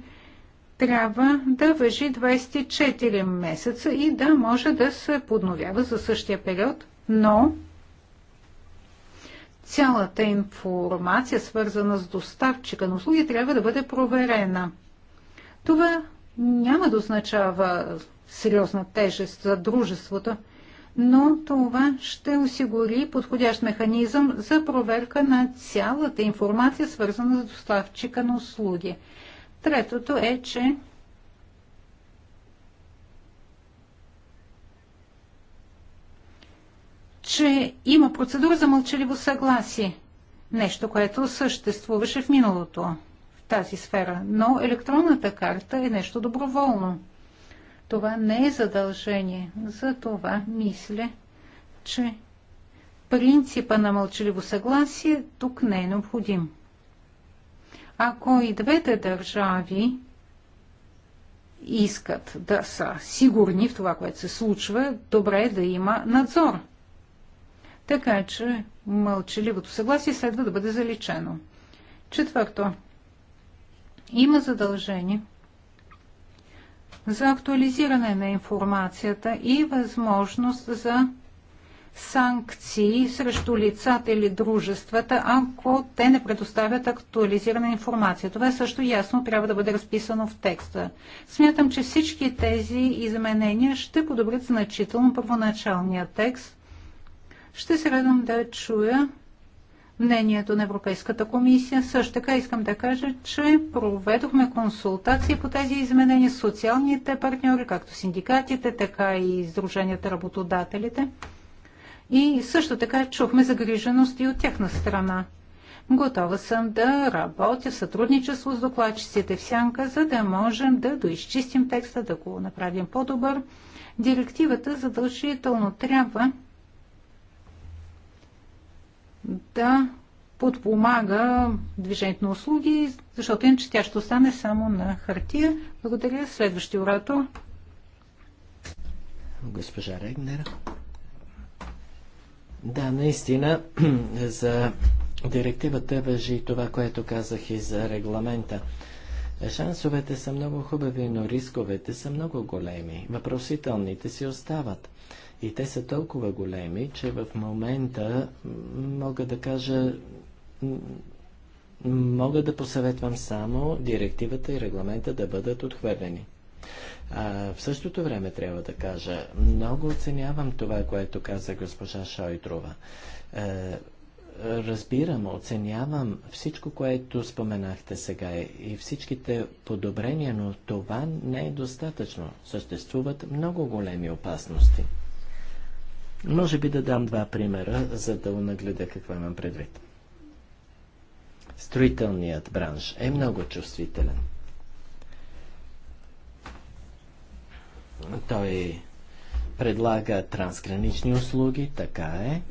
трябва да въжи 24 месеца и да може да се подновява за същия период, но цялата информация, свързана с доставчика на услуги, трябва да бъде проверена. Това няма да означава сериозна тежест за дружеството, но това ще осигури подходящ механизъм за проверка на цялата информация, свързана с доставчика на услуги. Третото е, че че има процедура за мълчаливо съгласие. Нещо, което съществуваше в миналото в тази сфера. Но електронната карта е нещо доброволно. Това не е задължение. За това мисля, че принципа на мълчаливо съгласие тук не е необходим. Ако и двете държави искат да са сигурни в това, което се случва, добре е да има надзор. Така че мълчаливото съгласие следва да бъде заличено. Четвърто. Има задължение за актуализиране на информацията и възможност за санкции срещу лицата или дружествата, ако те не предоставят актуализирана информация. Това също ясно трябва да бъде разписано в текста. Смятам, че всички тези изменения ще подобрят значително първоначалния текст. Ще се радвам да чуя мнението на Европейската комисия. Също така искам да кажа, че проведохме консултации по тези изменения с социалните партньори, както синдикатите, така и Сдруженията работодателите. И също така чухме загриженост и от тяхна страна. Готова съм да работя в сътрудничество с докладчиците в сянка, за да можем да доизчистим текста, да го направим по-добър. Директивата задължително трябва да подпомага движението на услуги, защото иначе тя ще остане само на хартия. Благодаря. Следващия урато. Госпожа Регнер. Да, наистина за директивата въжи това, което казах и за регламента. Шансовете са много хубави, но рисковете са много големи. Въпросителните си остават. И те са толкова големи, че в момента мога да кажа, мога да посъветвам само директивата и регламента да бъдат отхвърлени. А, в същото време трябва да кажа, много оценявам това, което каза госпожа Шойтрова. А, е, разбирам, оценявам всичко, което споменахте сега и всичките подобрения, но това не е достатъчно. Съществуват много големи опасности. Може би да дам два примера, за да унагледа какво имам предвид. Строителният бранш е много чувствителен. Той предлага трансгранични услуги, така е.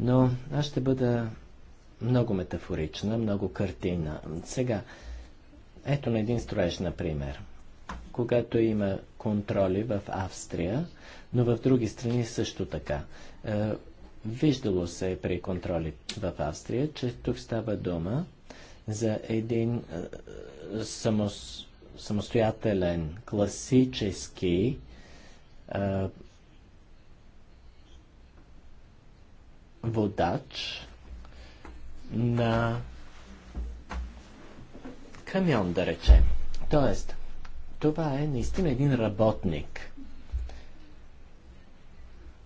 Но аз ще бъда много метафорична, много картина. Сега, ето на един строеж, например. Когато има контроли в Австрия, но в други страни също така. Е, виждало се при контроли в Австрия, че тук става дума за един е, е, самос самостоятелен, класически а, водач на камион, да речем. Тоест, това е наистина един работник,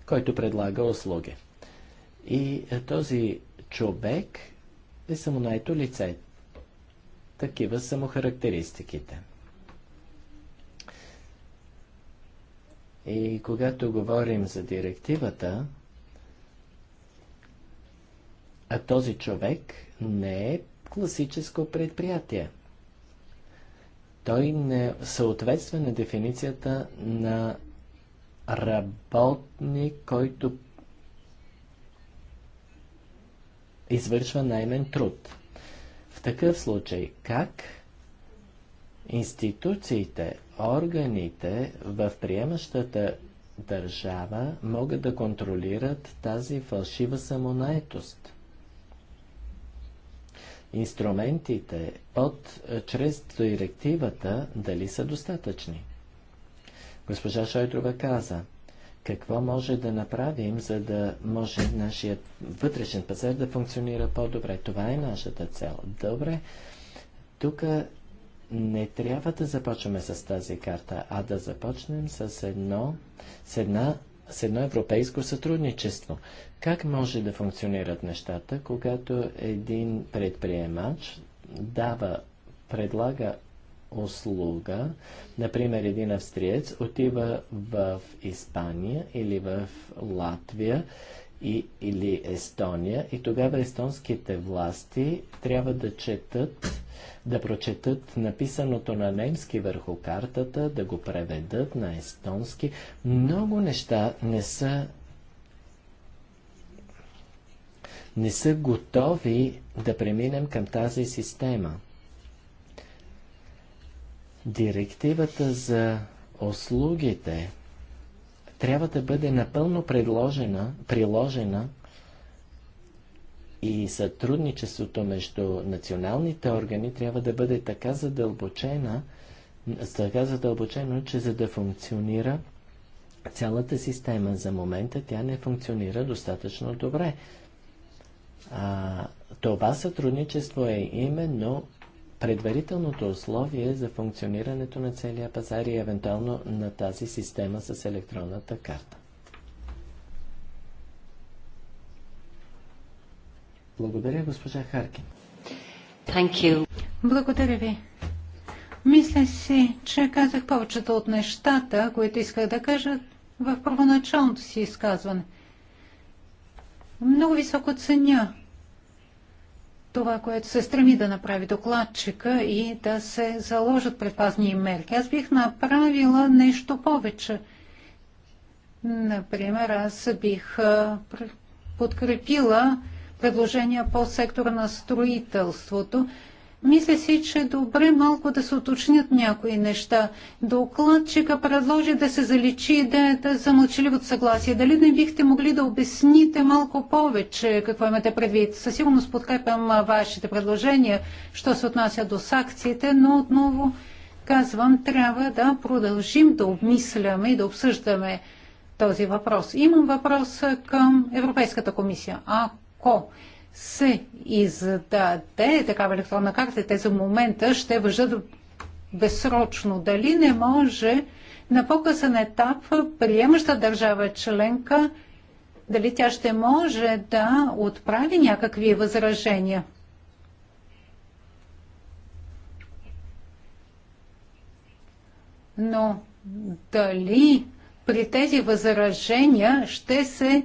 който предлага услуги. И е, този човек е самонайто лице. Такива са му характеристиките. И когато говорим за директивата, а този човек не е класическо предприятие. Той не съответства на дефиницията на работник, който извършва наймен труд. В такъв случай, как институциите органите в приемащата държава могат да контролират тази фалшива самонаетост. Инструментите от, е, чрез директивата дали са достатъчни? Госпожа Шойдрова каза, какво може да направим, за да може нашият вътрешен пазар да функционира по-добре. Това е нашата цел. Добре, тук не трябва да започваме с тази карта, а да започнем с едно, с една, с едно европейско сътрудничество. Как може да функционират нещата, когато един предприемач дава, предлага услуга, например един австриец отива в Испания или в Латвия и, или Естония и тогава естонските власти трябва да четат, да прочетат написаното на немски върху картата, да го преведат на естонски. Много неща не са не са готови да преминем към тази система. Директивата за услугите – трябва да бъде напълно предложена, приложена и сътрудничеството между националните органи трябва да бъде така задълбочена, така задълбочено, че за да функционира цялата система за момента, тя не функционира достатъчно добре. А, това сътрудничество е именно предварителното условие за функционирането на целия пазар и евентуално на тази система с електронната карта. Благодаря, госпожа Харкин. Thank you. Благодаря ви. Мисля си, че казах повечето от нещата, които исках да кажа в първоначалното си изказване. Много високо ценя това, което се стреми да направи докладчика и да се заложат предпазни мерки. Аз бих направила нещо повече. Например, аз бих подкрепила предложения по сектора на строителството, мисля си, че е добре малко да се уточнят някои неща. Докладчика предложи да се заличи идеята за мълчаливото съгласие. Дали не бихте могли да обясните малко повече какво имате предвид? Със сигурност подкрепям вашите предложения, що се отнася до санкциите, но отново казвам, трябва да продължим да обмисляме и да обсъждаме този въпрос. Имам въпрос към Европейската комисия. Ако се издаде такава електронна карта, те за момента ще въжат безсрочно. Дали не може на по-късен етап приемаща държава членка, дали тя ще може да отправи някакви възражения? Но дали при тези възражения ще се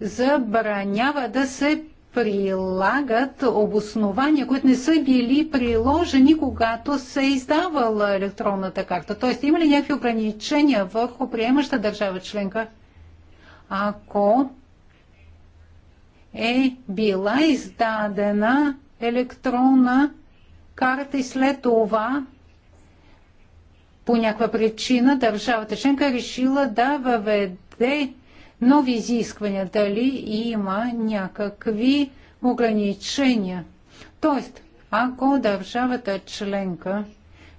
забранява да се прилагат обоснования, които не са били приложени, когато се е издавала електронната карта. Тоест, има ли някакви ограничения върху приемаща държава членка, ако е била издадена електронна карта и след това по някаква причина държавата членка е решила да въведе нови изисквания, дали има някакви ограничения. Тоест, ако държавата членка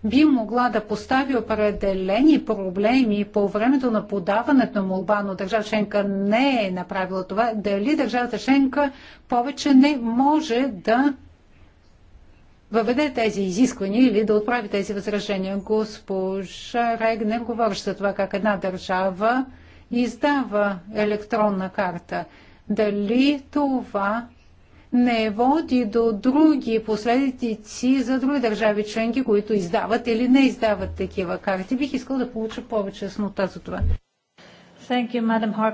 би могла да постави определени проблеми по времето на подаването на молба, но държава членка не е направила това, дали държавата членка повече не може да въведе тези изисквания или да отправи тези възражения. Госпожа Регнер говореше за това как една държава издава електронна карта. Дали това не води до други последици за други държави членки, които издават или не издават такива карти. Бих искал да получа повече яснота за това. You,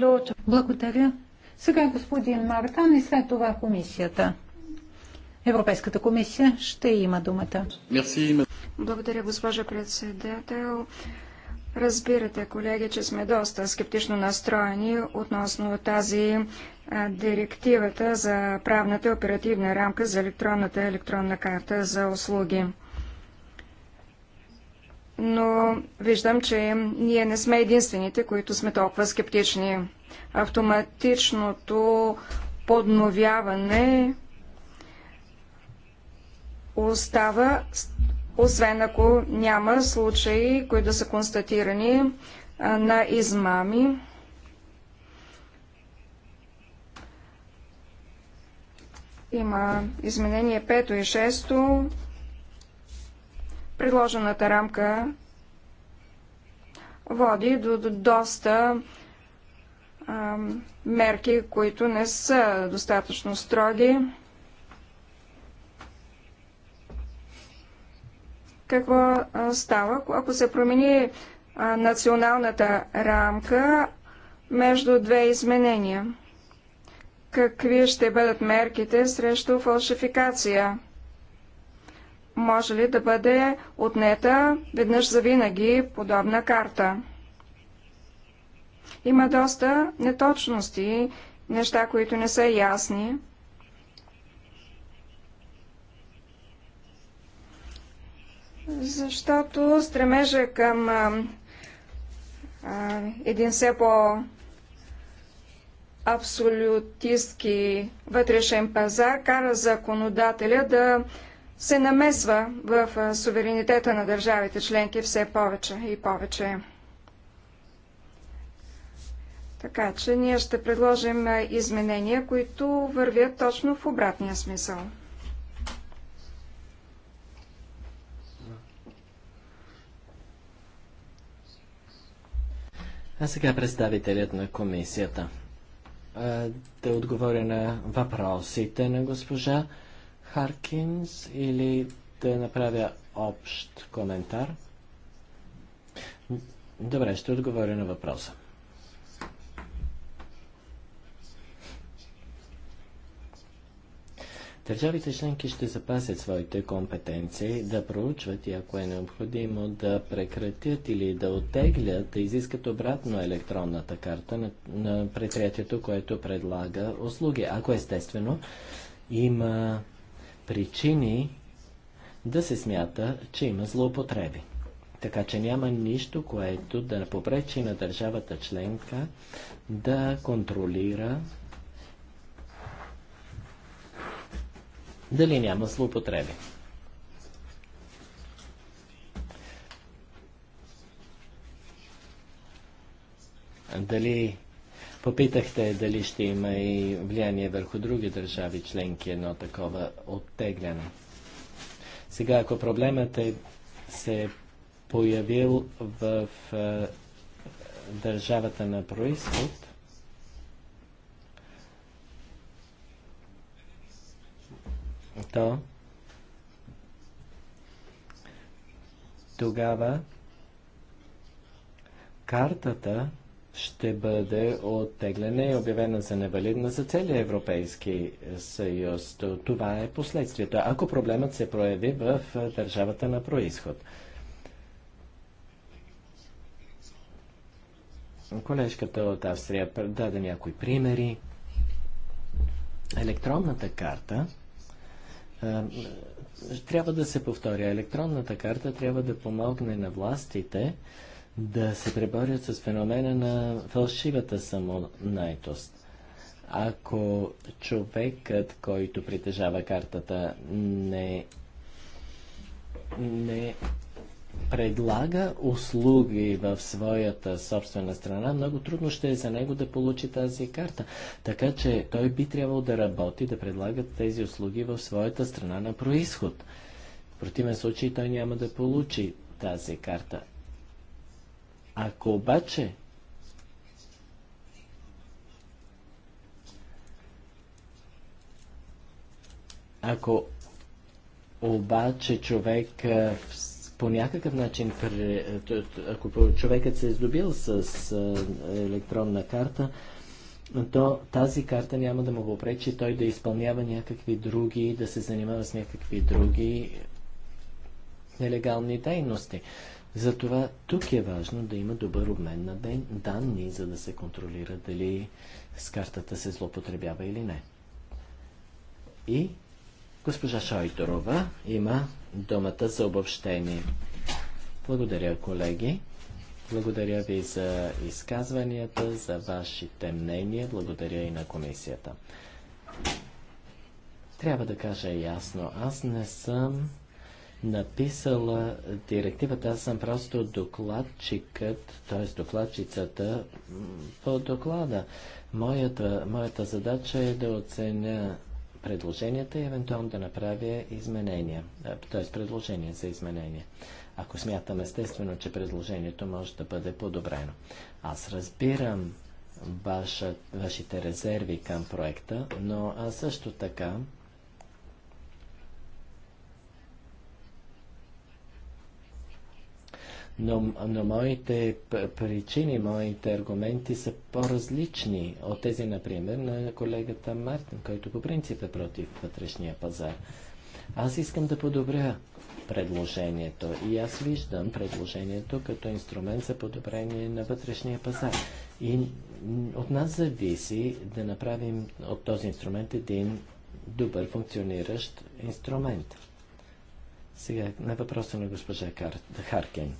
to... Благодаря. Сега господин Мартан и след това комисията. Европейската комисия ще има думата. Merci. Благодаря, госпожа председател. Разбирате, колеги, че сме доста скептично настроени относно тази директивата за правната оперативна рамка за електронната електронна карта за услуги. Но виждам, че ние не сме единствените, които сме толкова скептични. Автоматичното подновяване остава освен ако няма случаи, които да са констатирани на измами. Има изменение 5 и 6. Предложената рамка води до, доста мерки, които не са достатъчно строги. какво става, ако се промени националната рамка между две изменения. Какви ще бъдат мерките срещу фалшификация? Може ли да бъде отнета веднъж за винаги подобна карта? Има доста неточности, неща, които не са ясни. защото стремежа е към а, а, един все по- абсолютистки вътрешен пазар кара законодателя да се намесва в суверенитета на държавите членки все повече и повече. Така че ние ще предложим изменения, които вървят точно в обратния смисъл. А сега представителят на комисията. Да отговоря на въпросите на госпожа Харкинс или да направя общ коментар? Добре, ще отговоря на въпроса. Държавите членки ще запасят своите компетенции да проучват и ако е необходимо да прекратят или да оттеглят, да изискат обратно електронната карта на, на предприятието, което предлага услуги. Ако естествено има причини да се смята, че има злоупотреби. Така че няма нищо, което да попречи на държавата членка да контролира дали няма злоупотреби. Дали попитахте дали ще има и влияние върху други държави членки едно такова оттегляне. Сега, ако проблемът е се е появил в е, държавата на происход, то тогава картата ще бъде оттеглена и обявена за невалидна за целия Европейски съюз. Това е последствието, ако проблемът се прояви в държавата на происход. Колежката от Австрия даде някои примери. Електронната карта трябва да се повторя. Електронната карта трябва да помогне на властите да се преборят с феномена на фалшивата самонайтост. Ако човекът, който притежава картата, не, не предлага услуги в своята собствена страна, много трудно ще е за него да получи тази карта. Така че той би трябвало да работи, да предлага тези услуги в своята страна на происход. В противен случай той няма да получи тази карта. Ако обаче ако обаче човек в по някакъв начин, е, ако човекът се е здобил с е, електронна карта, то тази карта няма да му попречи той да изпълнява някакви други, да се занимава с някакви други нелегални дейности. Затова тук е важно да има добър обмен на данни, за да се контролира дали с картата се злоупотребява или не. И госпожа Шойторова има думата за обобщение. Благодаря, колеги. Благодаря ви за изказванията, за вашите мнения. Благодаря и на комисията. Трябва да кажа ясно, аз не съм написала директивата, аз съм просто докладчикът, т.е. докладчицата по доклада. Моята, моята задача е да оценя предложенията и евентуално да направя изменения, т.е. предложения за изменения. Ако смятам естествено, че предложението може да бъде подобрено. Аз разбирам ваша, вашите резерви към проекта, но също така но, но моите причини, моите аргументи са по-различни от тези, например, на колегата Мартин, който по принцип е против вътрешния пазар. Аз искам да подобря предложението и аз виждам предложението като инструмент за подобрение на вътрешния пазар. И от нас зависи да направим от този инструмент един добър функциониращ инструмент. Сега на въпроса на госпожа Кар... Харкен.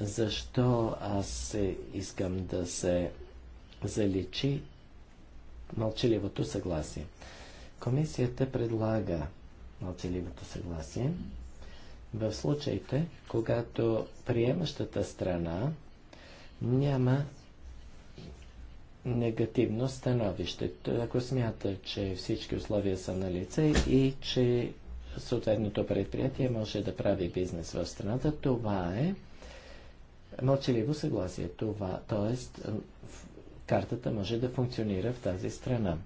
Защо аз искам да се заличи мълчаливото съгласие? Комисията предлага мълчаливото съгласие в случаите, когато приемащата страна няма негативно становище. Ако смята, че всички условия са на лице и че съответното предприятие може да прави бизнес в страната, това е мълчаливо съгласие. Това, т.е. картата може да функционира в тази страна.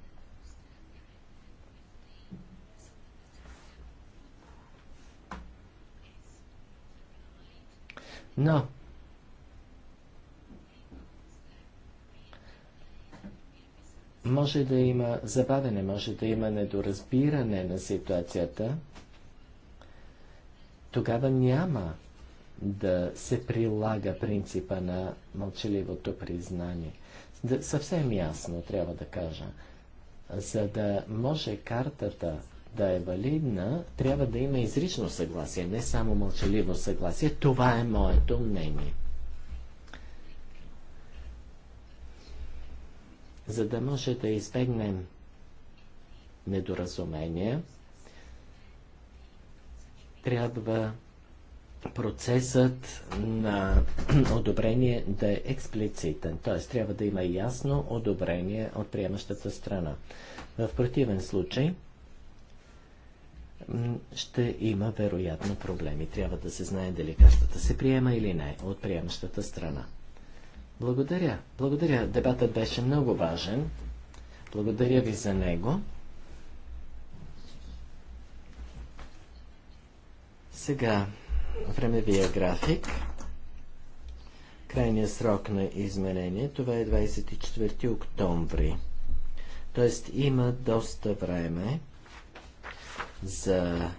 Но, може да има забавене, може да има недоразбиране на ситуацията, тогава няма да се прилага принципа на мълчаливото признание. Да, съвсем ясно трябва да кажа. За да може картата да е валидна, трябва да има изрично съгласие, не само мълчаливо съгласие. Това е моето мнение. За да може да избегнем недоразумения, трябва процесът на одобрение да е експлицитен, т.е. трябва да има ясно одобрение от приемащата страна. В противен случай ще има вероятно проблеми. Трябва да се знае дали картата се приема или не от приемащата страна. Благодаря. Благодаря. Дебатът беше много важен. Благодаря ви за него. Сега времевия график. Крайният срок на изменение, това е 24 октомври. Тоест има доста време за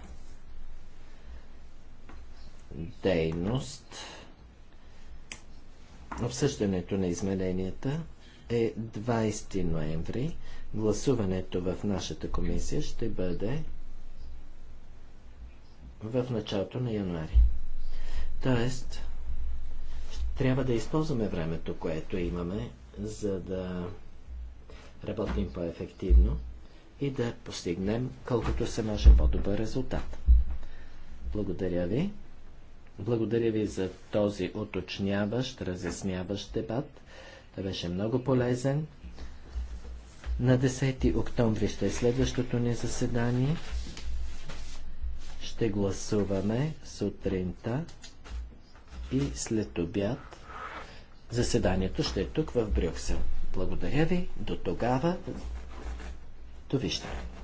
дейност. Обсъждането на измененията е 20 ноември. Гласуването в нашата комисия ще бъде в началото на януари. Тоест, трябва да използваме времето, което имаме, за да работим по-ефективно и да постигнем колкото се може по-добър резултат. Благодаря ви. Благодаря ви за този уточняващ, разясняващ дебат. Той беше много полезен. На 10 октомври ще е следващото ни заседание. Ще гласуваме сутринта и след обяд заседанието ще е тук в Брюксел. Благодаря ви. До тогава. Довиждане.